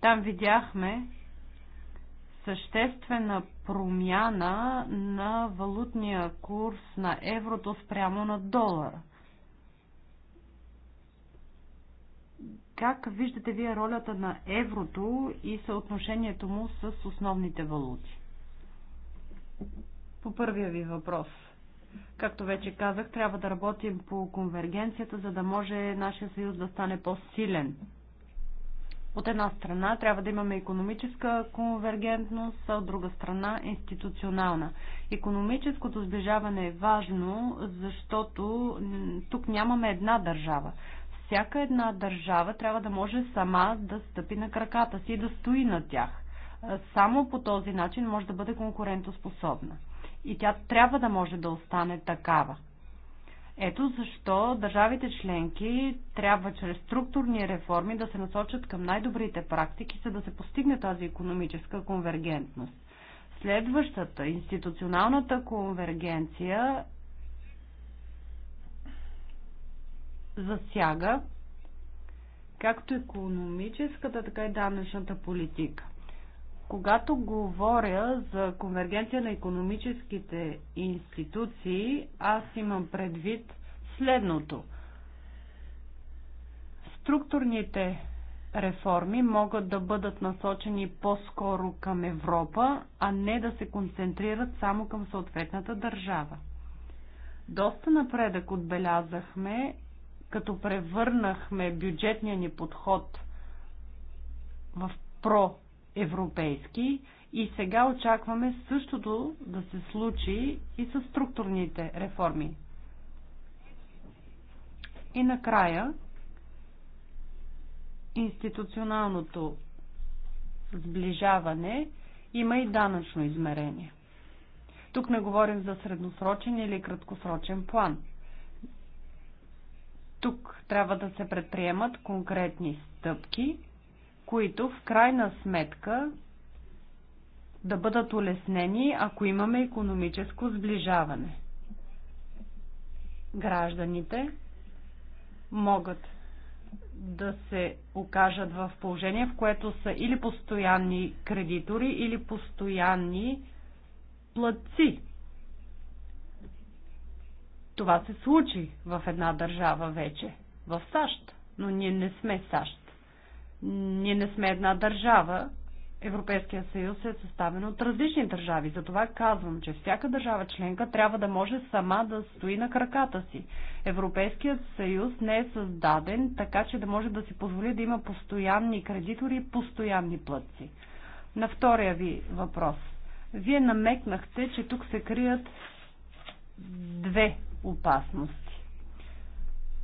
там видяхме съществена промяна на валутния курс на еврото спрямо на долара. Как виждате вие ролята на еврото и съотношението му с основните валути? По първия ви въпрос – Както вече казах, трябва да работим по конвергенцията, за да може нашия съюз да стане по-силен. От една страна трябва да имаме економическа конвергентност, а от друга страна институционална. Економическото сближаване е важно, защото тук нямаме една държава. Всяка една държава трябва да може сама да стъпи на краката си и да стои на тях. Само по този начин може да бъде конкурентоспособна и тя трябва да може да остане такава. Ето защо държавите членки трябва чрез структурни реформи да се насочат към най-добрите практики, за да се постигне тази економическа конвергентност. Следващата институционалната конвергенция засяга както економическата, така и данъчната политика. Когато говоря за конвергенция на економическите институции, аз имам предвид следното. Структурните реформи могат да бъдат насочени по-скоро към Европа, а не да се концентрират само към съответната държава. Доста напредък отбелязахме, като превърнахме бюджетния ни подход в про европейски и сега очакваме същото да се случи и с структурните реформи. И накрая институционалното сближаване има и данъчно измерение. Тук не говорим за средносрочен или краткосрочен план. Тук трябва да се предприемат конкретни стъпки – които в крайна сметка да бъдат улеснени, ако имаме економическо сближаване. Гражданите могат да се окажат в положение, в което са или постоянни кредитори, или постоянни платци. Това се случи в една държава вече, в САЩ, но ние не сме САЩ. Ние не сме една държава. Европейския съюз е съставен от различни държави. Затова казвам, че всяка държава членка трябва да може сама да стои на краката си. Европейският съюз не е създаден така, че да може да си позволи да има постоянни кредитори и постоянни плътци. На втория ви въпрос. Вие намекнахте, че тук се крият две опасности.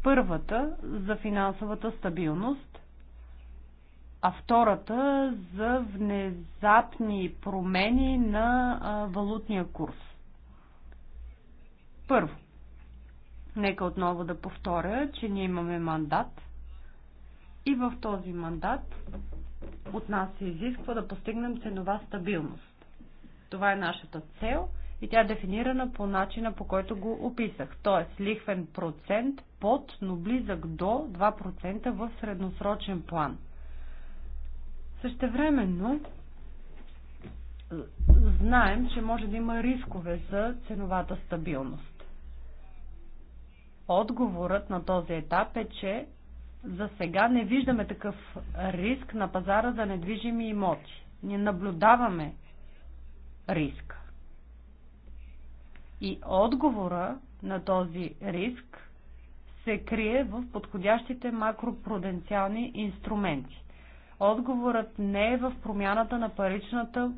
Първата за финансовата стабилност а втората за внезапни промени на валутния курс. Първо, нека отново да повторя, че ние имаме мандат и в този мандат от нас се изисква да постигнем ценова стабилност. Това е нашата цел и тя е дефинирана по начина, по който го описах, т.е. лихвен процент под, но близък до 2% в средносрочен план – Същевременно е, знаем, че може да има рискове за ценовата стабилност. Отговорът на този етап е, че за сега не виждаме такъв риск на пазара за недвижими имоти. Не наблюдаваме риск. И отговора на този риск се крие в подходящите макропруденциални инструменти. Отговорът не е в промяната на паричната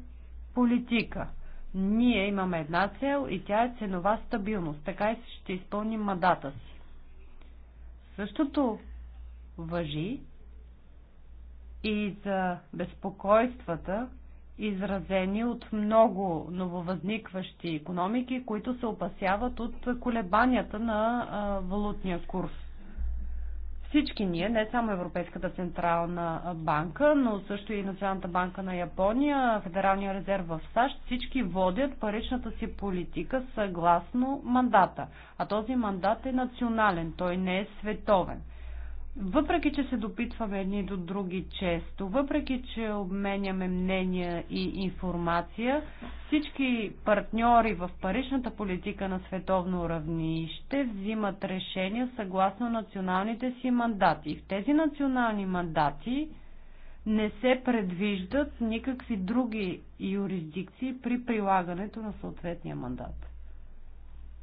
политика. Ние имаме една цел и тя е ценова стабилност. Така и ще изпълним мадата си. Същото въжи и за безпокойствата, изразени от много нововъзникващи економики, които се опасяват от колебанията на валутния курс. Всички ние, не само Европейската централна банка, но също и Националната банка на Япония, Федералния резерв в САЩ, всички водят паричната си политика съгласно мандата. А този мандат е национален, той не е световен. Въпреки, че се допитваме едни до други често, въпреки, че обменяме мнения и информация, всички партньори в паричната политика на световно равнище взимат решения съгласно националните си мандати. И в тези национални мандати не се предвиждат никакви други юрисдикции при прилагането на съответния мандат.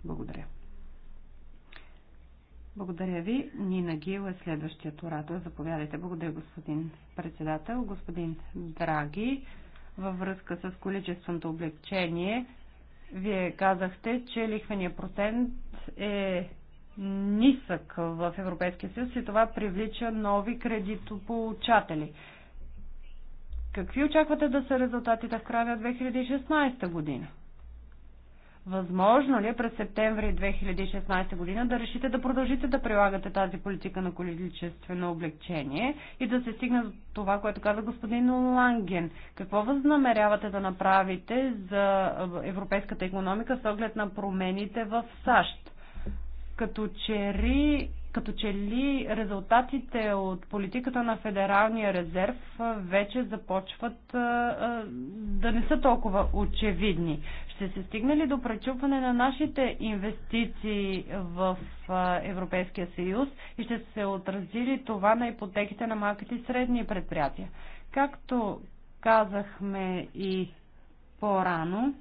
Благодаря. Благодаря ви. Нина Гил е следващият оратор. Заповядайте. Благодаря, господин председател. Господин Драги, във връзка с количественото облегчение, вие казахте, че лихвения процент е нисък в Европейския съюз и това привлича нови кредитополучатели. Какви очаквате да са резултатите в края на 2016 година? Възможно ли е през септември 2016 година да решите да продължите да прилагате тази политика на количествено облегчение и да се стигне до това, което каза господин Ланген? Какво възнамерявате да направите за европейската економика с оглед на промените в САЩ? Като че ли като че ли резултатите от политиката на Федералния резерв вече започват да не са толкова очевидни. Ще се стигне ли до пречупване на нашите инвестиции в Европейския съюз и ще се отрази ли това на ипотеките на малките и средни предприятия? Както казахме и по-рано,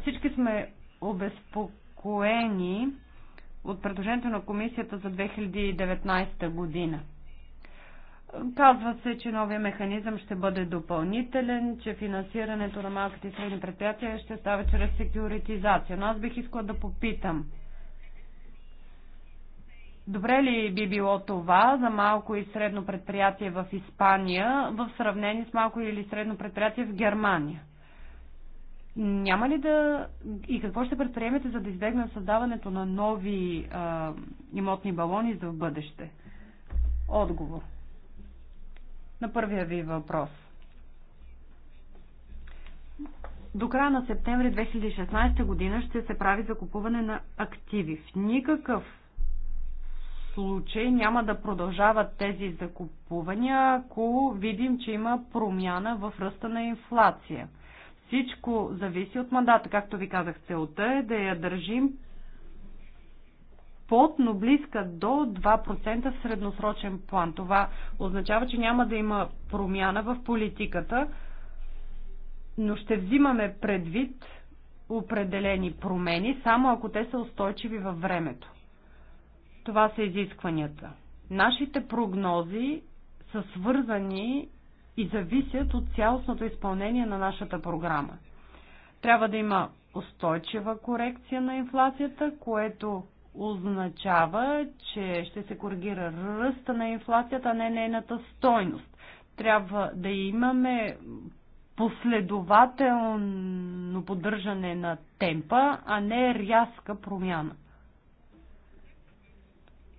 всички сме обезпокоени от предложението на комисията за 2019 година. Казва се, че новия механизъм ще бъде допълнителен, че финансирането на малките и средни предприятия ще става чрез секюритизация. Но аз бих искала да попитам. Добре ли би било това за малко и средно предприятие в Испания в сравнение с малко или средно предприятие в Германия? Няма ли да и какво ще предприемете, за да избегнем създаването на нови а, имотни балони за в бъдеще? Отговор. На първия ви въпрос. До края на септември 2016 година ще се прави закупуване на активи. В никакъв случай няма да продължават тези закупувания, ако видим, че има промяна в ръста на инфлация – всичко зависи от мандата. Както ви казах, целта е да я държим под, но близка до 2% в средносрочен план. Това означава, че няма да има промяна в политиката, но ще взимаме предвид определени промени, само ако те са устойчиви във времето. Това са изискванията. Нашите прогнози са свързани и зависят от цялостното изпълнение на нашата програма. Трябва да има устойчива корекция на инфлацията, което означава, че ще се коригира ръста на инфлацията, а не нейната стойност. Трябва да имаме последователно поддържане на темпа, а не рязка промяна.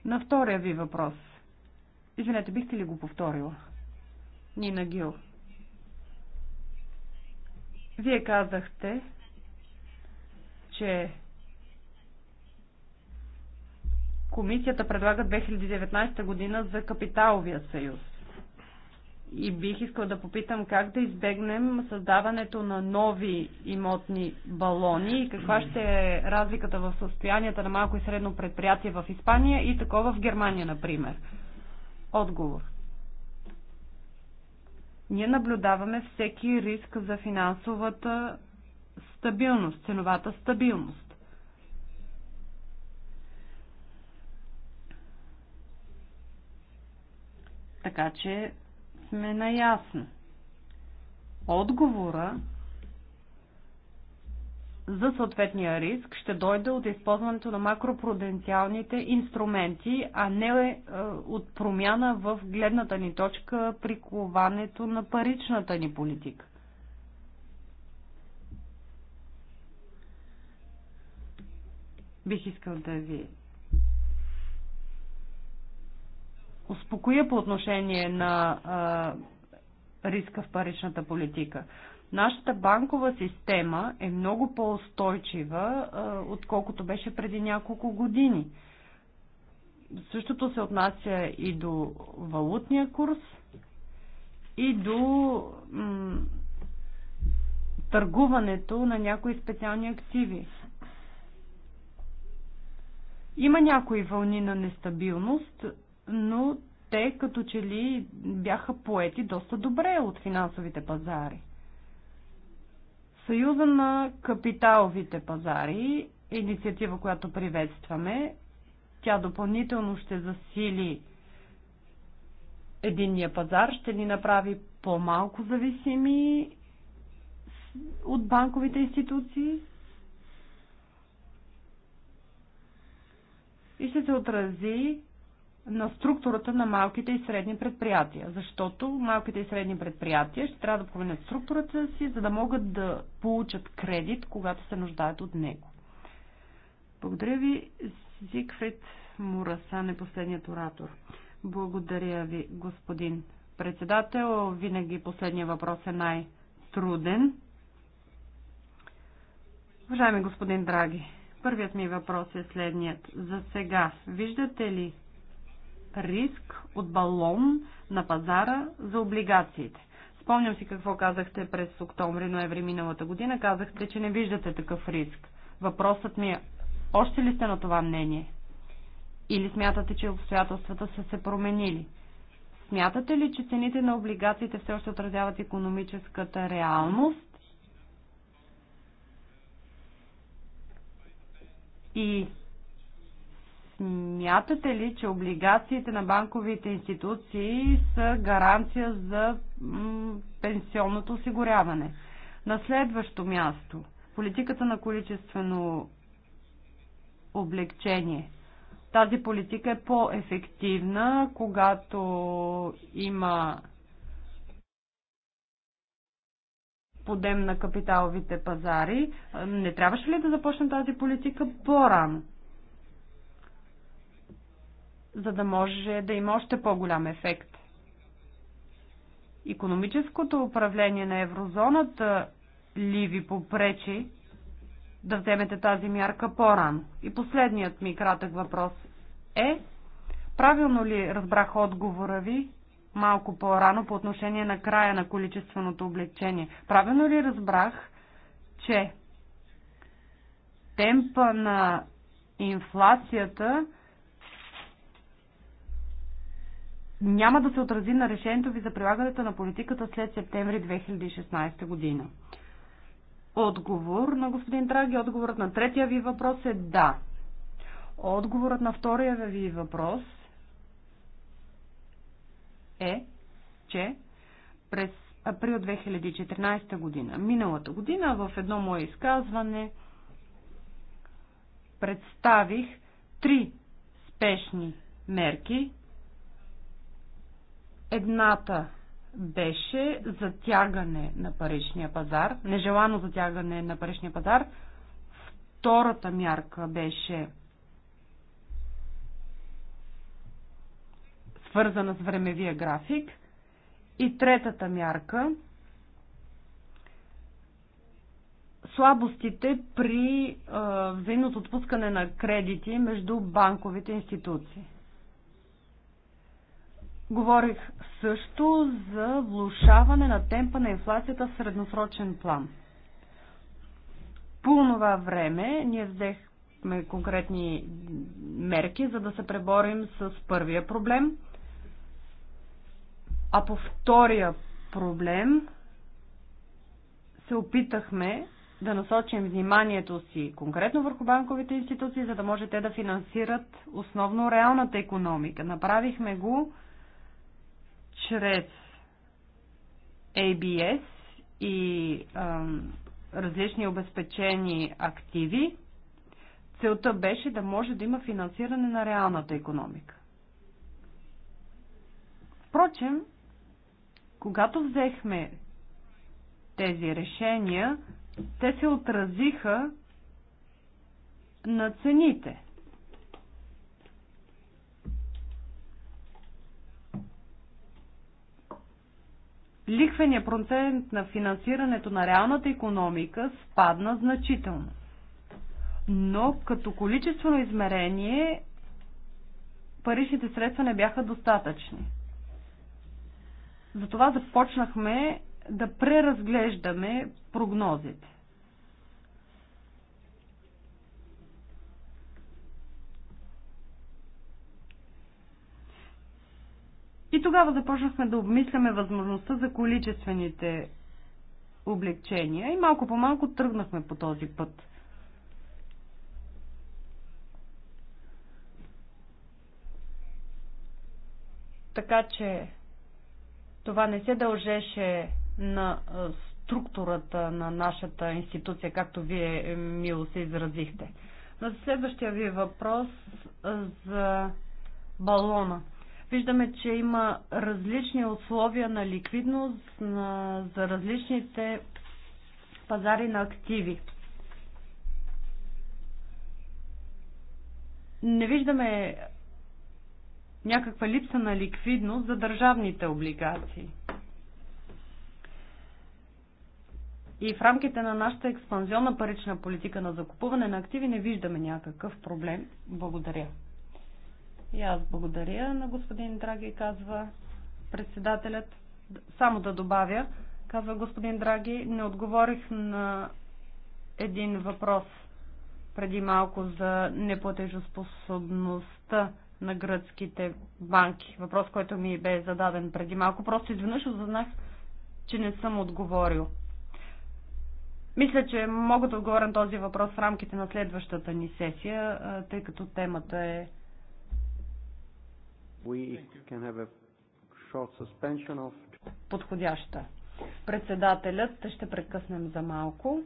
На втория ви въпрос. Извинете, бихте ли го повторила? Нина Гил. Вие казахте, че комисията предлага 2019 година за капиталовия съюз. И бих искала да попитам как да избегнем създаването на нови имотни балони и каква ще е разликата в състоянията на малко и средно предприятие в Испания и такова в Германия, например. Отговор. Ние наблюдаваме всеки риск за финансовата стабилност, ценовата стабилност. Така че сме наясно. Отговора за съответния риск ще дойде от използването на макропруденциалните инструменти, а не е, от промяна в гледната ни точка при коването на паричната ни политика. Бих искал да ви успокоя по отношение на е, риска в паричната политика. Нашата банкова система е много по-устойчива, отколкото беше преди няколко години. Същото се отнася и до валутния курс, и до търгуването на някои специални активи. Има някои вълни на нестабилност, но те като че ли бяха поети доста добре от финансовите пазари. Съюза на капиталовите пазари е инициатива, която приветстваме. Тя допълнително ще засили единния пазар, ще ни направи по-малко зависими от банковите институции и ще се отрази на структурата на малките и средни предприятия, защото малките и средни предприятия ще трябва да променят структурата си, за да могат да получат кредит, когато се нуждаят от него. Благодаря ви, Зигфрид Мурасан е последният оратор. Благодаря ви, господин председател. Винаги последният въпрос е най-труден. Уважаеми господин Драги, първият ми въпрос е следният. За сега, виждате ли риск от балон на пазара за облигациите. Спомням си какво казахте през октомври-ноември миналата година. Казахте, че не виждате такъв риск. Въпросът ми е, още ли сте на това мнение? Или смятате, че обстоятелствата са се променили? Смятате ли, че цените на облигациите все още отразяват економическата реалност? И Смятате ли, че облигациите на банковите институции са гаранция за пенсионното осигуряване? На следващо място, политиката на количествено облегчение. Тази политика е по-ефективна, когато има подем на капиталовите пазари. Не трябваше ли да започне тази политика по-рано? за да може да има още по-голям ефект. Економическото управление на еврозоната ли ви попречи да вземете тази мярка по-рано? И последният ми кратък въпрос е, правилно ли разбрах отговора ви малко по-рано по отношение на края на количественото облегчение? Правилно ли разбрах, че темпа на инфлацията няма да се отрази на решението ви за прилагането на политиката след септември 2016 година? Отговор на господин Траги, отговорът на третия ви въпрос е да. Отговорът на втория ви въпрос е, че през април 2014 година, миналата година, в едно мое изказване представих три спешни мерки, Едната беше затягане на паричния пазар, нежелано затягане на паричния пазар. Втората мярка беше свързана с времевия график. И третата мярка слабостите при а, взаимното отпускане на кредити между банковите институции. Говорих също за влушаване на темпа на инфлацията в средносрочен план. По това време ние взехме конкретни мерки, за да се преборим с първия проблем. А по втория проблем се опитахме да насочим вниманието си конкретно върху банковите институции, за да може те да финансират основно реалната економика. Направихме го чрез ABS и а, различни обезпечени активи, целта беше да може да има финансиране на реалната економика. Впрочем, когато взехме тези решения, те се отразиха на цените. лихвения процент на финансирането на реалната економика спадна значително. Но като количествено измерение паричните средства не бяха достатъчни. Затова започнахме да преразглеждаме прогнозите. И тогава започнахме да обмисляме възможността за количествените облегчения и малко по малко тръгнахме по този път. Така че това не се дължеше на структурата на нашата институция, както вие, е, мило, се изразихте. На следващия ви въпрос за балона – Виждаме, че има различни условия на ликвидност на, за различните пазари на активи. Не виждаме някаква липса на ликвидност за държавните облигации. И в рамките на нашата експанзионна парична политика на закупуване на активи не виждаме някакъв проблем. Благодаря. И аз благодаря на господин Драги, казва председателят. Само да добавя, казва господин Драги, не отговорих на един въпрос преди малко за неплатежоспособността на гръцките банки. Въпрос, който ми бе зададен преди малко. Просто изведнъж осъзнах, че не съм отговорил. Мисля, че мога да отговоря на този въпрос в рамките на следващата ни сесия, тъй като темата е Подходяща. Председателят ще прекъснем за малко,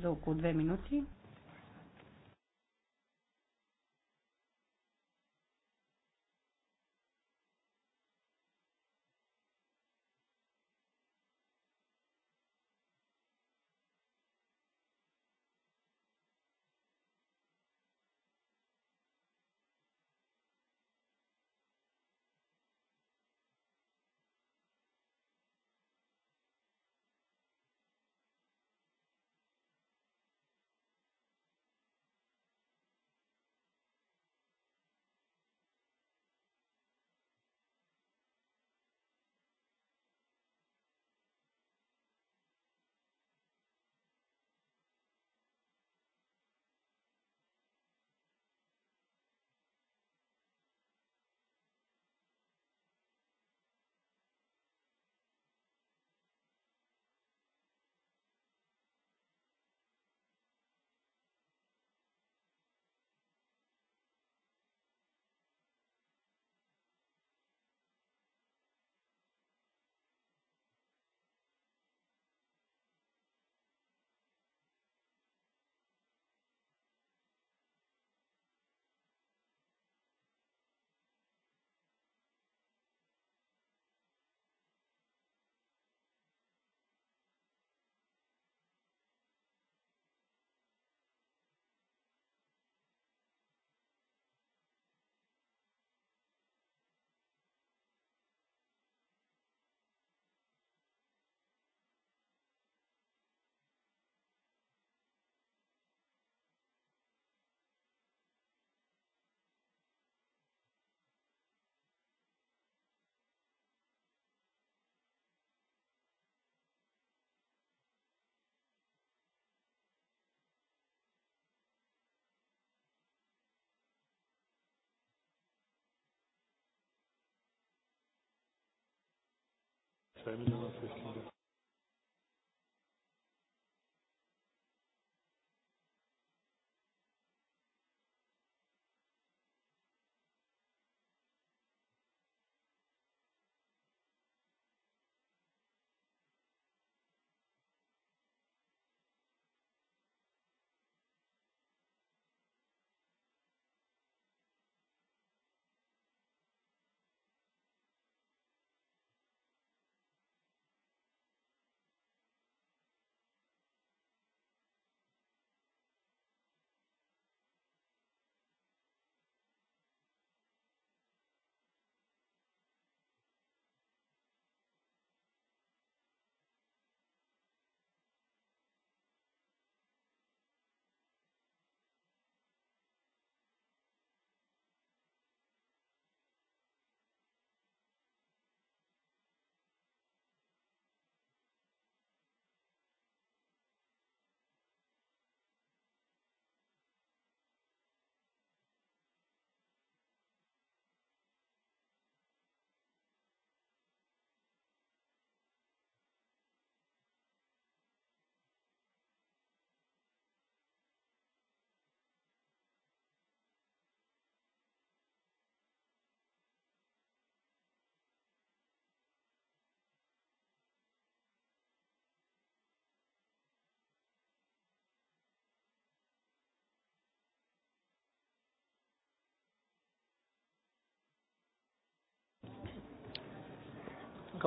за около две минути. zwei Minuten auf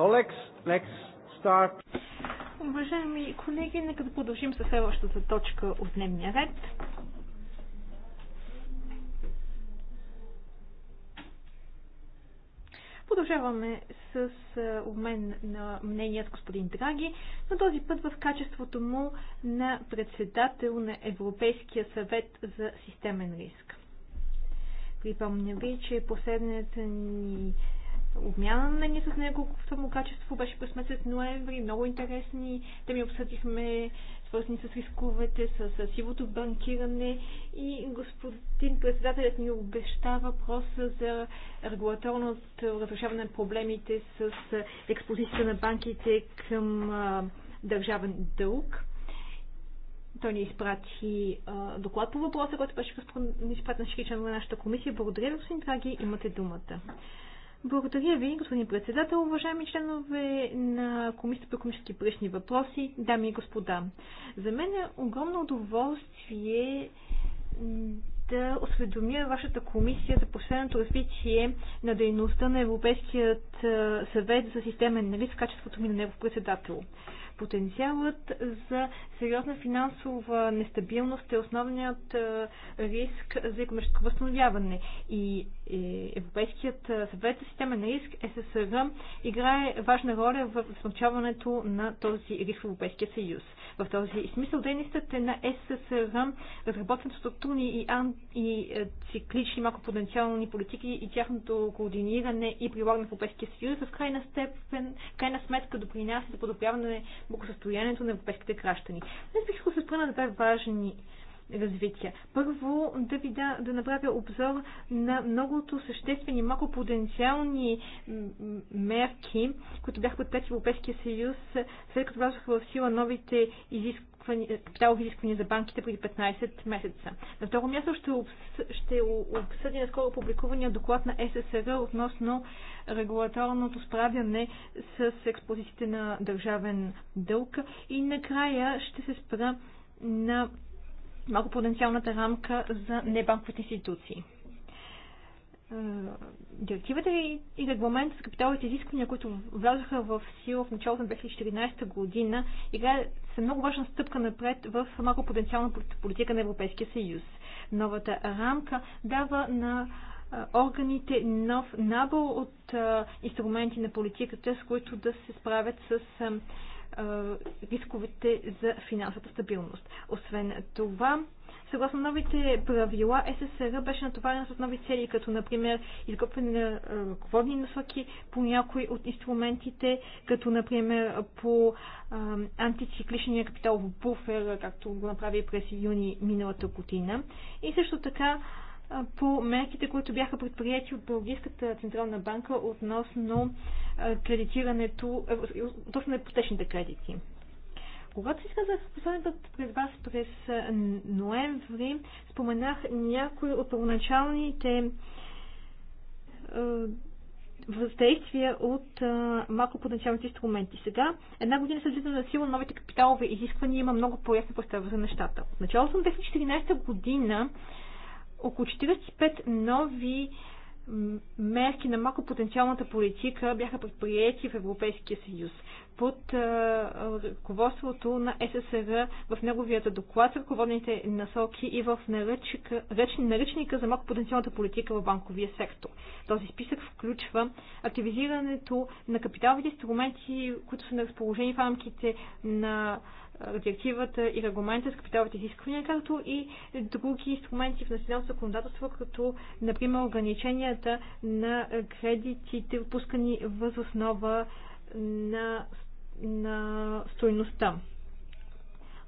Colleagues, let's start. Уважаеми колеги, нека да продължим със следващата точка от дневния ред. Продължаваме с обмен на мнения с господин Драги, но този път в качеството му на председател на Европейския съвет за системен риск. Припомня ви, че последната ни обмяна на мнение с него в му качество беше през месец ноември. Много интересни Те ми обсъдихме, свързани с рисковете, с, с сивото банкиране и господин председателят ми обеща въпроса за регулаторното разрешаване на проблемите с експозицията на банките към а, държавен дълг. Той ни изпрати а, доклад по въпроса, който беше изпратен на членове на нашата комисия. Благодаря ви, господин траги, Имате думата. Благодаря ви, господин председател, уважаеми членове на Комисията по економически прешни въпроси, дами и господа. За мен е огромно удоволствие да осведомя вашата комисия за последното развитие на дейността на Европейският съвет за системен риск, качеството ми на негов председател. Потенциалът за сериозна финансова нестабилност е основният е, риск за економическо възстановяване. И е, Европейският е, съвет за на риск ССР играе важна роля в смъчаването на този риск в Европейския съюз. В този смисъл дейностите на ССР разработват структурни и, антициклични и е, циклични макропотенциални политики и тяхното координиране и прилагане в Европейския съюз в крайна, степен, в крайна сметка допринася за подобряване благосъстоянието на европейските кращани. Днес бих искал се спра на две важни развития. Първо да ви да, да направя обзор на многото съществени, малко потенциални мерки, които бяха подпети в Европейския съюз, след като влязоха в сила новите изисквания, капиталови изисквания за банките преди 15 месеца. На второ място ще, обс... ще обсъди наскоро публикувания доклад на ССР относно регулаторното справяне с експозициите на държавен дълг. И накрая ще се спра на потенциалната рамка за небанковите институции. Е, директивата и регламент за капиталните изисквания, които влязоха в сила в началото на 2014 година, играят са много важна стъпка напред в потенциална политика на Европейския съюз. Новата рамка дава на органите нов набор от инструменти на политиката, с които да се справят с рисковете за финансовата стабилност. Освен това, съгласно новите правила, СССР беше натоварена с нови цели, като например изготвяне на ръководни насоки по някои от инструментите, като например по антицикличния капиталов буфер, както го направи през юни миналата година. И също така по мерките, които бяха предприяти от Белгийската централна банка относно кредитирането, относно ипотечните кредити. Когато изказах последния път пред вас през ноември, споменах някои от първоначалните въздействия от макропотенциалните инструменти. Сега, една година след влизане на сила новите капиталови изисквания, има много по-ясна представа за нещата. От началото на 2014 година около 45 нови мерки на макропотенциалната политика бяха предприяти в Европейския съюз под ръководството на ССР в неговията доклад, ръководните насоки и в наръчника, наръчника за макропотенциалната политика в банковия сектор. Този списък включва активизирането на капиталовите инструменти, които са на разположение в рамките на директивата и регламента с капиталните изисквания, както и други инструменти в националното законодателство, като например ограниченията на кредитите, впускани въз основа на, на стоеността.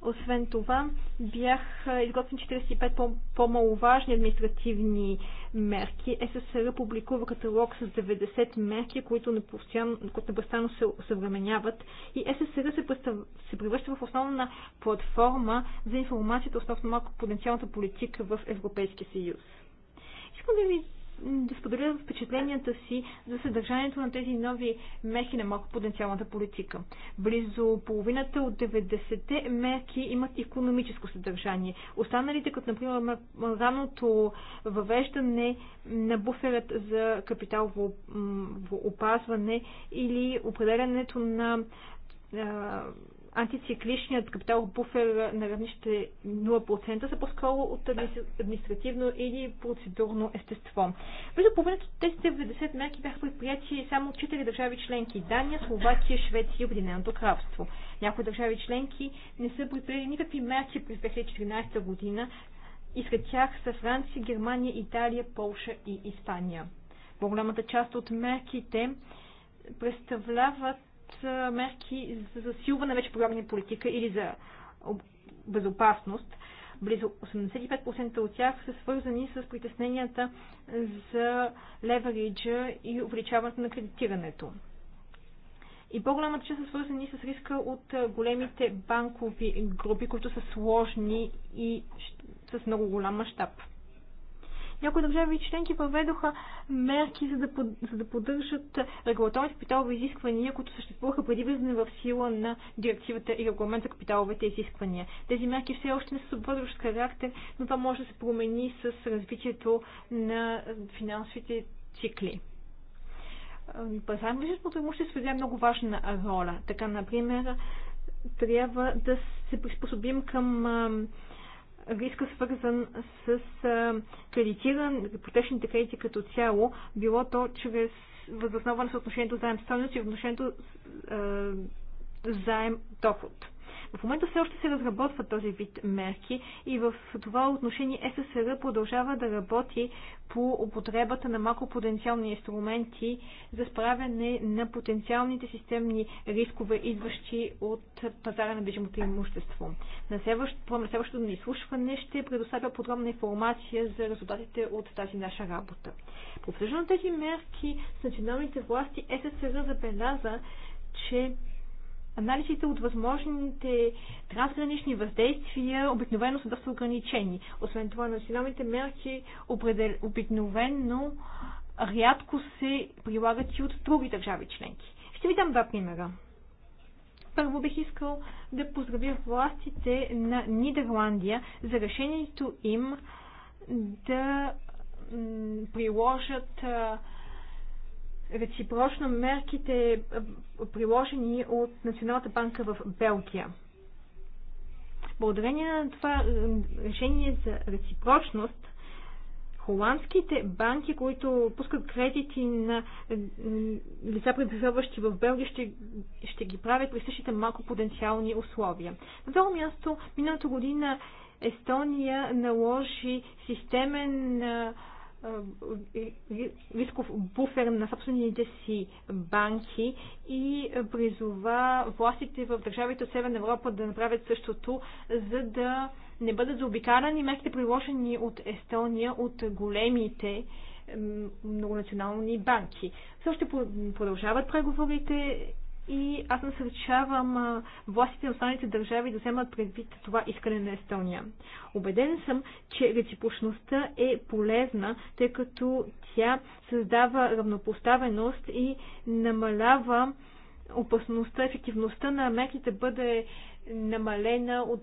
Освен това, бях изготвен 45 по-маловажни по административни мерки. СССР публикува каталог с 90 мерки, които непостоянно се съвременяват. И ССР се, се превръща в основна платформа за информацията относно малко потенциалната политика в Европейския съюз. Искам да ви да споделя впечатленията си за съдържанието на тези нови мерки на малко потенциалната политика. Близо половината от 90-те мерки имат економическо съдържание. Останалите, като например раното въвеждане на буферът за капиталово опазване или определянето на антицикличният капитал буфер на равнище 0% са по-скоро от административно или процедурно естество. Близо половината от тези 90 мерки бяха предприяти само от 4 държави членки – Дания, Словакия, Швеция и Обединеното кралство. Някои държави членки не са предприели никакви мерки през 2014 година и сред тях са Франция, Германия, Италия, Полша и Испания. По-голямата част от мерките представляват мерки за засилване вече програмни политика или за безопасност. Близо 85% от тях са свързани с притесненията за левериджа и увеличаването на кредитирането. И по-голямата част са свързани с риска от големите банкови групи, които са сложни и с много голям мащаб. Някои държави членки въведоха мерки, за да, под, за да поддържат регулаторните капиталови изисквания, които съществуваха преди влизане в сила на директивата и регламента капиталовите изисквания. Тези мерки все още не са с обвързващ характер, но това може да се промени с развитието на финансовите цикли. Пазарно имущество играе много важна роля. Така, например, трябва да се приспособим към риска свързан с кредитиран, ипотечните кредити като цяло, било то чрез възоснова на съотношението заем стойност и отношението заем доход. В момента все още се разработва този вид мерки и в това отношение ССР продължава да работи по употребата на макропотенциални инструменти за справяне на потенциалните системни рискове, идващи от пазара на движимото имущество. На следващото, следващото ни изслушване ще предоставя подробна информация за резултатите от тази наша работа. По на тези мерки с националните власти ССР забеляза, че анализите от възможните трансгранични въздействия обикновено са доста ограничени. Освен това, националните мерки определ... обикновено рядко се прилагат и от други държави членки. Ще ви дам два примера. Първо бих искал да поздравя властите на Нидерландия за решението им да приложат реципрочно мерките, е, приложени от Националната банка в Белгия. Благодарение на това е, решение за реципрочност, холандските банки, които пускат кредити на е, лица, пребиваващи в Белгия, ще, ще ги правят при същите малко потенциални условия. На това място, миналата година Естония наложи системен рисков е, е, буфер на собствените си банки и призова властите в държавите от Северна Европа да направят същото, за да не бъдат заобикарани мерките приложени от Естония от големите многонационални банки. Също продължават преговорите и аз насърчавам властите на останалите държави да вземат предвид това искане на Естония. Обеден съм, че реципрочността е полезна, тъй като тя създава равнопоставеност и намалява опасността, ефективността на мерките бъде намалена от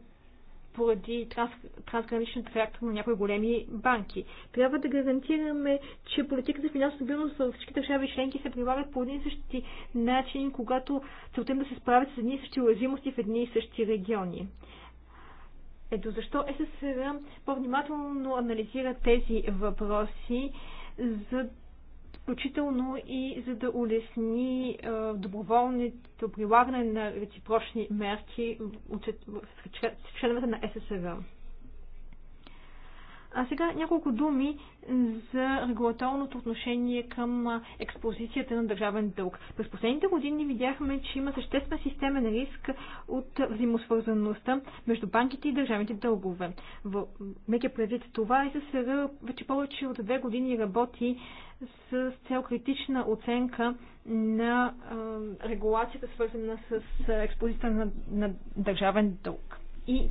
поради транс, трансграничен характер на някои големи банки. Трябва да гарантираме, че политиката за финансова стабилност във всички държави и членки се прилагат по един и същи начин, когато целта е да се справят с едни и същи уязвимости в едни и същи региони. Ето защо СССР по-внимателно анализира тези въпроси, за включително и за да улесни доброволното прилагане на реципрочни мерки от членовете на ССВ. А сега няколко думи за регулаторното отношение към експозицията на държавен дълг. През последните години видяхме, че има съществен системен риск от взаимосвързаността между банките и държавните дългове. В Мекия предвид това и ССР вече повече от две години работи с цел критична оценка на регулацията, свързана с експозицията на, на държавен дълг. И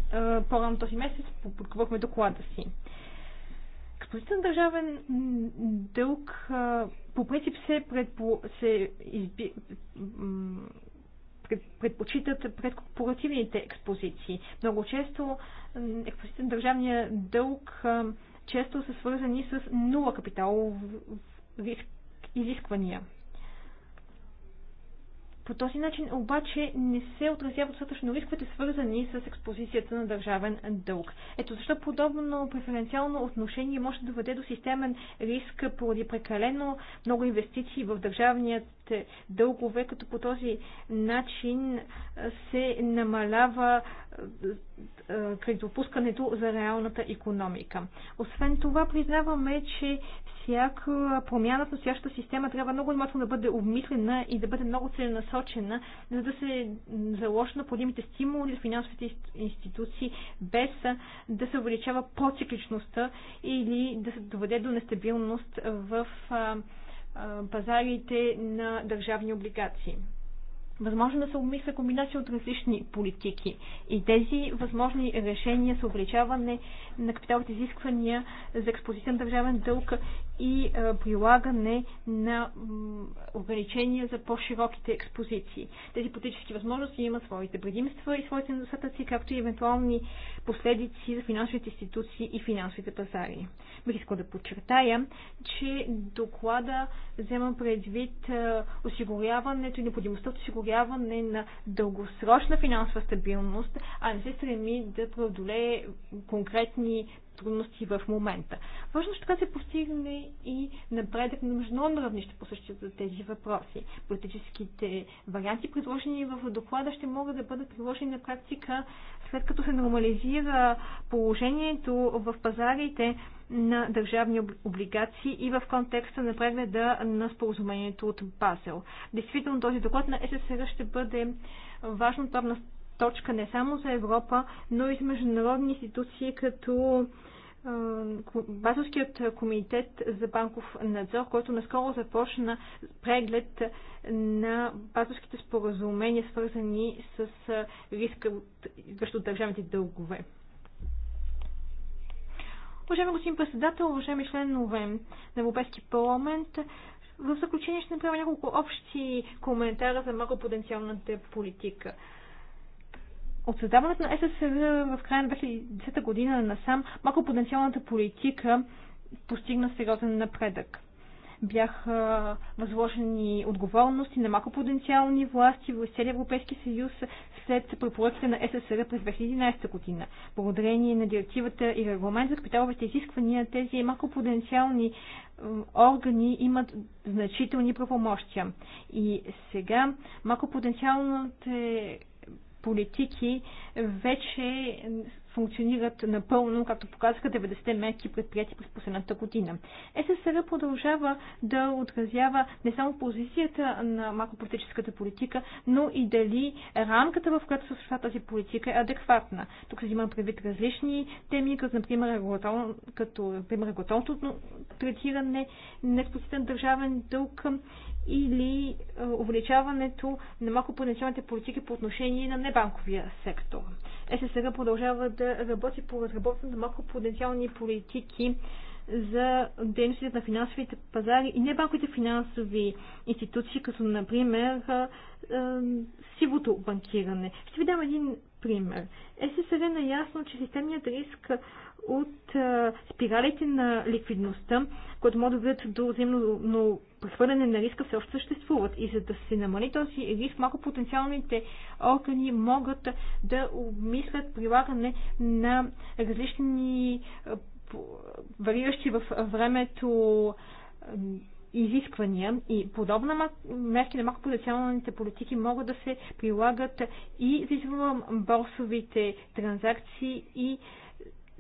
по-рано този месец публикувахме доклада си. Позицията на държавен дълг по принцип се, предпо, се изби, предпочитат пред корпоративните експозиции. Много често експозициите на държавния дълг често са свързани с нула капитал изисквания. По този начин обаче не се отразяват достатъчно рисковете, свързани с експозицията на държавен дълг. Ето защо подобно преференциално отношение може да доведе до системен риск поради прекалено много инвестиции в държавният дългове, като по този начин се намалява кредитопускането за реалната економика. Освен това, признаваме, че всяка промяна в настоящата система трябва много внимателно да бъде обмислена и да бъде много целенасочена, за да се на подимите стимули за финансовите институции, без да се увеличава процикличността или да се доведе до нестабилност в пазарите на държавни облигации. Възможно е да се обмисля комбинация от различни политики. И тези възможни решения са увеличаване на капиталните изисквания за експозиция на държавен дълг и прилагане на ограничения за по-широките експозиции. Тези политически възможности имат своите предимства и своите недостатъци, както и евентуални последици за финансовите институции и финансовите пазари. Бих искал да подчертая, че доклада взема предвид осигуряването и необходимостта от осигуряване на дългосрочна финансова стабилност, а не се стреми да преодолее конкретни трудности в момента. Важно ще така се постигне и напредък на международно равнище по същите за тези въпроси. Политическите варианти, предложени в доклада, ще могат да бъдат приложени на практика след като се нормализира положението в пазарите на държавни облигации и в контекста на прегледа на споразумението от Базел. Действително този доклад на СССР ще бъде важна правна точка не само за Европа, но и за международни институции като Базовският комитет за банков надзор, който наскоро започна преглед на базовските споразумения, свързани с риска върху държавните дългове. Уважаеми господин председател, уважаеми членове на Европейски парламент, в заключение ще направя няколко общи коментара за макропотенциалната политика. От създаването на СССР в края на 2010 година насам потенциалната политика постигна сериозен напредък. Бяха възложени отговорности на макропотенциални власти в целия Европейски съюз след препоръките на СССР през 2011 година. Благодарение на директивата и регламент за капиталовите изисквания, тези макропотенциални органи имат значителни правомощия. И сега макропотенциалните политики вече функционират напълно, както показаха 90-те мерки предприяти през последната година. СССР продължава да отразява не само позицията на макрополитическата политика, но и дали рамката, в която се осъществява тази политика е адекватна. Тук се взима предвид различни теми, като например, регулатор... като, регулаторното третиране, неспоситен държавен дълг или увеличаването на макропотенциалните политики по отношение на небанковия сектор. ССР продължава да работи по разработването на макропотенциални политики за дейностите на финансовите пазари и небанковите финансови институции, като например сивото банкиране. Ще ви дам един пример. ССР е наясно, че системният риск от спиралите на ликвидността, които могат да доведат до взаимно прехвърляне на риска, все още съществуват. И за да се намали този риск, малко потенциалните органи могат да обмислят прилагане на различни вариращи в времето изисквания и подобна мерки на макропотенциалните политики могат да се прилагат и за борсовите транзакции и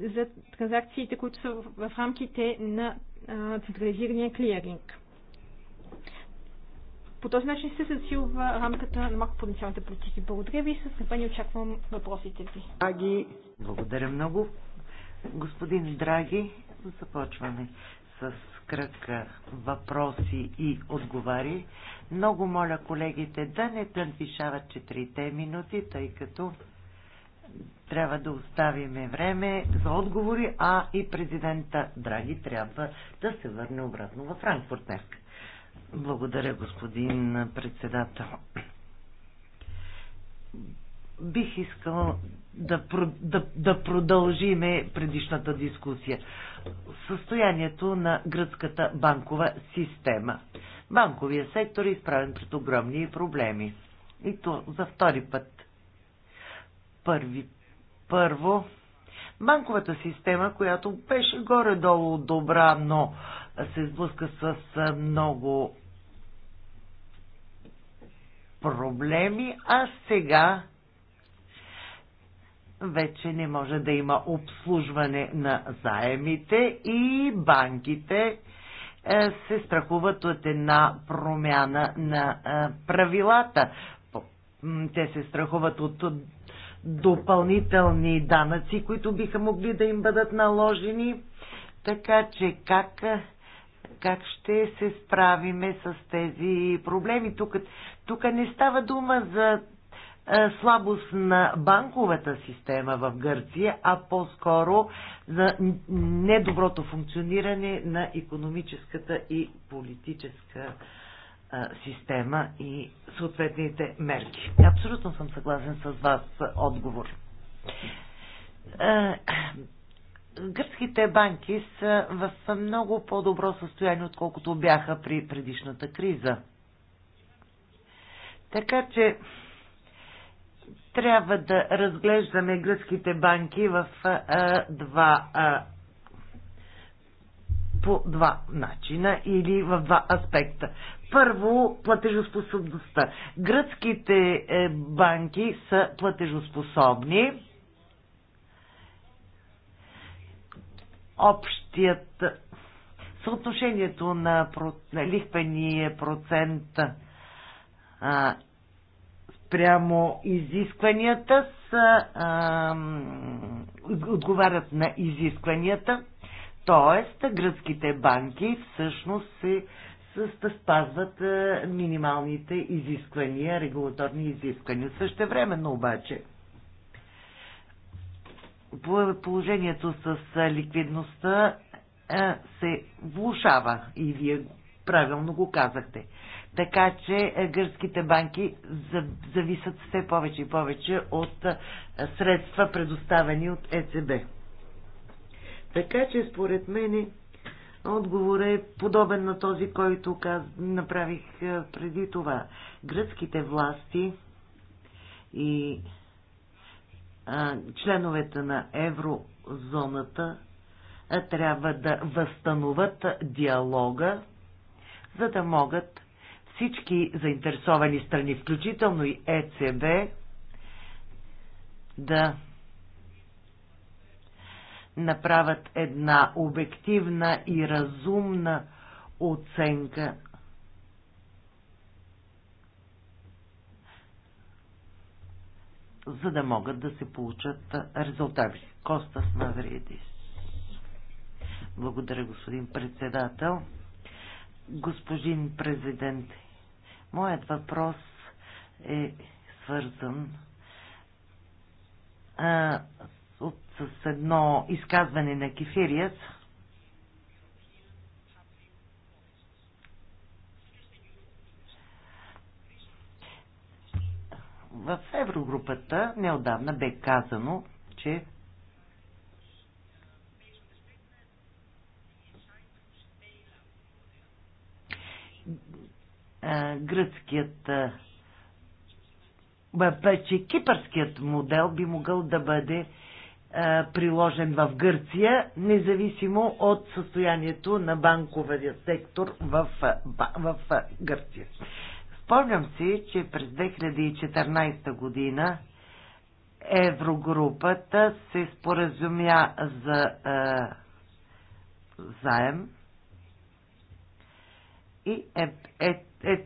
за транзакциите, които са в рамките на централизирания клиринг. По този начин се засилва рамката на макропотенциалните политики. Благодаря ви и с нетърпение очаквам въпросите ви. Драги. Благодаря много. Господин Драги, започваме с кръг въпроси и отговари. Много моля колегите да не тънвишават 4 минути, тъй като трябва да оставиме време за отговори, а и президента Драги трябва да се върне обратно във Франкфурт днес. Благодаря, господин председател. Бих искал да, да, да продължиме предишната дискусия. Състоянието на гръцката банкова система. Банковия сектор е изправен пред огромни проблеми. И то за втори път Първи, първо, банковата система, която беше горе-долу добра, но се сблъска с много проблеми, а сега вече не може да има обслужване на заемите и банките е, се страхуват от една промяна на е, правилата. Те се страхуват от допълнителни данъци, които биха могли да им бъдат наложени. Така че как, как ще се справиме с тези проблеми? Тук, тук не става дума за слабост на банковата система в Гърция, а по-скоро за недоброто функциониране на економическата и политическа система и съответните мерки. Абсолютно съм съгласен с вас отговор. Гръцките банки са в много по-добро състояние, отколкото бяха при предишната криза. Така че трябва да разглеждаме гръцките банки в а, два а, по два начина или в два аспекта. Първо, платежоспособността. Гръцките е, банки са платежоспособни. Общият съотношението на, лихвения процент а, прямо изискванията са, а, отговарят на изискванията, т.е. гръцките банки всъщност се спазват е, минималните изисквания, регулаторни изисквания. Също времено обаче положението с е, ликвидността е, се влушава и вие правилно го казахте. Така че гръцките банки зависят все повече и повече от средства, предоставени от ЕЦБ. Така че според мен Отговор е подобен на този, който каз... направих е, преди това. Гръцките власти и а, членовете на еврозоната трябва да възстановят диалога, за да могат всички заинтересовани страни, включително и ЕЦБ, да направят една обективна и разумна оценка за да могат да се получат резултати. Костас Мавридис. Благодаря, господин председател. Господин президент, моят въпрос е свързан с едно изказване на Кефирият. В Еврогрупата неодавна бе казано, че гръцкият че кипърският модел би могъл да бъде е, приложен в Гърция, независимо от състоянието на банковия сектор в, е, в е, Гърция. Спомням си, че през 2014 година Еврогрупата се споразумя за е, заем и е, е, е,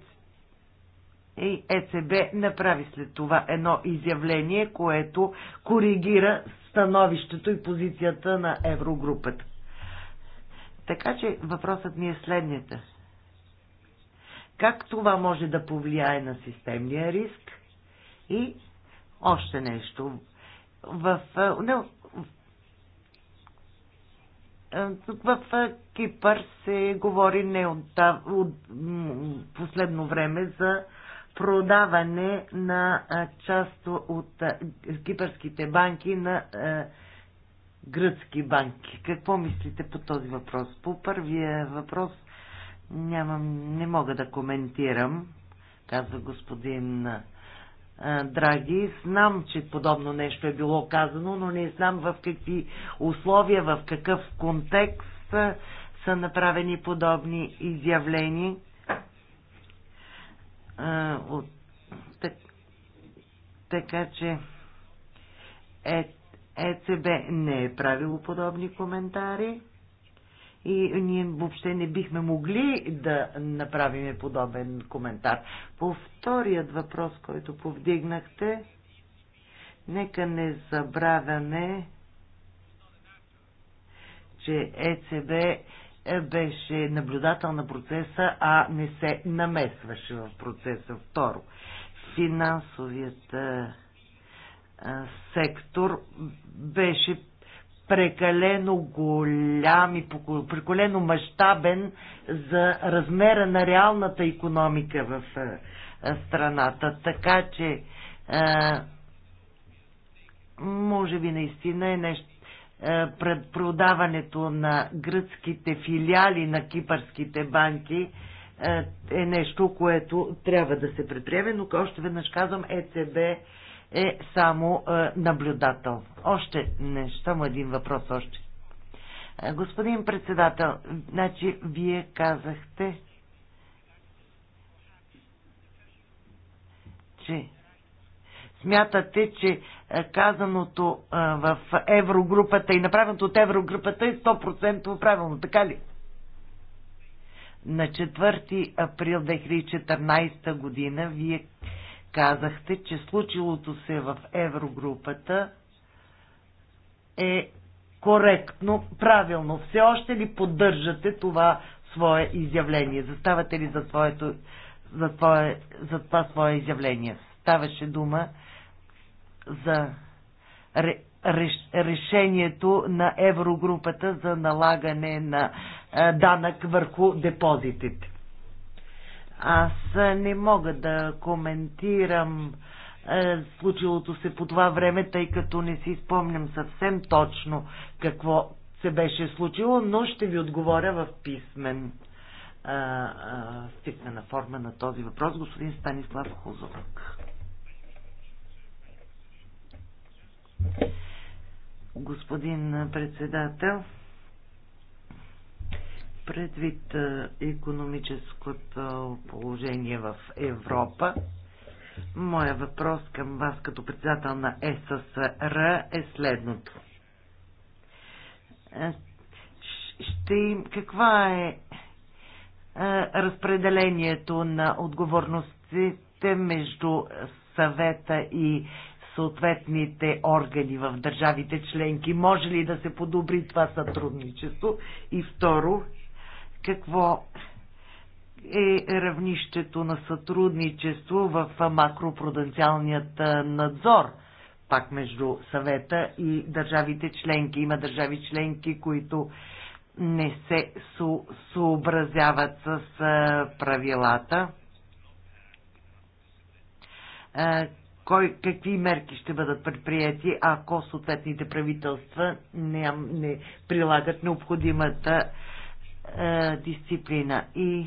и ЕЦБ направи след това едно изявление, което коригира становището и позицията на Еврогрупата. Така че въпросът ми е следният. Как това може да повлияе на системния риск? И още нещо. В, не, в Кипър се говори не от, от последно време за продаване на част от кипърските банки на гръцки банки. Какво мислите по този въпрос? По първия въпрос нямам, не мога да коментирам, казва господин Драги, знам, че подобно нещо е било казано, но не знам в какви условия, в какъв контекст са направени подобни изявления. А, от, так, така че е, ЕЦБ не е правило подобни коментари и ние въобще не бихме могли да направим подобен коментар. По вторият въпрос, който повдигнахте, нека не забравяме, че ЕЦБ е, беше наблюдател на процеса, а не се намесваше в процеса. Второ, финансовият е, е, сектор беше прекалено голям и прекалено мащабен за размера на реалната економика в страната. Така че може би наистина е нещо е, продаването на гръцките филиали на кипърските банки е, е нещо, което трябва да се предприеме, но още веднъж казвам, ЕЦБ е само е, наблюдател. Още нещо, само един въпрос още. Господин председател, значи вие казахте, че смятате, че е, казаното е, в еврогрупата и направеното от еврогрупата е 100% правилно, така ли? На 4 април 2014 година вие казахте, че случилото се в еврогрупата е коректно, правилно. Все още ли поддържате това свое изявление? Заставате ли за, своето, за, твое, за това свое изявление? Ставаше дума за решението на Еврогрупата за налагане на е, данък върху депозитите. Аз е, не мога да коментирам е, случилото се по това време, тъй като не си спомням съвсем точно какво се беше случило, но ще ви отговоря в писмен в писмена форма на този въпрос господин Станислав Хозовък. господин председател. Предвид економическото положение в Европа, моя въпрос към вас като председател на ССР е следното. Ще им, каква е разпределението на отговорностите между съвета и съответните органи в държавите членки? Може ли да се подобри това сътрудничество? И второ, какво е равнището на сътрудничество в макропруденциалният надзор? Пак между съвета и държавите членки. Има държави членки, които не се су- съобразяват с правилата кой, какви мерки ще бъдат предприяти, ако съответните правителства не, не прилагат необходимата е, дисциплина и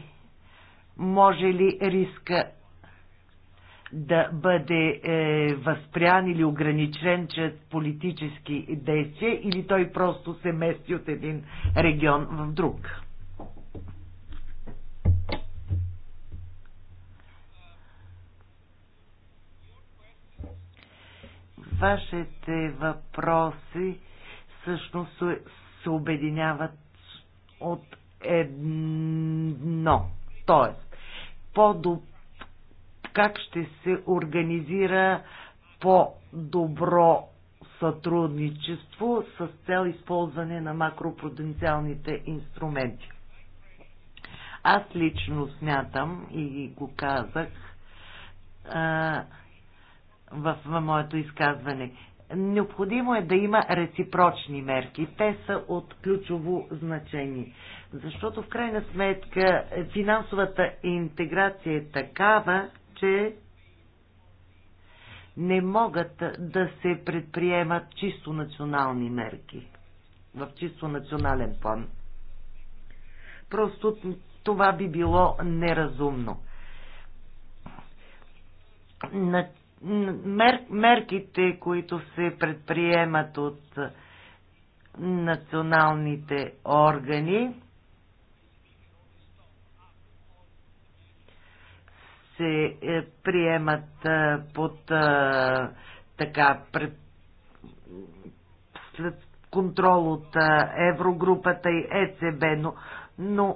може ли риска да бъде е, възпрян или ограничен чрез политически действия или той просто се мести от един регион в друг? вашите въпроси всъщност се обединяват от едно. Тоест, по как ще се организира по-добро сътрудничество с цел използване на макропруденциалните инструменти. Аз лично смятам и го казах, в моето изказване. Необходимо е да има реципрочни мерки. Те са от ключово значение. Защото в крайна сметка финансовата интеграция е такава, че не могат да се предприемат чисто национални мерки. В чисто национален план. Просто това би било неразумно. На мер, мерките, които се предприемат от националните органи, се е, приемат е, под е, така след контрол от Еврогрупата и ЕЦБ, но, но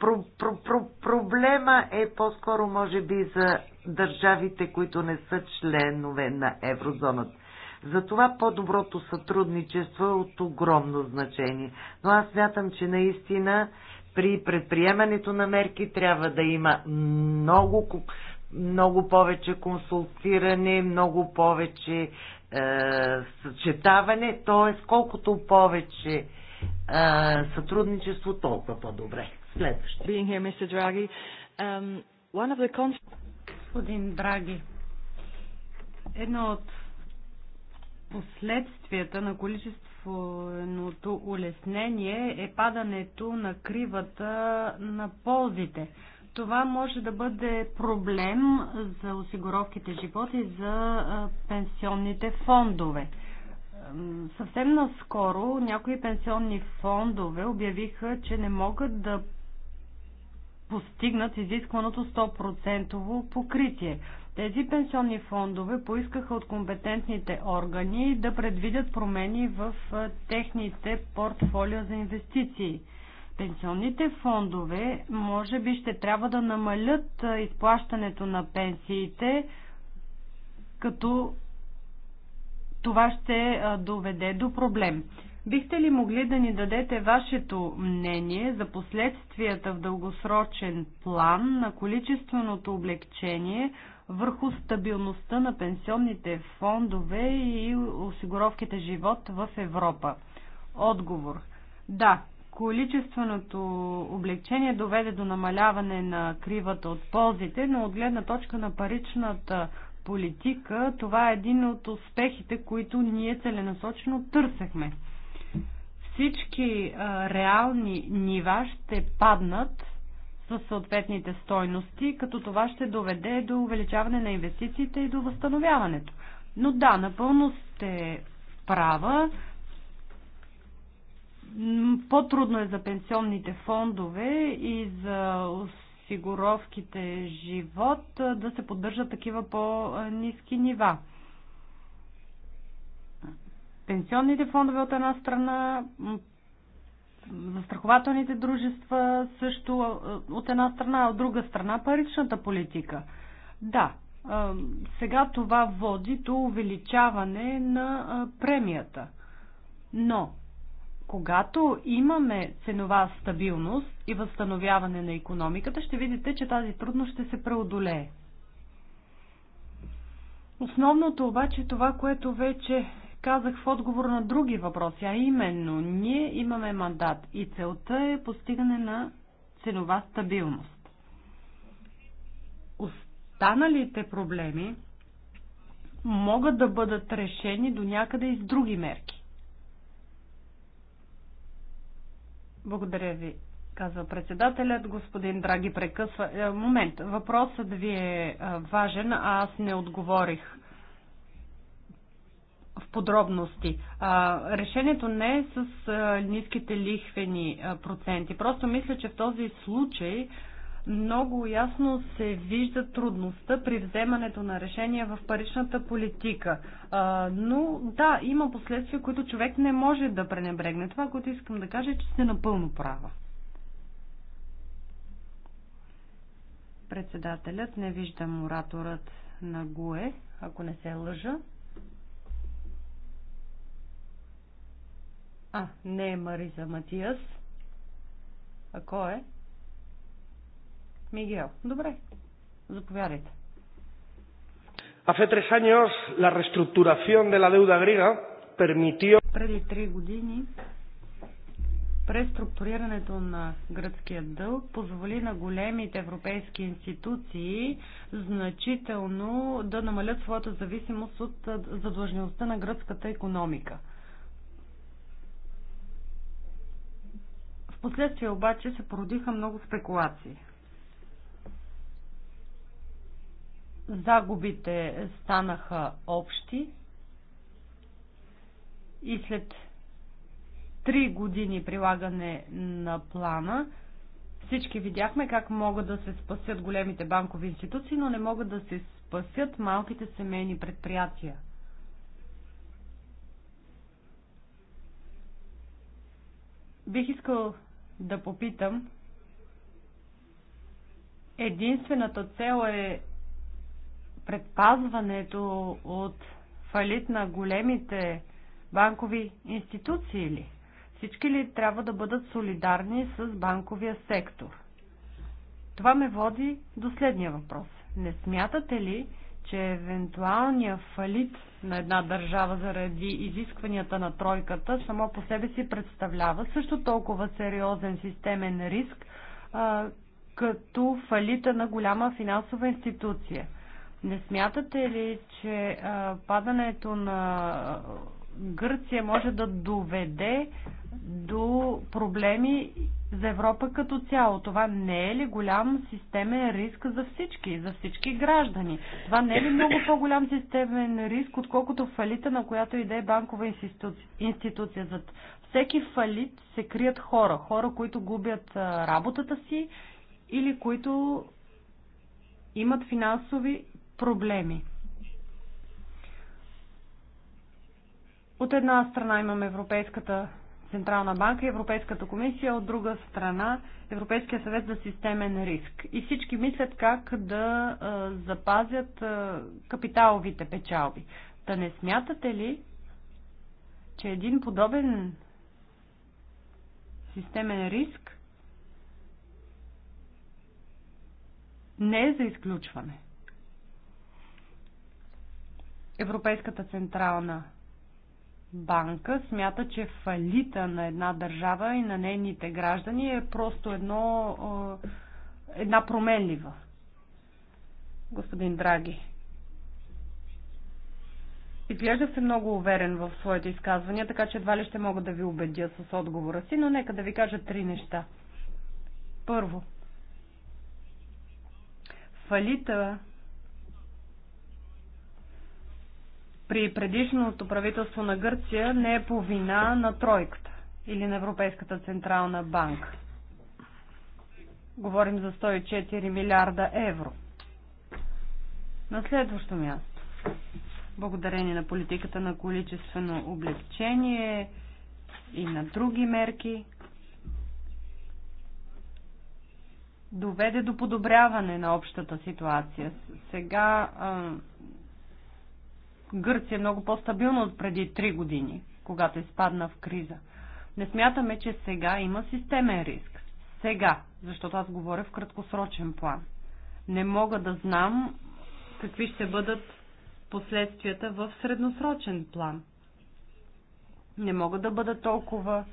про, про, про, проблема е по-скоро може би за държавите, които не са членове на еврозоната. Затова по-доброто сътрудничество е от огромно значение. Но аз смятам, че наистина при предприемането на мерки трябва да има много, много повече консултиране, много повече е, съчетаване, т.е. колкото повече е, сътрудничество, толкова по-добре. Следващо. Господин Драги, едно от последствията на количественото улеснение е падането на кривата на ползите. Това може да бъде проблем за осигуровките живот и за пенсионните фондове. Съвсем наскоро някои пенсионни фондове обявиха, че не могат да постигнат изискваното 100% покритие. Тези пенсионни фондове поискаха от компетентните органи да предвидят промени в техните портфолио за инвестиции. Пенсионните фондове може би ще трябва да намалят изплащането на пенсиите, като това ще доведе до проблем. Бихте ли могли да ни дадете вашето мнение за последствията в дългосрочен план на количественото облегчение върху стабилността на пенсионните фондове и осигуровките живот в Европа? Отговор. Да, количественото облегчение доведе до намаляване на кривата от ползите, но от гледна точка на паричната политика, това е един от успехите, които ние целенасочено търсехме всички а, реални нива ще паднат със съответните стойности, като това ще доведе до увеличаване на инвестициите и до възстановяването. Но да, напълно сте права. По-трудно е за пенсионните фондове и за осигуровките живот да се поддържат такива по-низки нива пенсионните фондове от една страна, застрахователните дружества също от една страна, а от друга страна паричната политика. Да, сега това води до увеличаване на премията. Но, когато имаме ценова стабилност и възстановяване на економиката, ще видите, че тази трудност ще се преодолее. Основното обаче е това, което вече казах в отговор на други въпроси, а именно ние имаме мандат и целта е постигане на ценова стабилност. Останалите проблеми могат да бъдат решени до някъде и с други мерки. Благодаря ви, казва председателят. Господин Драги прекъсва. Е, момент, въпросът ви е, е важен, а аз не отговорих подробности. А, решението не е с а, ниските лихвени а, проценти. Просто мисля, че в този случай много ясно се вижда трудността при вземането на решения в паричната политика. А, но да, има последствия, които човек не може да пренебрегне. Това, което искам да кажа, е, че сте напълно права. Председателят, не виждам ораторът на ГУЕ, ако не се лъжа. А, не е Мариза Матиас. А кой е? Мигел. Добре. Заповядайте. Hace tres años la reestructuración de la deuda griega permitió... Преди три години преструктурирането на гръцкия дълг позволи на големите европейски институции значително да намалят своята зависимост от задлъжнилостта на гръцката економика – Последствие обаче се породиха много спекулации. Загубите станаха общи и след три години прилагане на плана всички видяхме как могат да се спасят големите банкови институции, но не могат да се спасят малките семейни предприятия. Бих искал да попитам. Единствената цел е предпазването от фалит на големите банкови институции ли? Всички ли трябва да бъдат солидарни с банковия сектор? Това ме води до следния въпрос. Не смятате ли, че евентуалния фалит на една държава заради изискванията на тройката само по себе си представлява също толкова сериозен системен риск, а, като фалита на голяма финансова институция. Не смятате ли, че а, падането на Гърция може да доведе до проблеми за Европа като цяло. Това не е ли голям системен риск за всички, за всички граждани? Това не е ли много по-голям системен риск, отколкото фалита, на която иде банкова институция? за всеки фалит се крият хора. Хора, които губят работата си или които имат финансови проблеми. От една страна имаме Европейската Централна банка и Европейската комисия, от друга страна Европейския съвет за системен риск. И всички мислят как да а, запазят а, капиталовите печалби. Да не смятате ли, че един подобен системен риск не е за изключване? Европейската Централна банка смята, че фалита на една държава и на нейните граждани е просто едно, една променлива. Господин Драги, Изглежда се много уверен в своите изказвания, така че едва ли ще мога да ви убедя с отговора си, но нека да ви кажа три неща. Първо, фалита при предишното правителство на Гърция не е по вина на тройката или на Европейската централна банка. Говорим за 104 милиарда евро. На следващо място. Благодарение на политиката на количествено облегчение и на други мерки, доведе до подобряване на общата ситуация. Сега Гърция е много по-стабилна от преди 3 години, когато изпадна в криза. Не смятаме, че сега има системен риск. Сега, защото аз говоря в краткосрочен план. Не мога да знам какви ще бъдат последствията в средносрочен план. Не мога да бъда толкова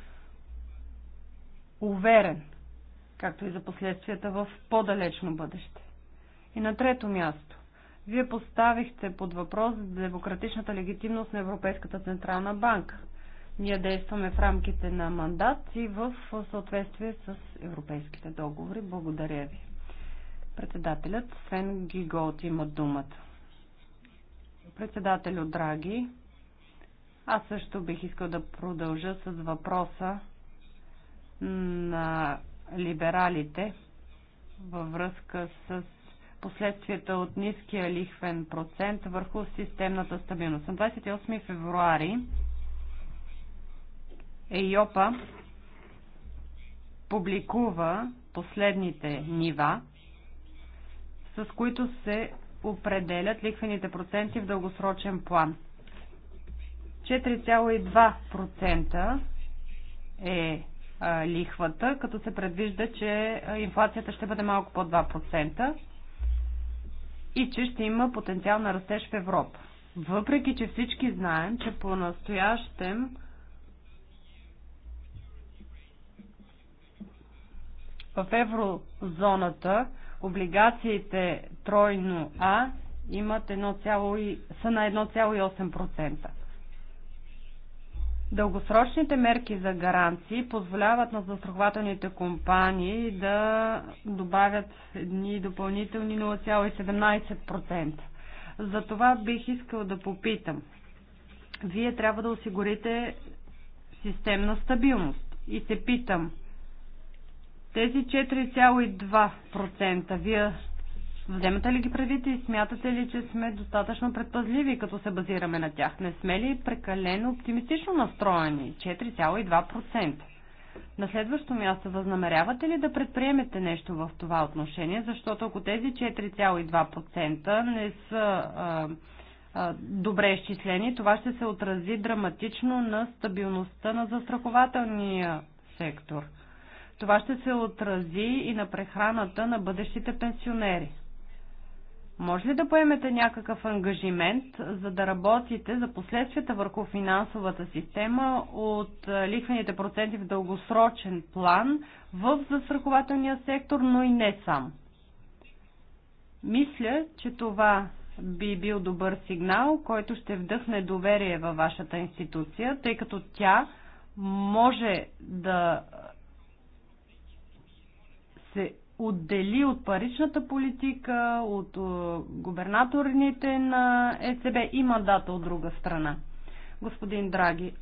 уверен, както и за последствията в по-далечно бъдеще. И на трето място. Вие поставихте под въпрос за демократичната легитимност на Европейската Централна банка. Ние действаме в рамките на мандат и в съответствие с европейските договори. Благодаря ви. Председателят Свен Гиголт има думата. Председателю Драги, аз също бих искал да продължа с въпроса на либералите във връзка с последствията от ниския лихвен процент върху системната стабилност. На 28 февруари ЕЙОПА публикува последните нива, с които се определят лихвените проценти в дългосрочен план. 4,2% е лихвата, като се предвижда, че инфлацията ще бъде малко по 2% и че ще има потенциална растеж в Европа. Въпреки, че всички знаем, че по-настоящем в еврозоната облигациите тройно А имат 1, са на 1,8%. Дългосрочните мерки за гаранции позволяват на застрахователните компании да добавят едни допълнителни 0,17%. За това бих искал да попитам. Вие трябва да осигурите системна стабилност. И се питам, тези 4,2% вие Вземате ли ги предвид и смятате ли, че сме достатъчно предпазливи, като се базираме на тях? Не сме ли прекалено оптимистично настроени? 4,2%. На следващо място, възнамерявате ли да предприемете нещо в това отношение, защото ако тези 4,2% не са а, а, добре изчислени, това ще се отрази драматично на стабилността на застрахователния сектор. Това ще се отрази и на прехраната на бъдещите пенсионери. Може ли да поемете някакъв ангажимент, за да работите за последствията върху финансовата система от лихвените проценти в дългосрочен план в застрахователния сектор, но и не сам? Мисля, че това би бил добър сигнал, който ще вдъхне доверие във вашата институция, тъй като тя може да се отдели от паричната политика, от е, губернаторните на ЕЦБ и мандата от друга страна? Господин Драги,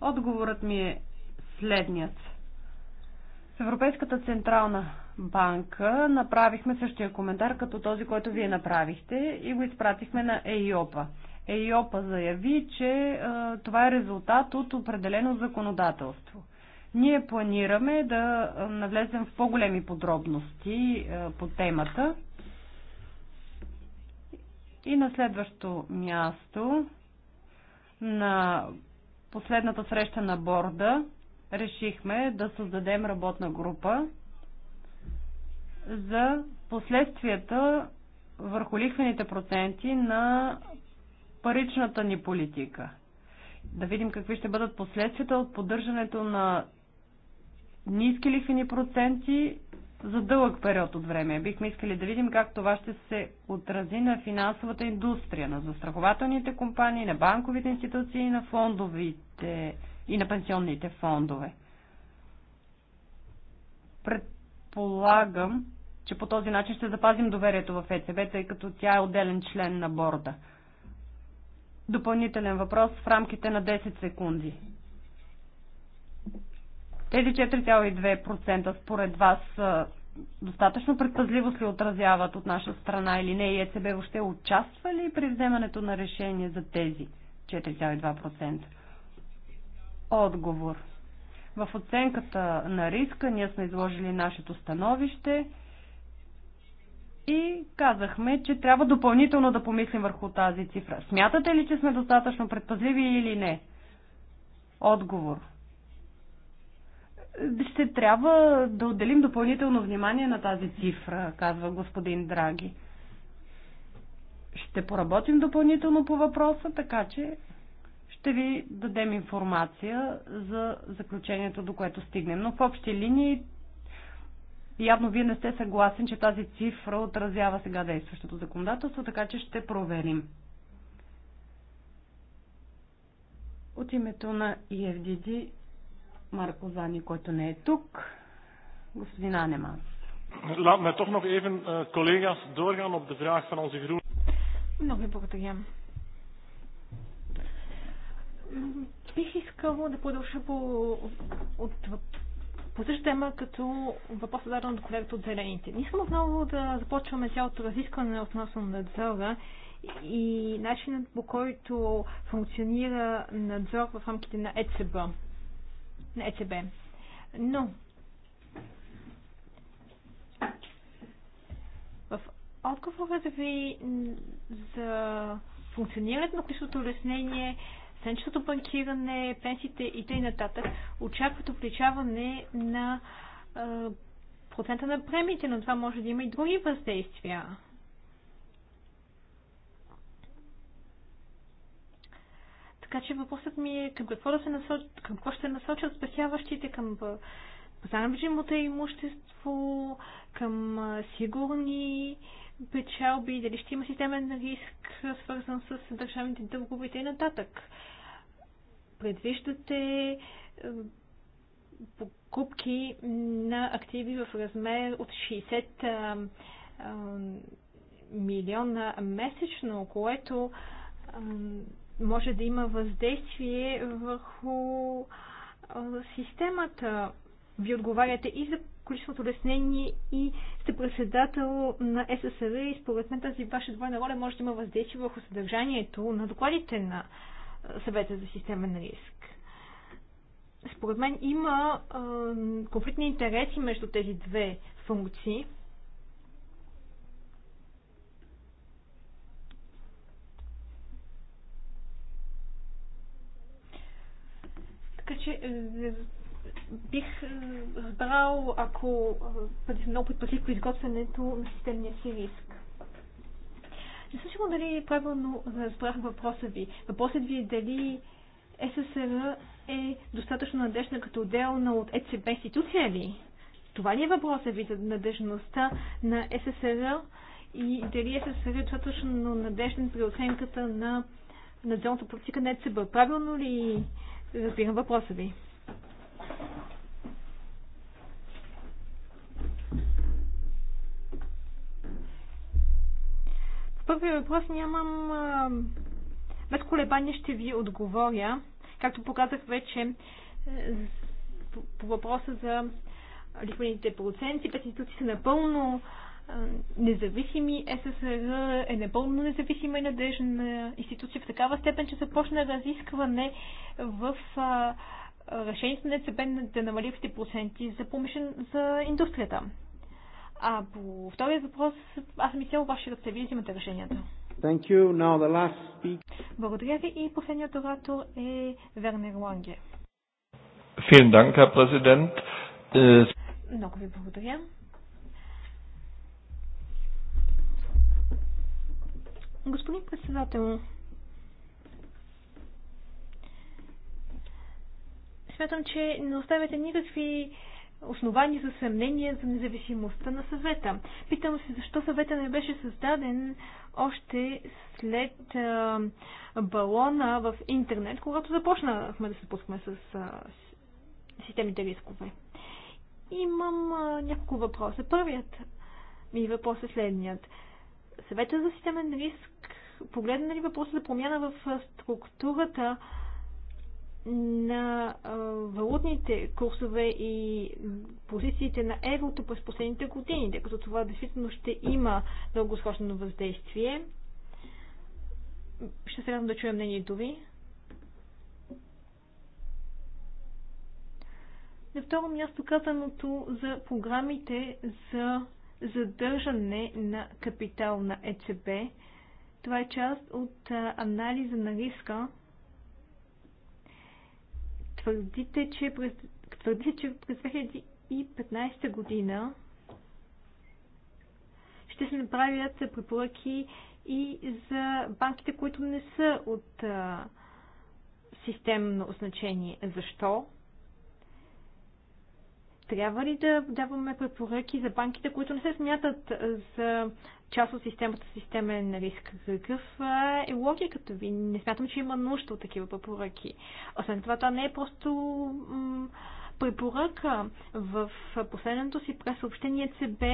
отговорът ми е следният. С Европейската централна банка направихме същия коментар като този, който вие направихте и го изпратихме на ЕИОПА. ЕИОПА заяви, че е, това е резултат от определено законодателство – ние планираме да навлезем в по-големи подробности по темата. И на следващо място, на последната среща на борда, решихме да създадем работна група за последствията върху лихвените проценти на паричната ни политика. Да видим какви ще бъдат последствията от поддържането на ниски лихвени проценти за дълъг период от време. Бихме искали да видим как това ще се отрази на финансовата индустрия, на застрахователните компании, на банковите институции и на фондовите и на пенсионните фондове. Предполагам, че по този начин ще запазим доверието в ЕЦБ, тъй като тя е отделен член на борда. Допълнителен въпрос в рамките на 10 секунди. Тези 4,2% според вас достатъчно предпазливо се отразяват от наша страна или не? И ЕЦБ въобще участва ли при вземането на решение за тези 4,2%? Отговор. В оценката на риска ние сме изложили нашето становище и казахме, че трябва допълнително да помислим върху тази цифра. Смятате ли, че сме достатъчно предпазливи или не? Отговор ще трябва да отделим допълнително внимание на тази цифра, казва господин Драги. Ще поработим допълнително по въпроса, така че ще ви дадем информация за заключението, до което стигнем. Но в общи линии явно вие не сте съгласен, че тази цифра отразява сега действащото законодателство, така че ще проверим. От името на EFDD Марко Zani, който не е тук. Господин Анеманс. Laat mij toch nog even, uh, collega's, doorgaan op de vraag van onze groene. Много ви благодаря. Бих искала да продължа по, от, по същата тема, като въпрос зададен от колегата от Зелените. Не искам отново да започваме цялото разискване относно надзора и начинът по който функционира надзор в рамките на ЕЦБ на ЕЦБ. Но в да ви за функционирането на количеството улеснение, сенчестото банкиране, пенсиите и т.н. очакват обличаване на процента на премиите, но това може да има и други въздействия. Така че въпросът ми е към какво, да се насочат, към какво ще насочат спасяващите, към занабжимото имущество, към сигурни печалби, дали ще има системен риск, свързан с държавните дълговите и нататък. Предвиждате покупки на активи в размер от 60 милиона месечно, което може да има въздействие върху системата. Вие отговаряте и за количеството леснение и сте председател на ССР и според мен тази ваша двойна роля може да има въздействие върху съдържанието на докладите на съвета за системен риск. Според мен има конфликтни интереси между тези две функции. Така че е, бих е, разбрал, ако бъде много предпазлив по изготвянето на системния си риск. Не съм сигурна дали правилно разбрах въпроса ви. Въпросът ви е дали ССР е достатъчно надежна като отделна от ЕЦБ институция ли? Това ли е въпросът ви за надежността на ССР и дали ССР е достатъчно надежна при оценката на надзорната политика на ЕЦБ? Правилно ли Разбирам въпроса ви. В първия въпрос нямам... Без колебание ще ви отговоря. Както показах вече е, по въпроса за лихвените проценти, пет институции са напълно независими ССР е напълно независима и надежна институция в такава степен, че започна разискване в а, решението на ЕЦБ да намали проценти за, помишен, за индустрията. А по втория въпрос, аз съм изцяло ваше ръце, вие взимате решенията. Thank you. Now the last speak. Благодаря ви и последният оратор е Вернер Ланге. Vielen Dank, Herr Präsident. Äh, Много ви благодаря. Господин председател, смятам, че не оставяте никакви основания за съмнение за независимостта на съвета. Питам се защо съвета не беше създаден още след а, балона в интернет, когато започнахме да се пускаме с а, рискове. Имам а, няколко въпроса. Първият ми въпрос е следният съвета за системен риск погледна ли нали, въпроса за промяна в структурата на валутните курсове и позициите на еврото през последните години, тъй като това действително ще има дългосрочно въздействие. Ще се радвам да чуя мнението ви. На второ място казаното за програмите за задържане на капитал на ЕЦБ. Това е част от анализа на риска. Твърдите, че през, твърдите, че през 2015 година ще се направят препоръки и за банките, които не са от а, системно значение. Защо? Трябва ли да даваме препоръки за банките, които не се смятат за част от системата системен риск? Какъв е логиката ви? Не смятам, че има нужда от такива препоръки. Освен това, това не е просто препоръка. В последното си пресъобщение ЦБ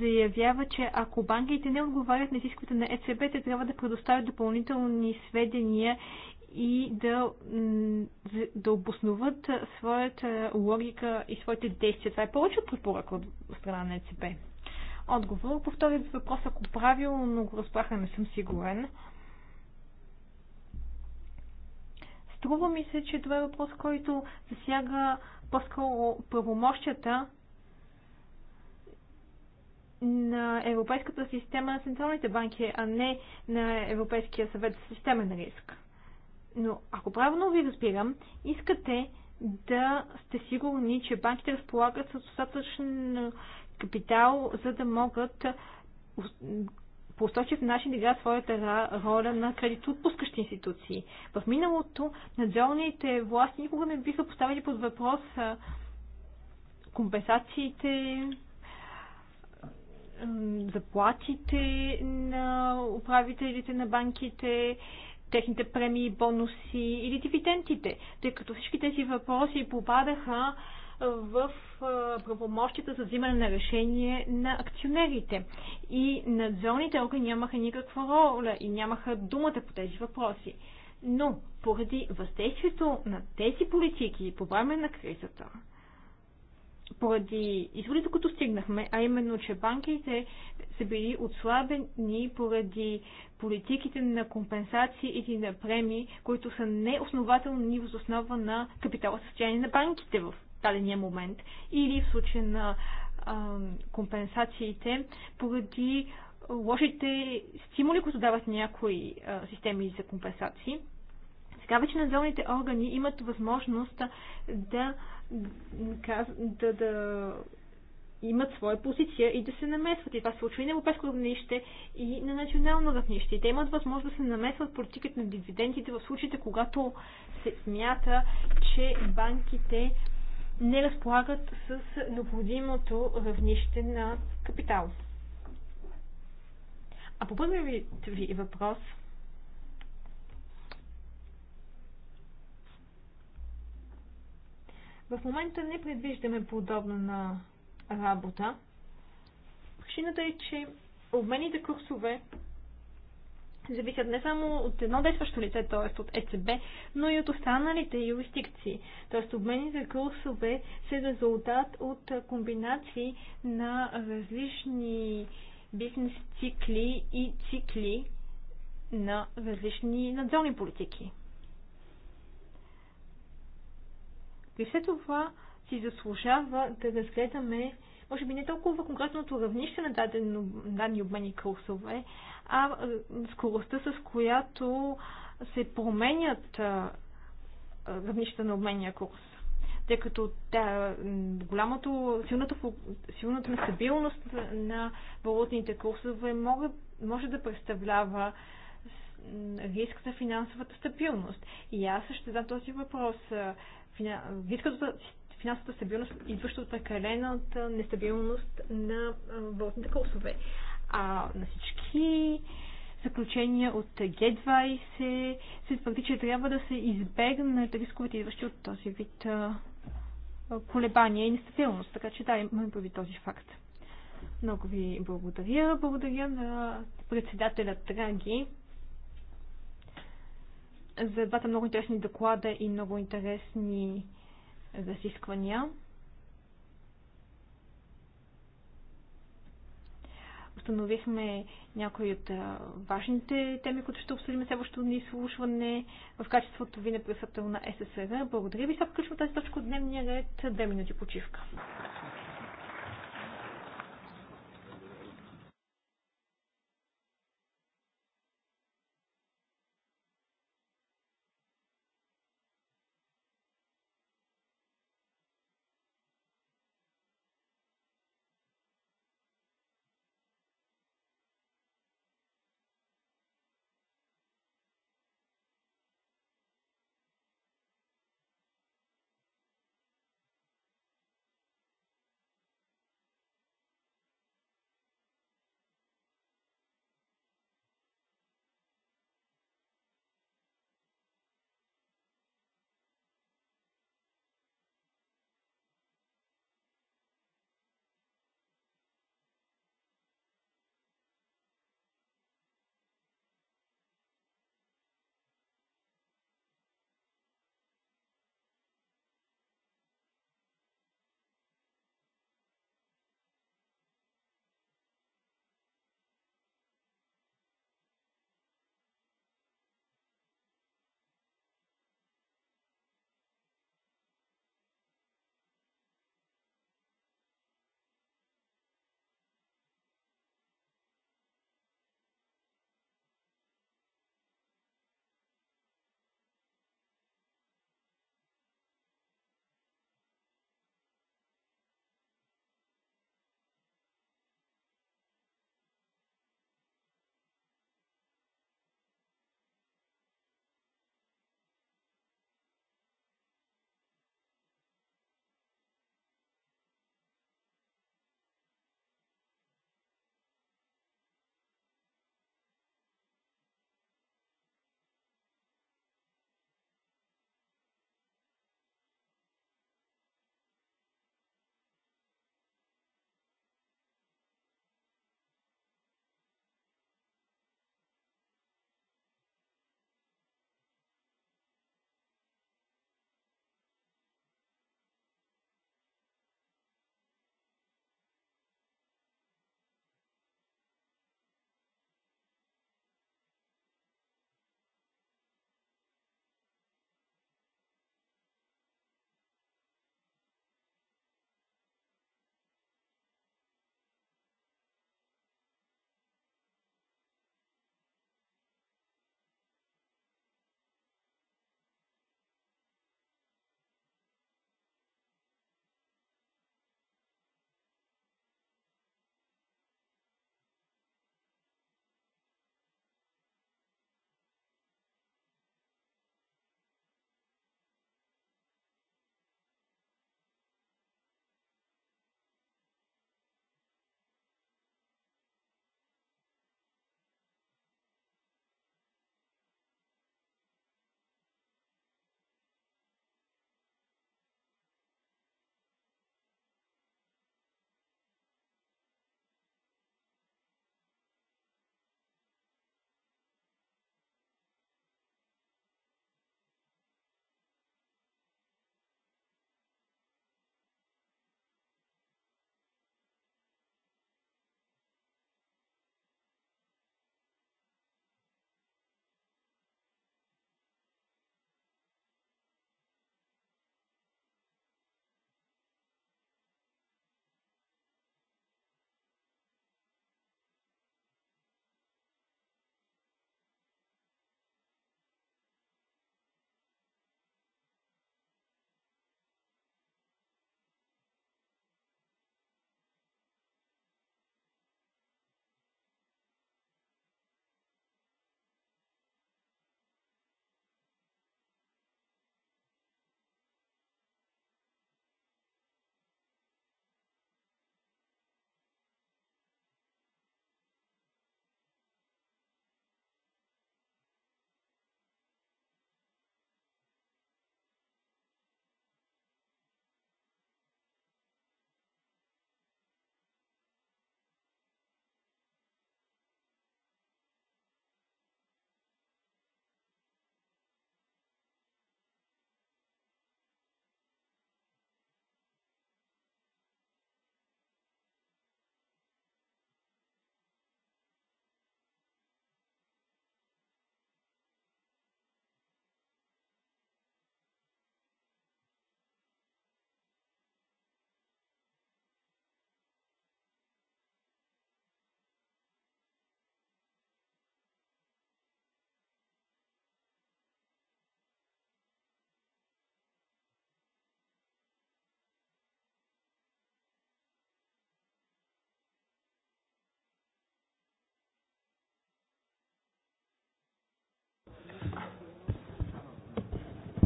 заявява, че ако банките не отговарят на изискването на ЕЦБ, те трябва да предоставят допълнителни сведения и да, да обосноват своята логика и своите действия. Това е повече от препоръка от страна на ЕЦП. Отговор по втория въпрос, ако правилно го разбраха, не съм сигурен. Струва ми се, че това е въпрос, който засяга по-скоро правомощията на Европейската система на централните банки, а не на Европейския съвет за системен риск. Но ако правилно ви разбирам, искате да сте сигурни, че банките разполагат с достатъчен капитал, за да могат по устойчив начин да играят своята роля на кредитоотпускащи институции. В миналото надзорните власти никога не биха поставили под въпрос компенсациите, заплатите на управителите на банките техните премии, бонуси или дивидентите, тъй като всички тези въпроси попадаха в правомощията за взимане на решение на акционерите. И надзорните органи нямаха никаква роля и нямаха думата по тези въпроси. Но поради въздействието на тези политики по време на кризата, поради изводите, които стигнахме, а именно, че банките са били отслабени поради политиките на компенсации или на премии, които са неоснователни въз основа на капитала състояние на банките в дадения момент или в случай на а, компенсациите поради лошите стимули, които дават някои а, системи за компенсации. Сега вече надзорните органи имат възможност да да да, да имат своя позиция и да се намесват. И това се случва и на европейско равнище, и на национално равнище. И те имат възможност да се намесват политиката на дивидендите в случаите, когато се смята, че банките не разполагат с необходимото равнище на капитал. А по първият ви въпрос – В момента не предвиждаме подобна на работа. Причината е, че обмените курсове зависят не само от едно действащо лице, т.е. от ЕЦБ, но и от останалите юрисдикции. Т.е. обмените курсове са резултат от комбинации на различни бизнес цикли и цикли на различни надзорни политики. И все това си заслужава да разгледаме, може би не толкова конкретното равнище на дадено, дадени обмени курсове, а скоростта с която се променят равнища на обменния курс. Тъй като да, голямото, силната, силната нестабилност на валутните курсове може, може да представлява риск за финансовата стабилност. И аз ще задам този въпрос финансовата, финансовата стабилност, идваща от прекалената нестабилност на валутните курсове. А на всички заключения от G20 се твърди, че трябва да се избегнат рисковете, идващи от този вид колебания и нестабилност. Така че да, имаме прави този факт. Много ви благодаря. Благодаря на председателя Траги за двата много интересни доклада и много интересни засисквания. установихме някои от важните теми, които ще обсъдим следващото ни слушване в качеството ви на председател на СССР. Благодаря ви, сега включвам тази точка от дневния ред. Две минути почивка.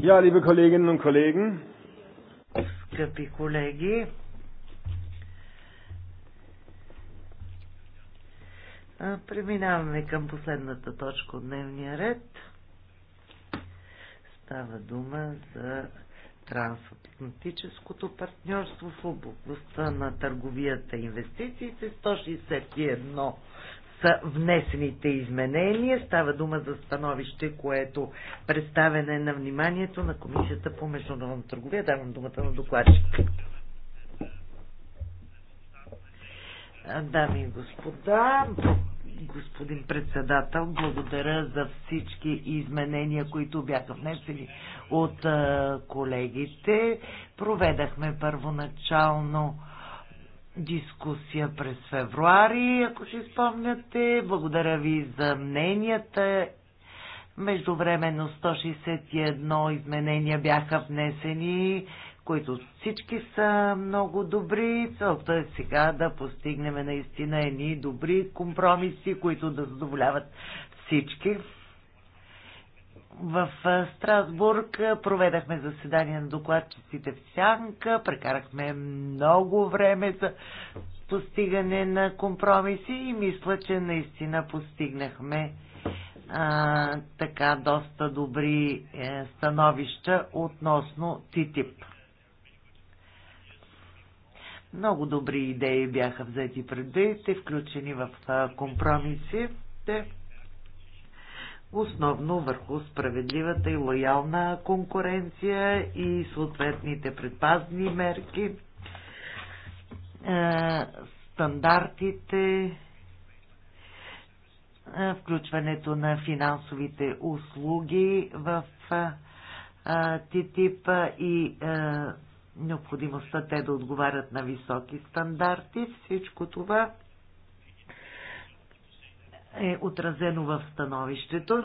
Ja, liebe Kolleginnen und Kollegen. Скъпи колеги, преминаваме към последната точка от дневния ред. Става дума за трансатлантическото партньорство в областта на търговията и инвестициите. 161 са внесените изменения. Става дума за становище, което представене на вниманието на Комисията по международна търговия. Давам думата на докладчика. Дами и господа, господин председател, благодаря за всички изменения, които бяха внесени от колегите. Проведахме първоначално дискусия през февруари, ако ще спомняте. Благодаря ви за мненията. Междувременно 161 изменения бяха внесени, които всички са много добри. Целта е сега да постигнем наистина едни добри компромиси, които да задоволяват всички в Страсбург проведахме заседание на докладчиците в Сянка, прекарахме много време за постигане на компромиси и мисля, че наистина постигнахме а, така доста добри е, становища относно ТИТИП. Много добри идеи бяха взети предвид и включени в а, компромисите основно върху справедливата и лоялна конкуренция и съответните предпазни мерки, е, стандартите, е, включването на финансовите услуги в е, ТТИП и необходимостта те да отговарят на високи стандарти. Всичко това е отразено в становището.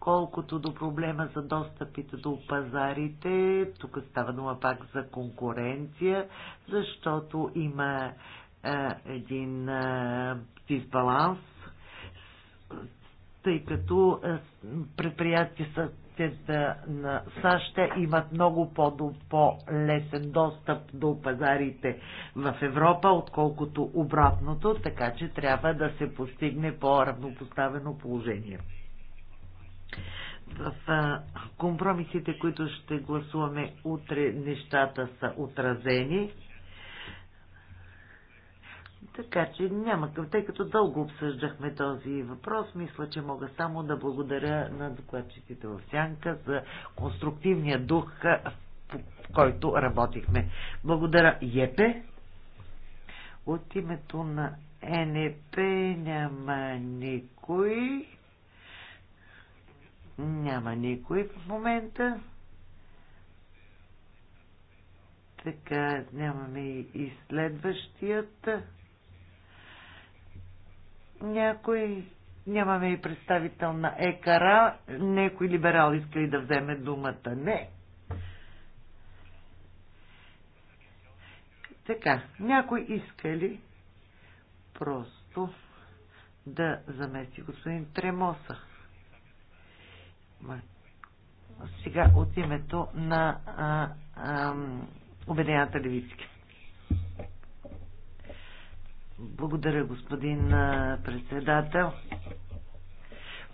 Колкото до проблема за достъпите до пазарите, тук става дума пак за конкуренция, защото има а, един а, дисбаланс, тъй като предприятия са предприятията на САЩ имат много по-лесен достъп до пазарите в Европа, отколкото обратното, така че трябва да се постигне по-равнопоставено положение. В компромисите, които ще гласуваме утре, нещата са отразени. Така че няма към, тъй като дълго обсъждахме този въпрос, мисля, че мога само да благодаря на докладчиците в Сянка за конструктивния дух, в който работихме. Благодаря Епе. От името на НП няма никой. Няма никой в момента. Така, нямаме и следващият. Някой, нямаме и представител на ЕКАРА, някой либерал иска ли да вземе думата? Не. Така, някой иска ли просто да замести господин Тремоса? Сега от името на а, а, Обединената левицки. Благодаря, господин председател.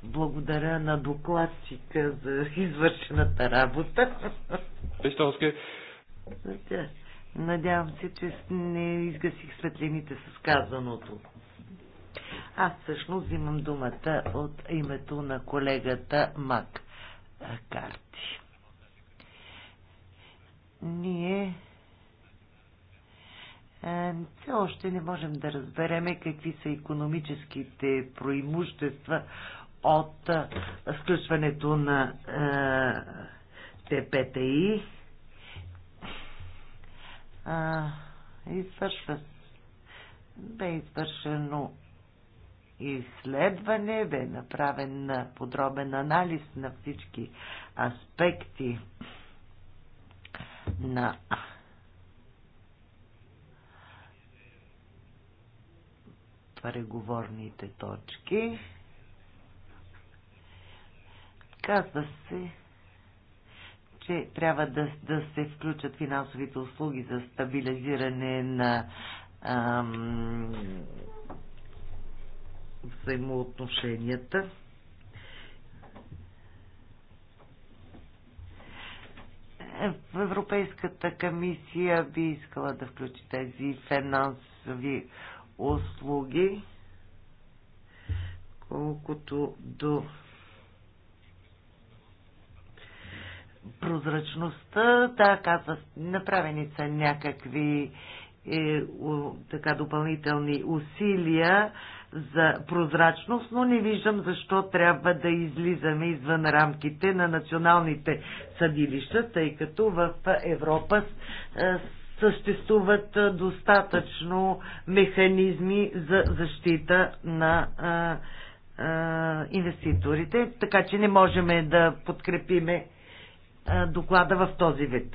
Благодаря на докладчика за извършената работа. Надявам се, че не изгасих светлините с казаното. Аз всъщност взимам думата от името на колегата Мак Карти. Ние е, все още не можем да разбереме какви са економическите проимущества от е, сключването на е, ТПТИ. Извършва бе извършено изследване, бе направен подробен анализ на всички аспекти на преговорните точки. Казва се, че трябва да, да се включат финансовите услуги за стабилизиране на ам, взаимоотношенията. В Европейската комисия би искала да включи тези финансови услуги, колкото до прозрачността, да, казва, направени са някакви е, у, така допълнителни усилия за прозрачност, но не виждам защо трябва да излизаме извън рамките на националните съдилища, тъй като в Европа е, съществуват достатъчно механизми за защита на а, а, инвеститорите, така че не можем да подкрепиме а, доклада в този вид.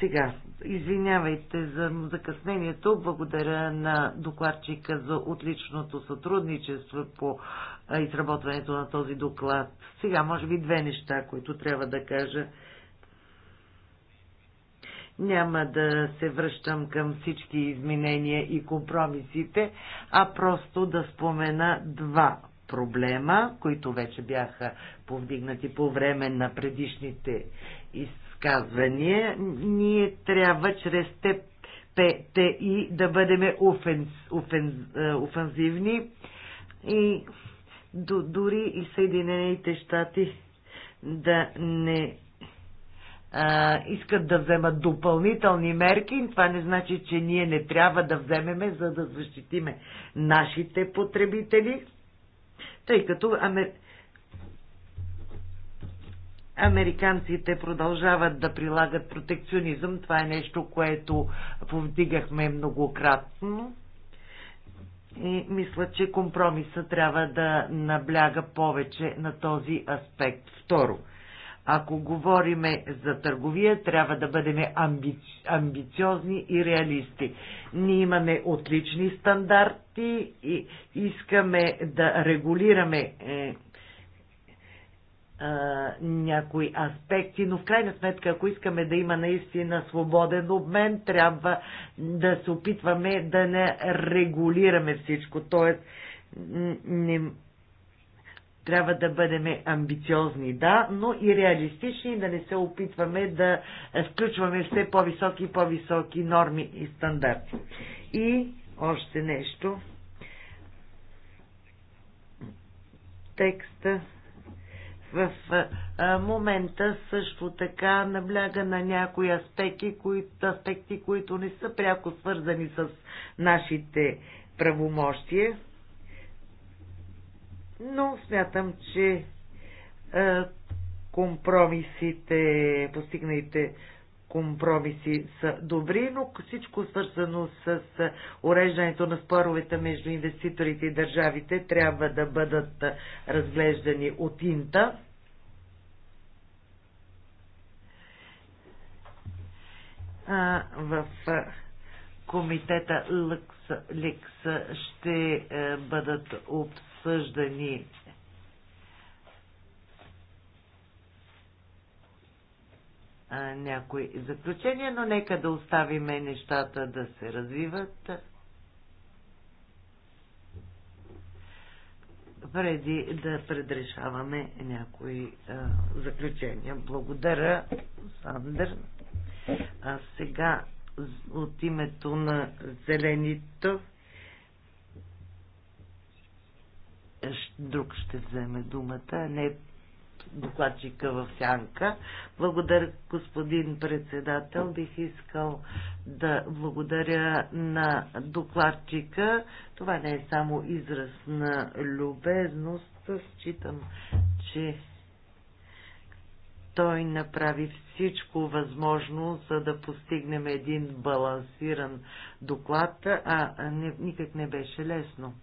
Сега, извинявайте за закъснението. Благодаря на докладчика за отличното сътрудничество по изработването на този доклад. Сега, може би, две неща, които трябва да кажа няма да се връщам към всички изменения и компромисите, а просто да спомена два проблема, които вече бяха повдигнати по време на предишните изказвания. Ние трябва чрез теб да бъдем офенз, офенз, офензивни и дори и Съединените щати да не а, искат да вземат допълнителни мерки, това не значи, че ние не трябва да вземеме, за да защитиме нашите потребители, тъй като амер... американците продължават да прилагат протекционизъм. Това е нещо, което повдигахме многократно. И мисля, че компромиса трябва да набляга повече на този аспект. Второ, ако говориме за търговия, трябва да бъдем амбици... амбициозни и реалисти. Ние имаме отлични стандарти и искаме да регулираме е, е, някои аспекти, но в крайна сметка, ако искаме да има наистина свободен обмен, трябва да се опитваме да не регулираме всичко. Тоест, не, трябва да бъдем амбициозни, да, но и реалистични, да не се опитваме да включваме все по-високи и по-високи норми и стандарти. И още нещо. Текста в момента също така набляга на някои аспекти, които, аспекти, които не са пряко свързани с нашите правомощия но смятам, че компромисите, постигнайте компромиси са добри, но всичко свързано с уреждането на споровете между инвеститорите и държавите трябва да бъдат разглеждани от Инта. А, в комитета Лъкс, Ликс ще бъдат обсъждани обсъждани някои заключения, но нека да оставиме нещата да се развиват. преди да предрешаваме някои а, заключения. Благодаря, Сандър. А сега от името на зелените друг ще вземе думата, а не докладчика в сянка. Благодаря, господин председател. Бих искал да благодаря на докладчика. Това не е само израз на любезност. Считам, че той направи всичко възможно, за да постигнем един балансиран доклад, а не, никак не беше лесно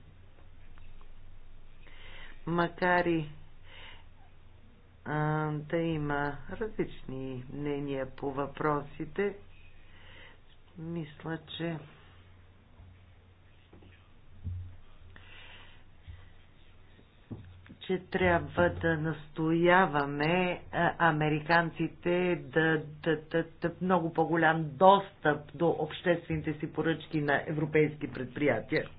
макар и а, да има различни мнения по въпросите, мисля, че че трябва да настояваме американците да дадат да, да, много по-голям достъп до обществените си поръчки на европейски предприятия.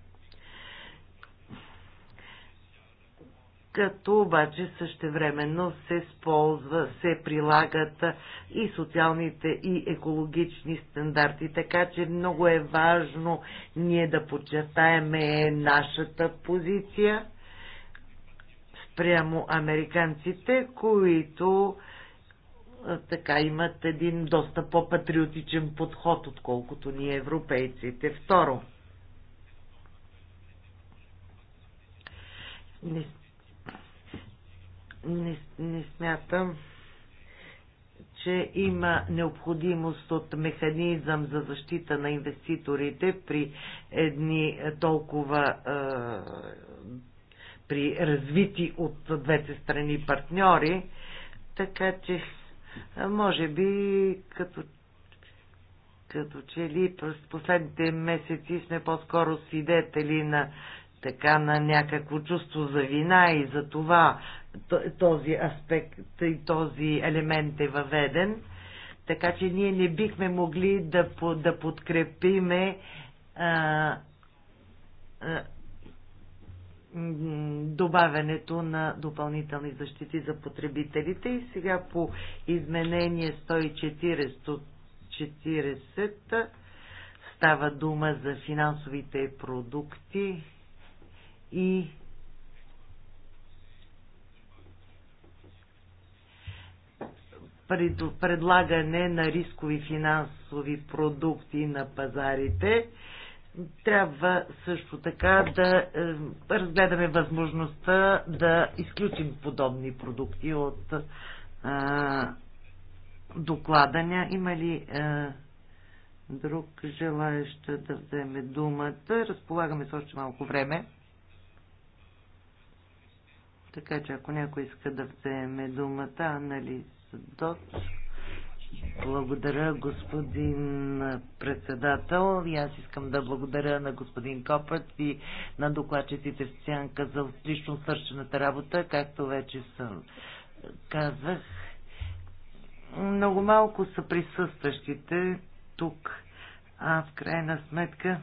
като обаче същевременно се сползва, се прилагат и социалните и екологични стандарти. Така че много е важно ние да подчертаеме нашата позиция спрямо американците, които така имат един доста по-патриотичен подход, отколкото ние европейците. Второ, не не, не смятам, че има необходимост от механизъм за защита на инвеститорите при едни е, толкова е, при развити от двете страни партньори, така че е, може би като като че ли през последните месеци сме по-скоро свидетели на така на някакво чувство за вина и за това този аспект и този елемент е въведен. Така че ние не бихме могли да, да подкрепиме а, а, добавянето на допълнителни защити за потребителите. И сега по изменение 140, става дума за финансовите продукти и предлагане на рискови финансови продукти на пазарите. Трябва също така да е, разгледаме възможността да изключим подобни продукти от е, докладания. Има ли е, друг желаещ да вземе думата? Разполагаме с още малко време. Така че ако някой иска да вземе думата, анализ Дот. Благодаря, господин председател. И аз искам да благодаря на господин Копът и на докладчиците в Сянка за отлично свършената работа, както вече съм казах. Много малко са присъстващите тук, а в крайна сметка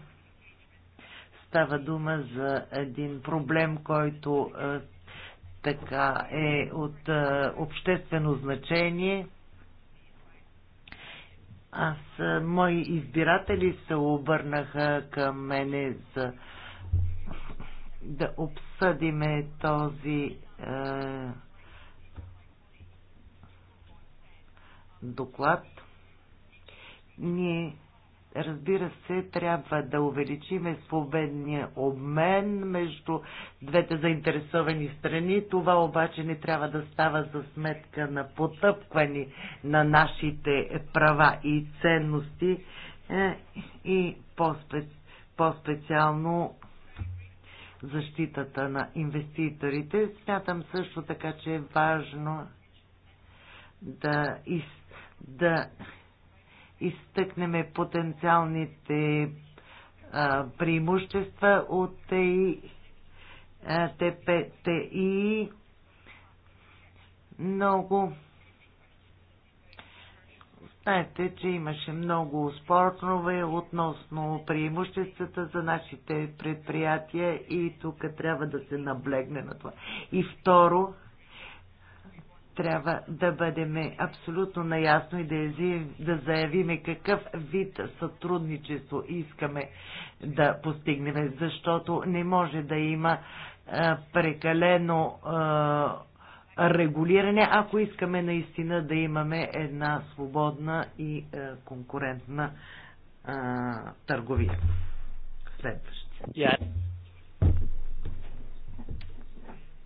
става дума за един проблем, който е, така е от а, е, обществено значение. Аз, а, е, мои избиратели се обърнаха към мене за да обсъдиме този а, е, доклад. Ние Разбира се, трябва да увеличиме свободния обмен между двете заинтересовани страни. Това обаче не трябва да става за сметка на потъпквани на нашите права и ценности е, и по-специално защитата на инвеститорите. Смятам също така, че е важно да, из, да изтъкнем потенциалните а, преимущества от ТПТИ. Много. Знаете, че имаше много спортнове относно преимуществата за нашите предприятия и тук трябва да се наблегне на това. И второ, трябва да бъдем абсолютно наясно и да, да заявиме какъв вид сътрудничество искаме да постигнем, защото не може да има а, прекалено а, регулиране, ако искаме наистина да имаме една свободна и а, конкурентна а, търговия. Следващия. Yeah.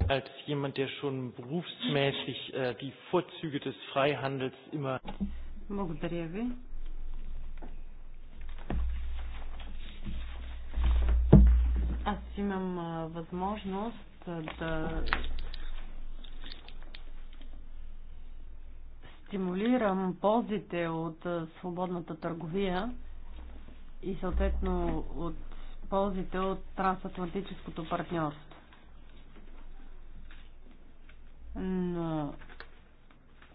Als jemand, der schon berufsmäßig äh, die Vorzüge des Freihandels immer. Аз имам а, възможност а, да стимулирам ползите от а, свободната търговия и съответно от ползите от трансатлантическото партньорство. Но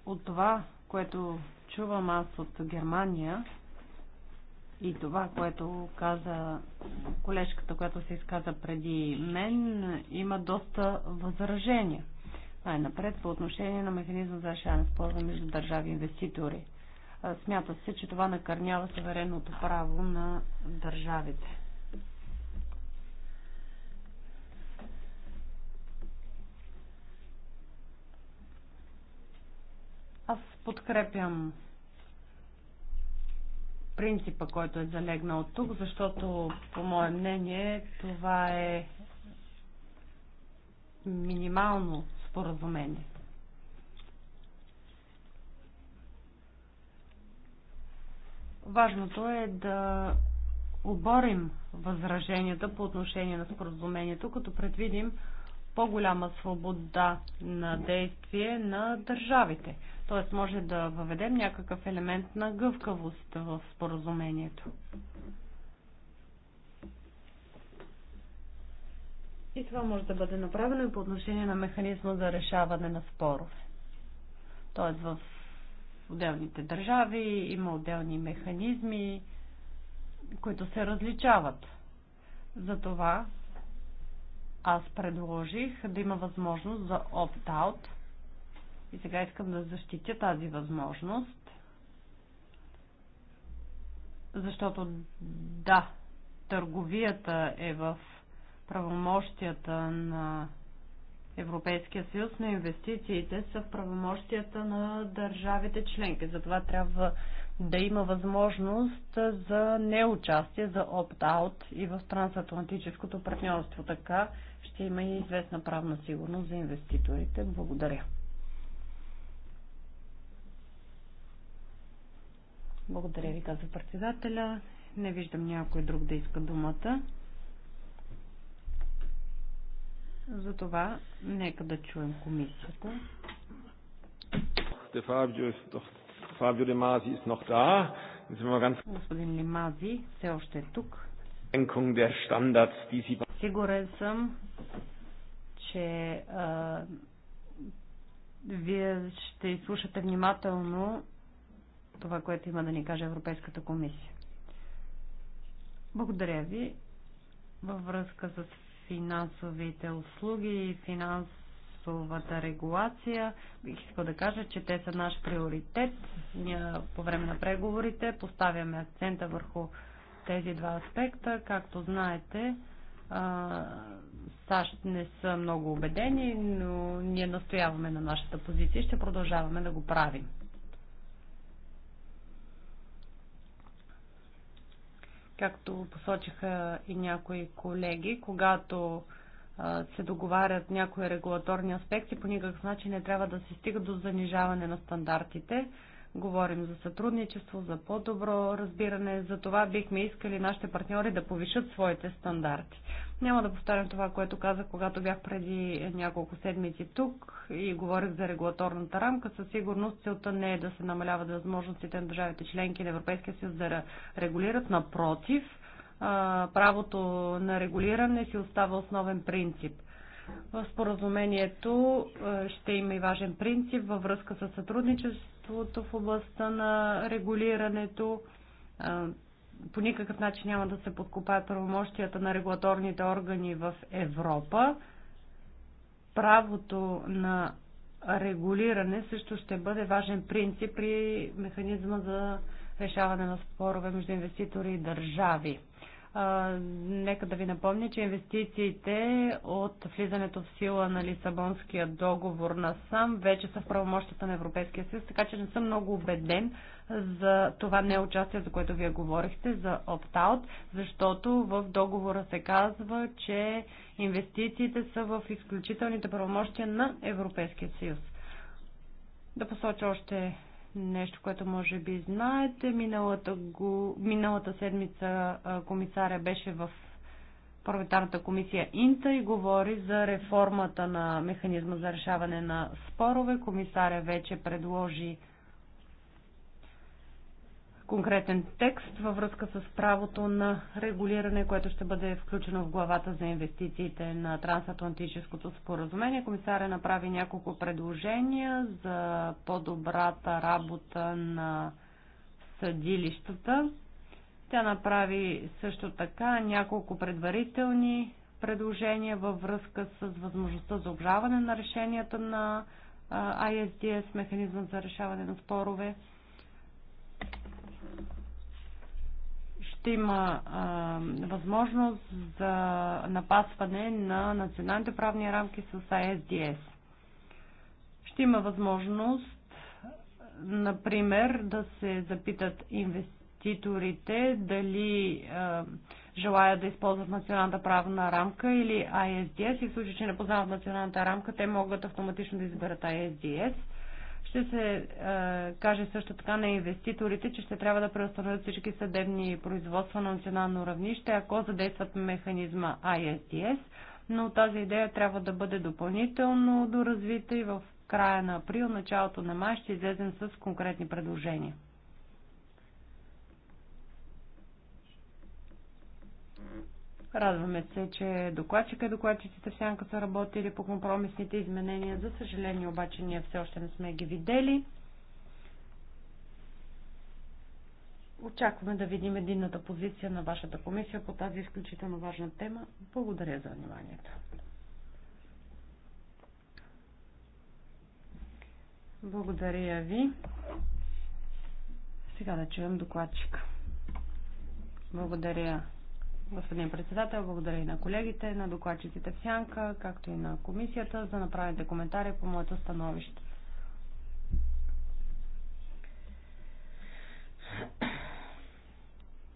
от това, което чувам аз от Германия и това, което каза колежката, която се изказа преди мен, има доста възражения. Най-напред по отношение на механизма за решаване спора между държави инвеститори. Смята се, че това накърнява суверенното право на държавите. Подкрепям принципа, който е залегнал тук, защото, по мое мнение, това е минимално споразумение. Важното е да оборим възраженията по отношение на споразумението, като предвидим по-голяма свобода на действие на държавите. Т.е. може да въведем някакъв елемент на гъвкавост в споразумението. И това може да бъде направено и по отношение на механизма за решаване на спорове. Т.е. в отделните държави има отделни механизми, които се различават. Затова аз предложих да има възможност за опт-аут – и сега искам да защитя тази възможност, защото да, търговията е в правомощията на Европейския съюз, но инвестициите са в правомощията на държавите членки. Затова трябва да има възможност за неучастие, за опт-аут и в трансатлантическото партньорство. Така ще има и известна правна сигурност за инвеститорите. Благодаря. Благодаря ви, каза председателя. Не виждам някой друг да иска думата. Затова нека да чуем комисията. Фабио Лимази Господин Лимази все още е тук. Сигурен съм, че а, вие ще изслушате внимателно това, което има да ни каже Европейската комисия. Благодаря ви. Във връзка с финансовите услуги и финансовата регулация, бих искал да кажа, че те са наш приоритет. Ние по време на преговорите поставяме акцента върху тези два аспекта. Както знаете, САЩ не са много убедени, но ние настояваме на нашата позиция и ще продължаваме да го правим. Както посочиха и някои колеги, когато се договарят някои регулаторни аспекти, по никакъв начин не трябва да се стига до занижаване на стандартите. Говорим за сътрудничество, за по-добро разбиране. За това бихме искали нашите партньори да повишат своите стандарти. Няма да повтарям това, което казах, когато бях преди няколко седмици тук и говорих за регулаторната рамка. Със сигурност целта не е да се намаляват възможностите на държавите членки на Европейския съюз да регулират. Напротив, правото на регулиране си остава основен принцип. В споразумението ще има и важен принцип във връзка с сътрудничество правителството в областта на регулирането. По никакъв начин няма да се подкопае правомощията на регулаторните органи в Европа. Правото на регулиране също ще бъде важен принцип при механизма за решаване на спорове между инвеститори и държави нека да ви напомня, че инвестициите от влизането в сила на Лисабонския договор на сам вече са в правомощата на Европейския съюз, така че не съм много убеден за това неучастие, за което вие говорихте, за опт-аут, защото в договора се казва, че инвестициите са в изключителните правомощия на Европейския съюз. Да посоча още нещо, което може би знаете. Миналата, го, миналата седмица комисаря беше в парламентарната комисия Инта и говори за реформата на механизма за решаване на спорове. Комисаря вече предложи конкретен текст във връзка с правото на регулиране, което ще бъде включено в главата за инвестициите на трансатлантическото споразумение. Комисаря направи няколко предложения за по-добрата работа на съдилищата. Тя направи също така няколко предварителни предложения във връзка с възможността за обжаване на решенията на ISDS, механизъм за решаване на спорове. ще има а, възможност за напасване на националните правни рамки с ISDS. Ще има възможност, например, да се запитат инвеститорите дали а, желаят да използват националната правна рамка или ISDS и в случай, че не познават националната рамка, те могат автоматично да изберат ISDS. Ще се е, каже също така на инвеститорите, че ще трябва да преустановят всички съдебни производства на национално равнище, ако задействат механизма ISDS, но тази идея трябва да бъде допълнително доразвита и в края на април, началото на май ще излезем с конкретни предложения. Радваме се, че докладчика и докладчиците в сянка са работили по компромисните изменения. За съжаление обаче ние все още не сме ги видели. Очакваме да видим единната позиция на вашата комисия по тази изключително важна тема. Благодаря за вниманието. Благодаря ви. Сега да чуем докладчика. Благодаря господин председател, благодаря и на колегите, на докладчиците в Сянка, както и на комисията за направените коментари по моето становище.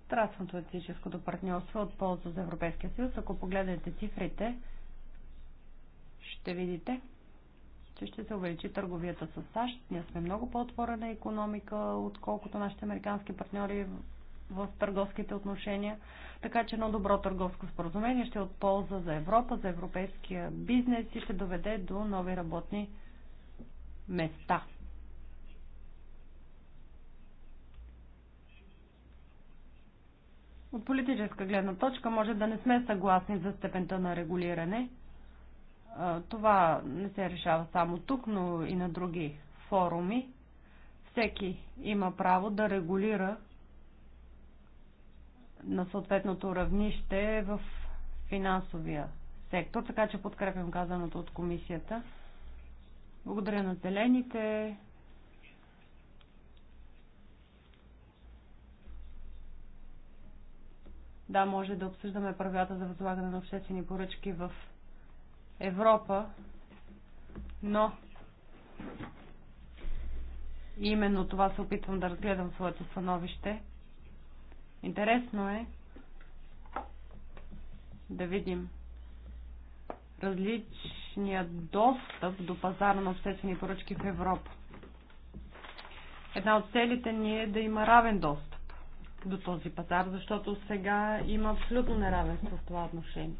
Трансатлантическото партньорство е от полза за Европейския съюз, ако погледнете цифрите, ще видите, че ще се увеличи търговията с САЩ. Ние сме много по-отворена економика, отколкото нашите американски партньори в търговските отношения. Така че едно добро търговско споразумение ще е от полза за Европа, за европейския бизнес и ще доведе до нови работни места. От политическа гледна точка може да не сме съгласни за степента на регулиране. Това не се решава само тук, но и на други форуми. Всеки има право да регулира на съответното равнище в финансовия сектор, така че подкрепям казаното от комисията. Благодаря на зелените. Да, може да обсъждаме правилата за възлагане на обществени поръчки в Европа, но именно това се опитвам да разгледам своето становище – Интересно е да видим различния достъп до пазара на обществени поръчки в Европа. Една от целите ни е да има равен достъп до този пазар, защото сега има абсолютно неравенство в това отношение.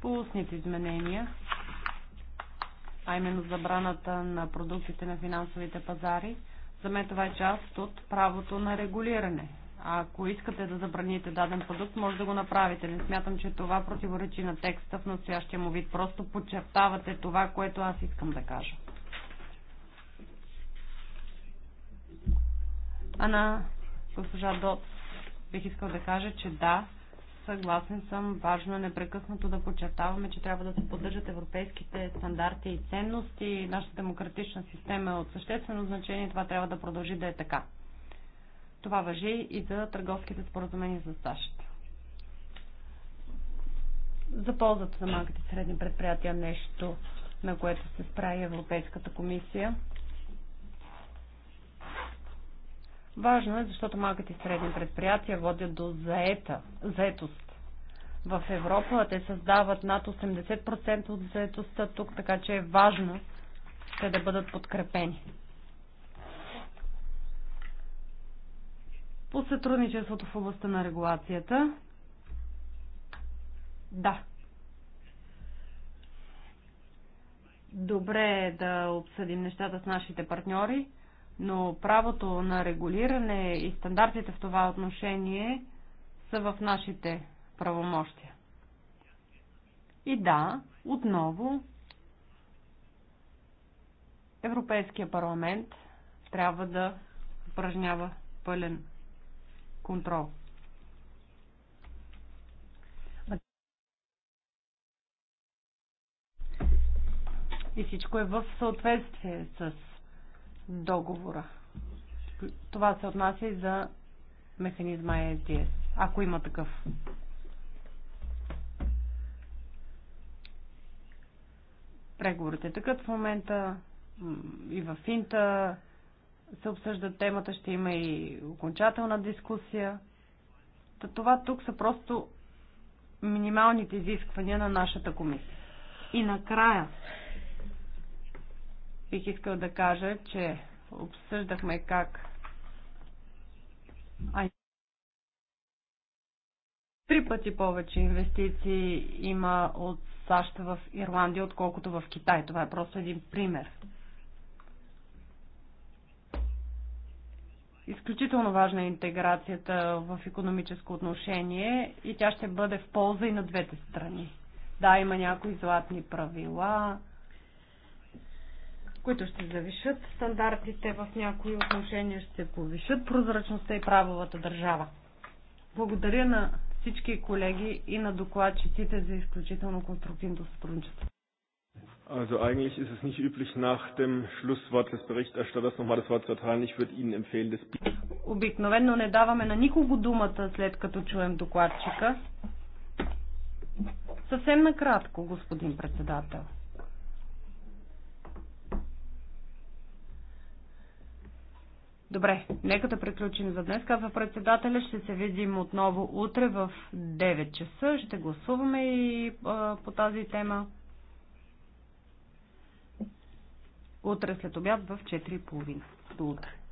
Полусните изменения а именно забраната на продуктите на финансовите пазари, за мен това е част от правото на регулиране. А ако искате да забраните даден продукт, може да го направите. Не смятам, че това противоречи на текста в настоящия му вид. Просто подчертавате това, което аз искам да кажа. Ана госпожа Дот бих искал да кажа, че да, съгласен съм. Важно е непрекъснато да подчертаваме, че трябва да се поддържат европейските стандарти и ценности. Нашата демократична система е от съществено значение и това трябва да продължи да е така. Това въжи и за търговските споразумения за САЩ. За ползата за малките средни предприятия нещо, на което се справи Европейската комисия – Важно е, защото малките и средни предприятия водят до заета, заетост в Европа. Те създават над 80% от заетостта тук, така че е важно те да бъдат подкрепени. По сътрудничеството в областта на регулацията. Да. Добре е да обсъдим нещата с нашите партньори но правото на регулиране и стандартите в това отношение са в нашите правомощия. И да, отново Европейския парламент трябва да упражнява пълен контрол. И всичко е в съответствие с договора. Това се отнася и за механизма ESDS, е ако има такъв. Преговорите е такът в момента и в Финта се обсъжда темата, ще има и окончателна дискусия. Та това тук са просто минималните изисквания на нашата комисия. И накрая, бих искал да кажа, че обсъждахме как три пъти повече инвестиции има от САЩ в Ирландия, отколкото в Китай. Това е просто един пример. Изключително важна е интеграцията в економическо отношение и тя ще бъде в полза и на двете страни. Да, има някои златни правила, които ще завишат стандартите в някои отношения, ще повишат прозрачността и правовата държава. Благодаря на всички колеги и на докладчиците за изключително конструктивното сътрудничество. Also eigentlich ist es nicht üblich, nach dem Schlusswort des Berichterstatters nochmal das Wort zu erteilen. Ich würde Ihnen empfehlen, das... Обикновенно не даваме на никого думата, след като чуем докладчика. Съвсем накратко, господин председател. Добре, нека да приключим за днес. Казва председателя, ще се видим отново утре в 9 часа. Ще гласуваме и а, по тази тема. Утре след обяд в 4.30. До утре.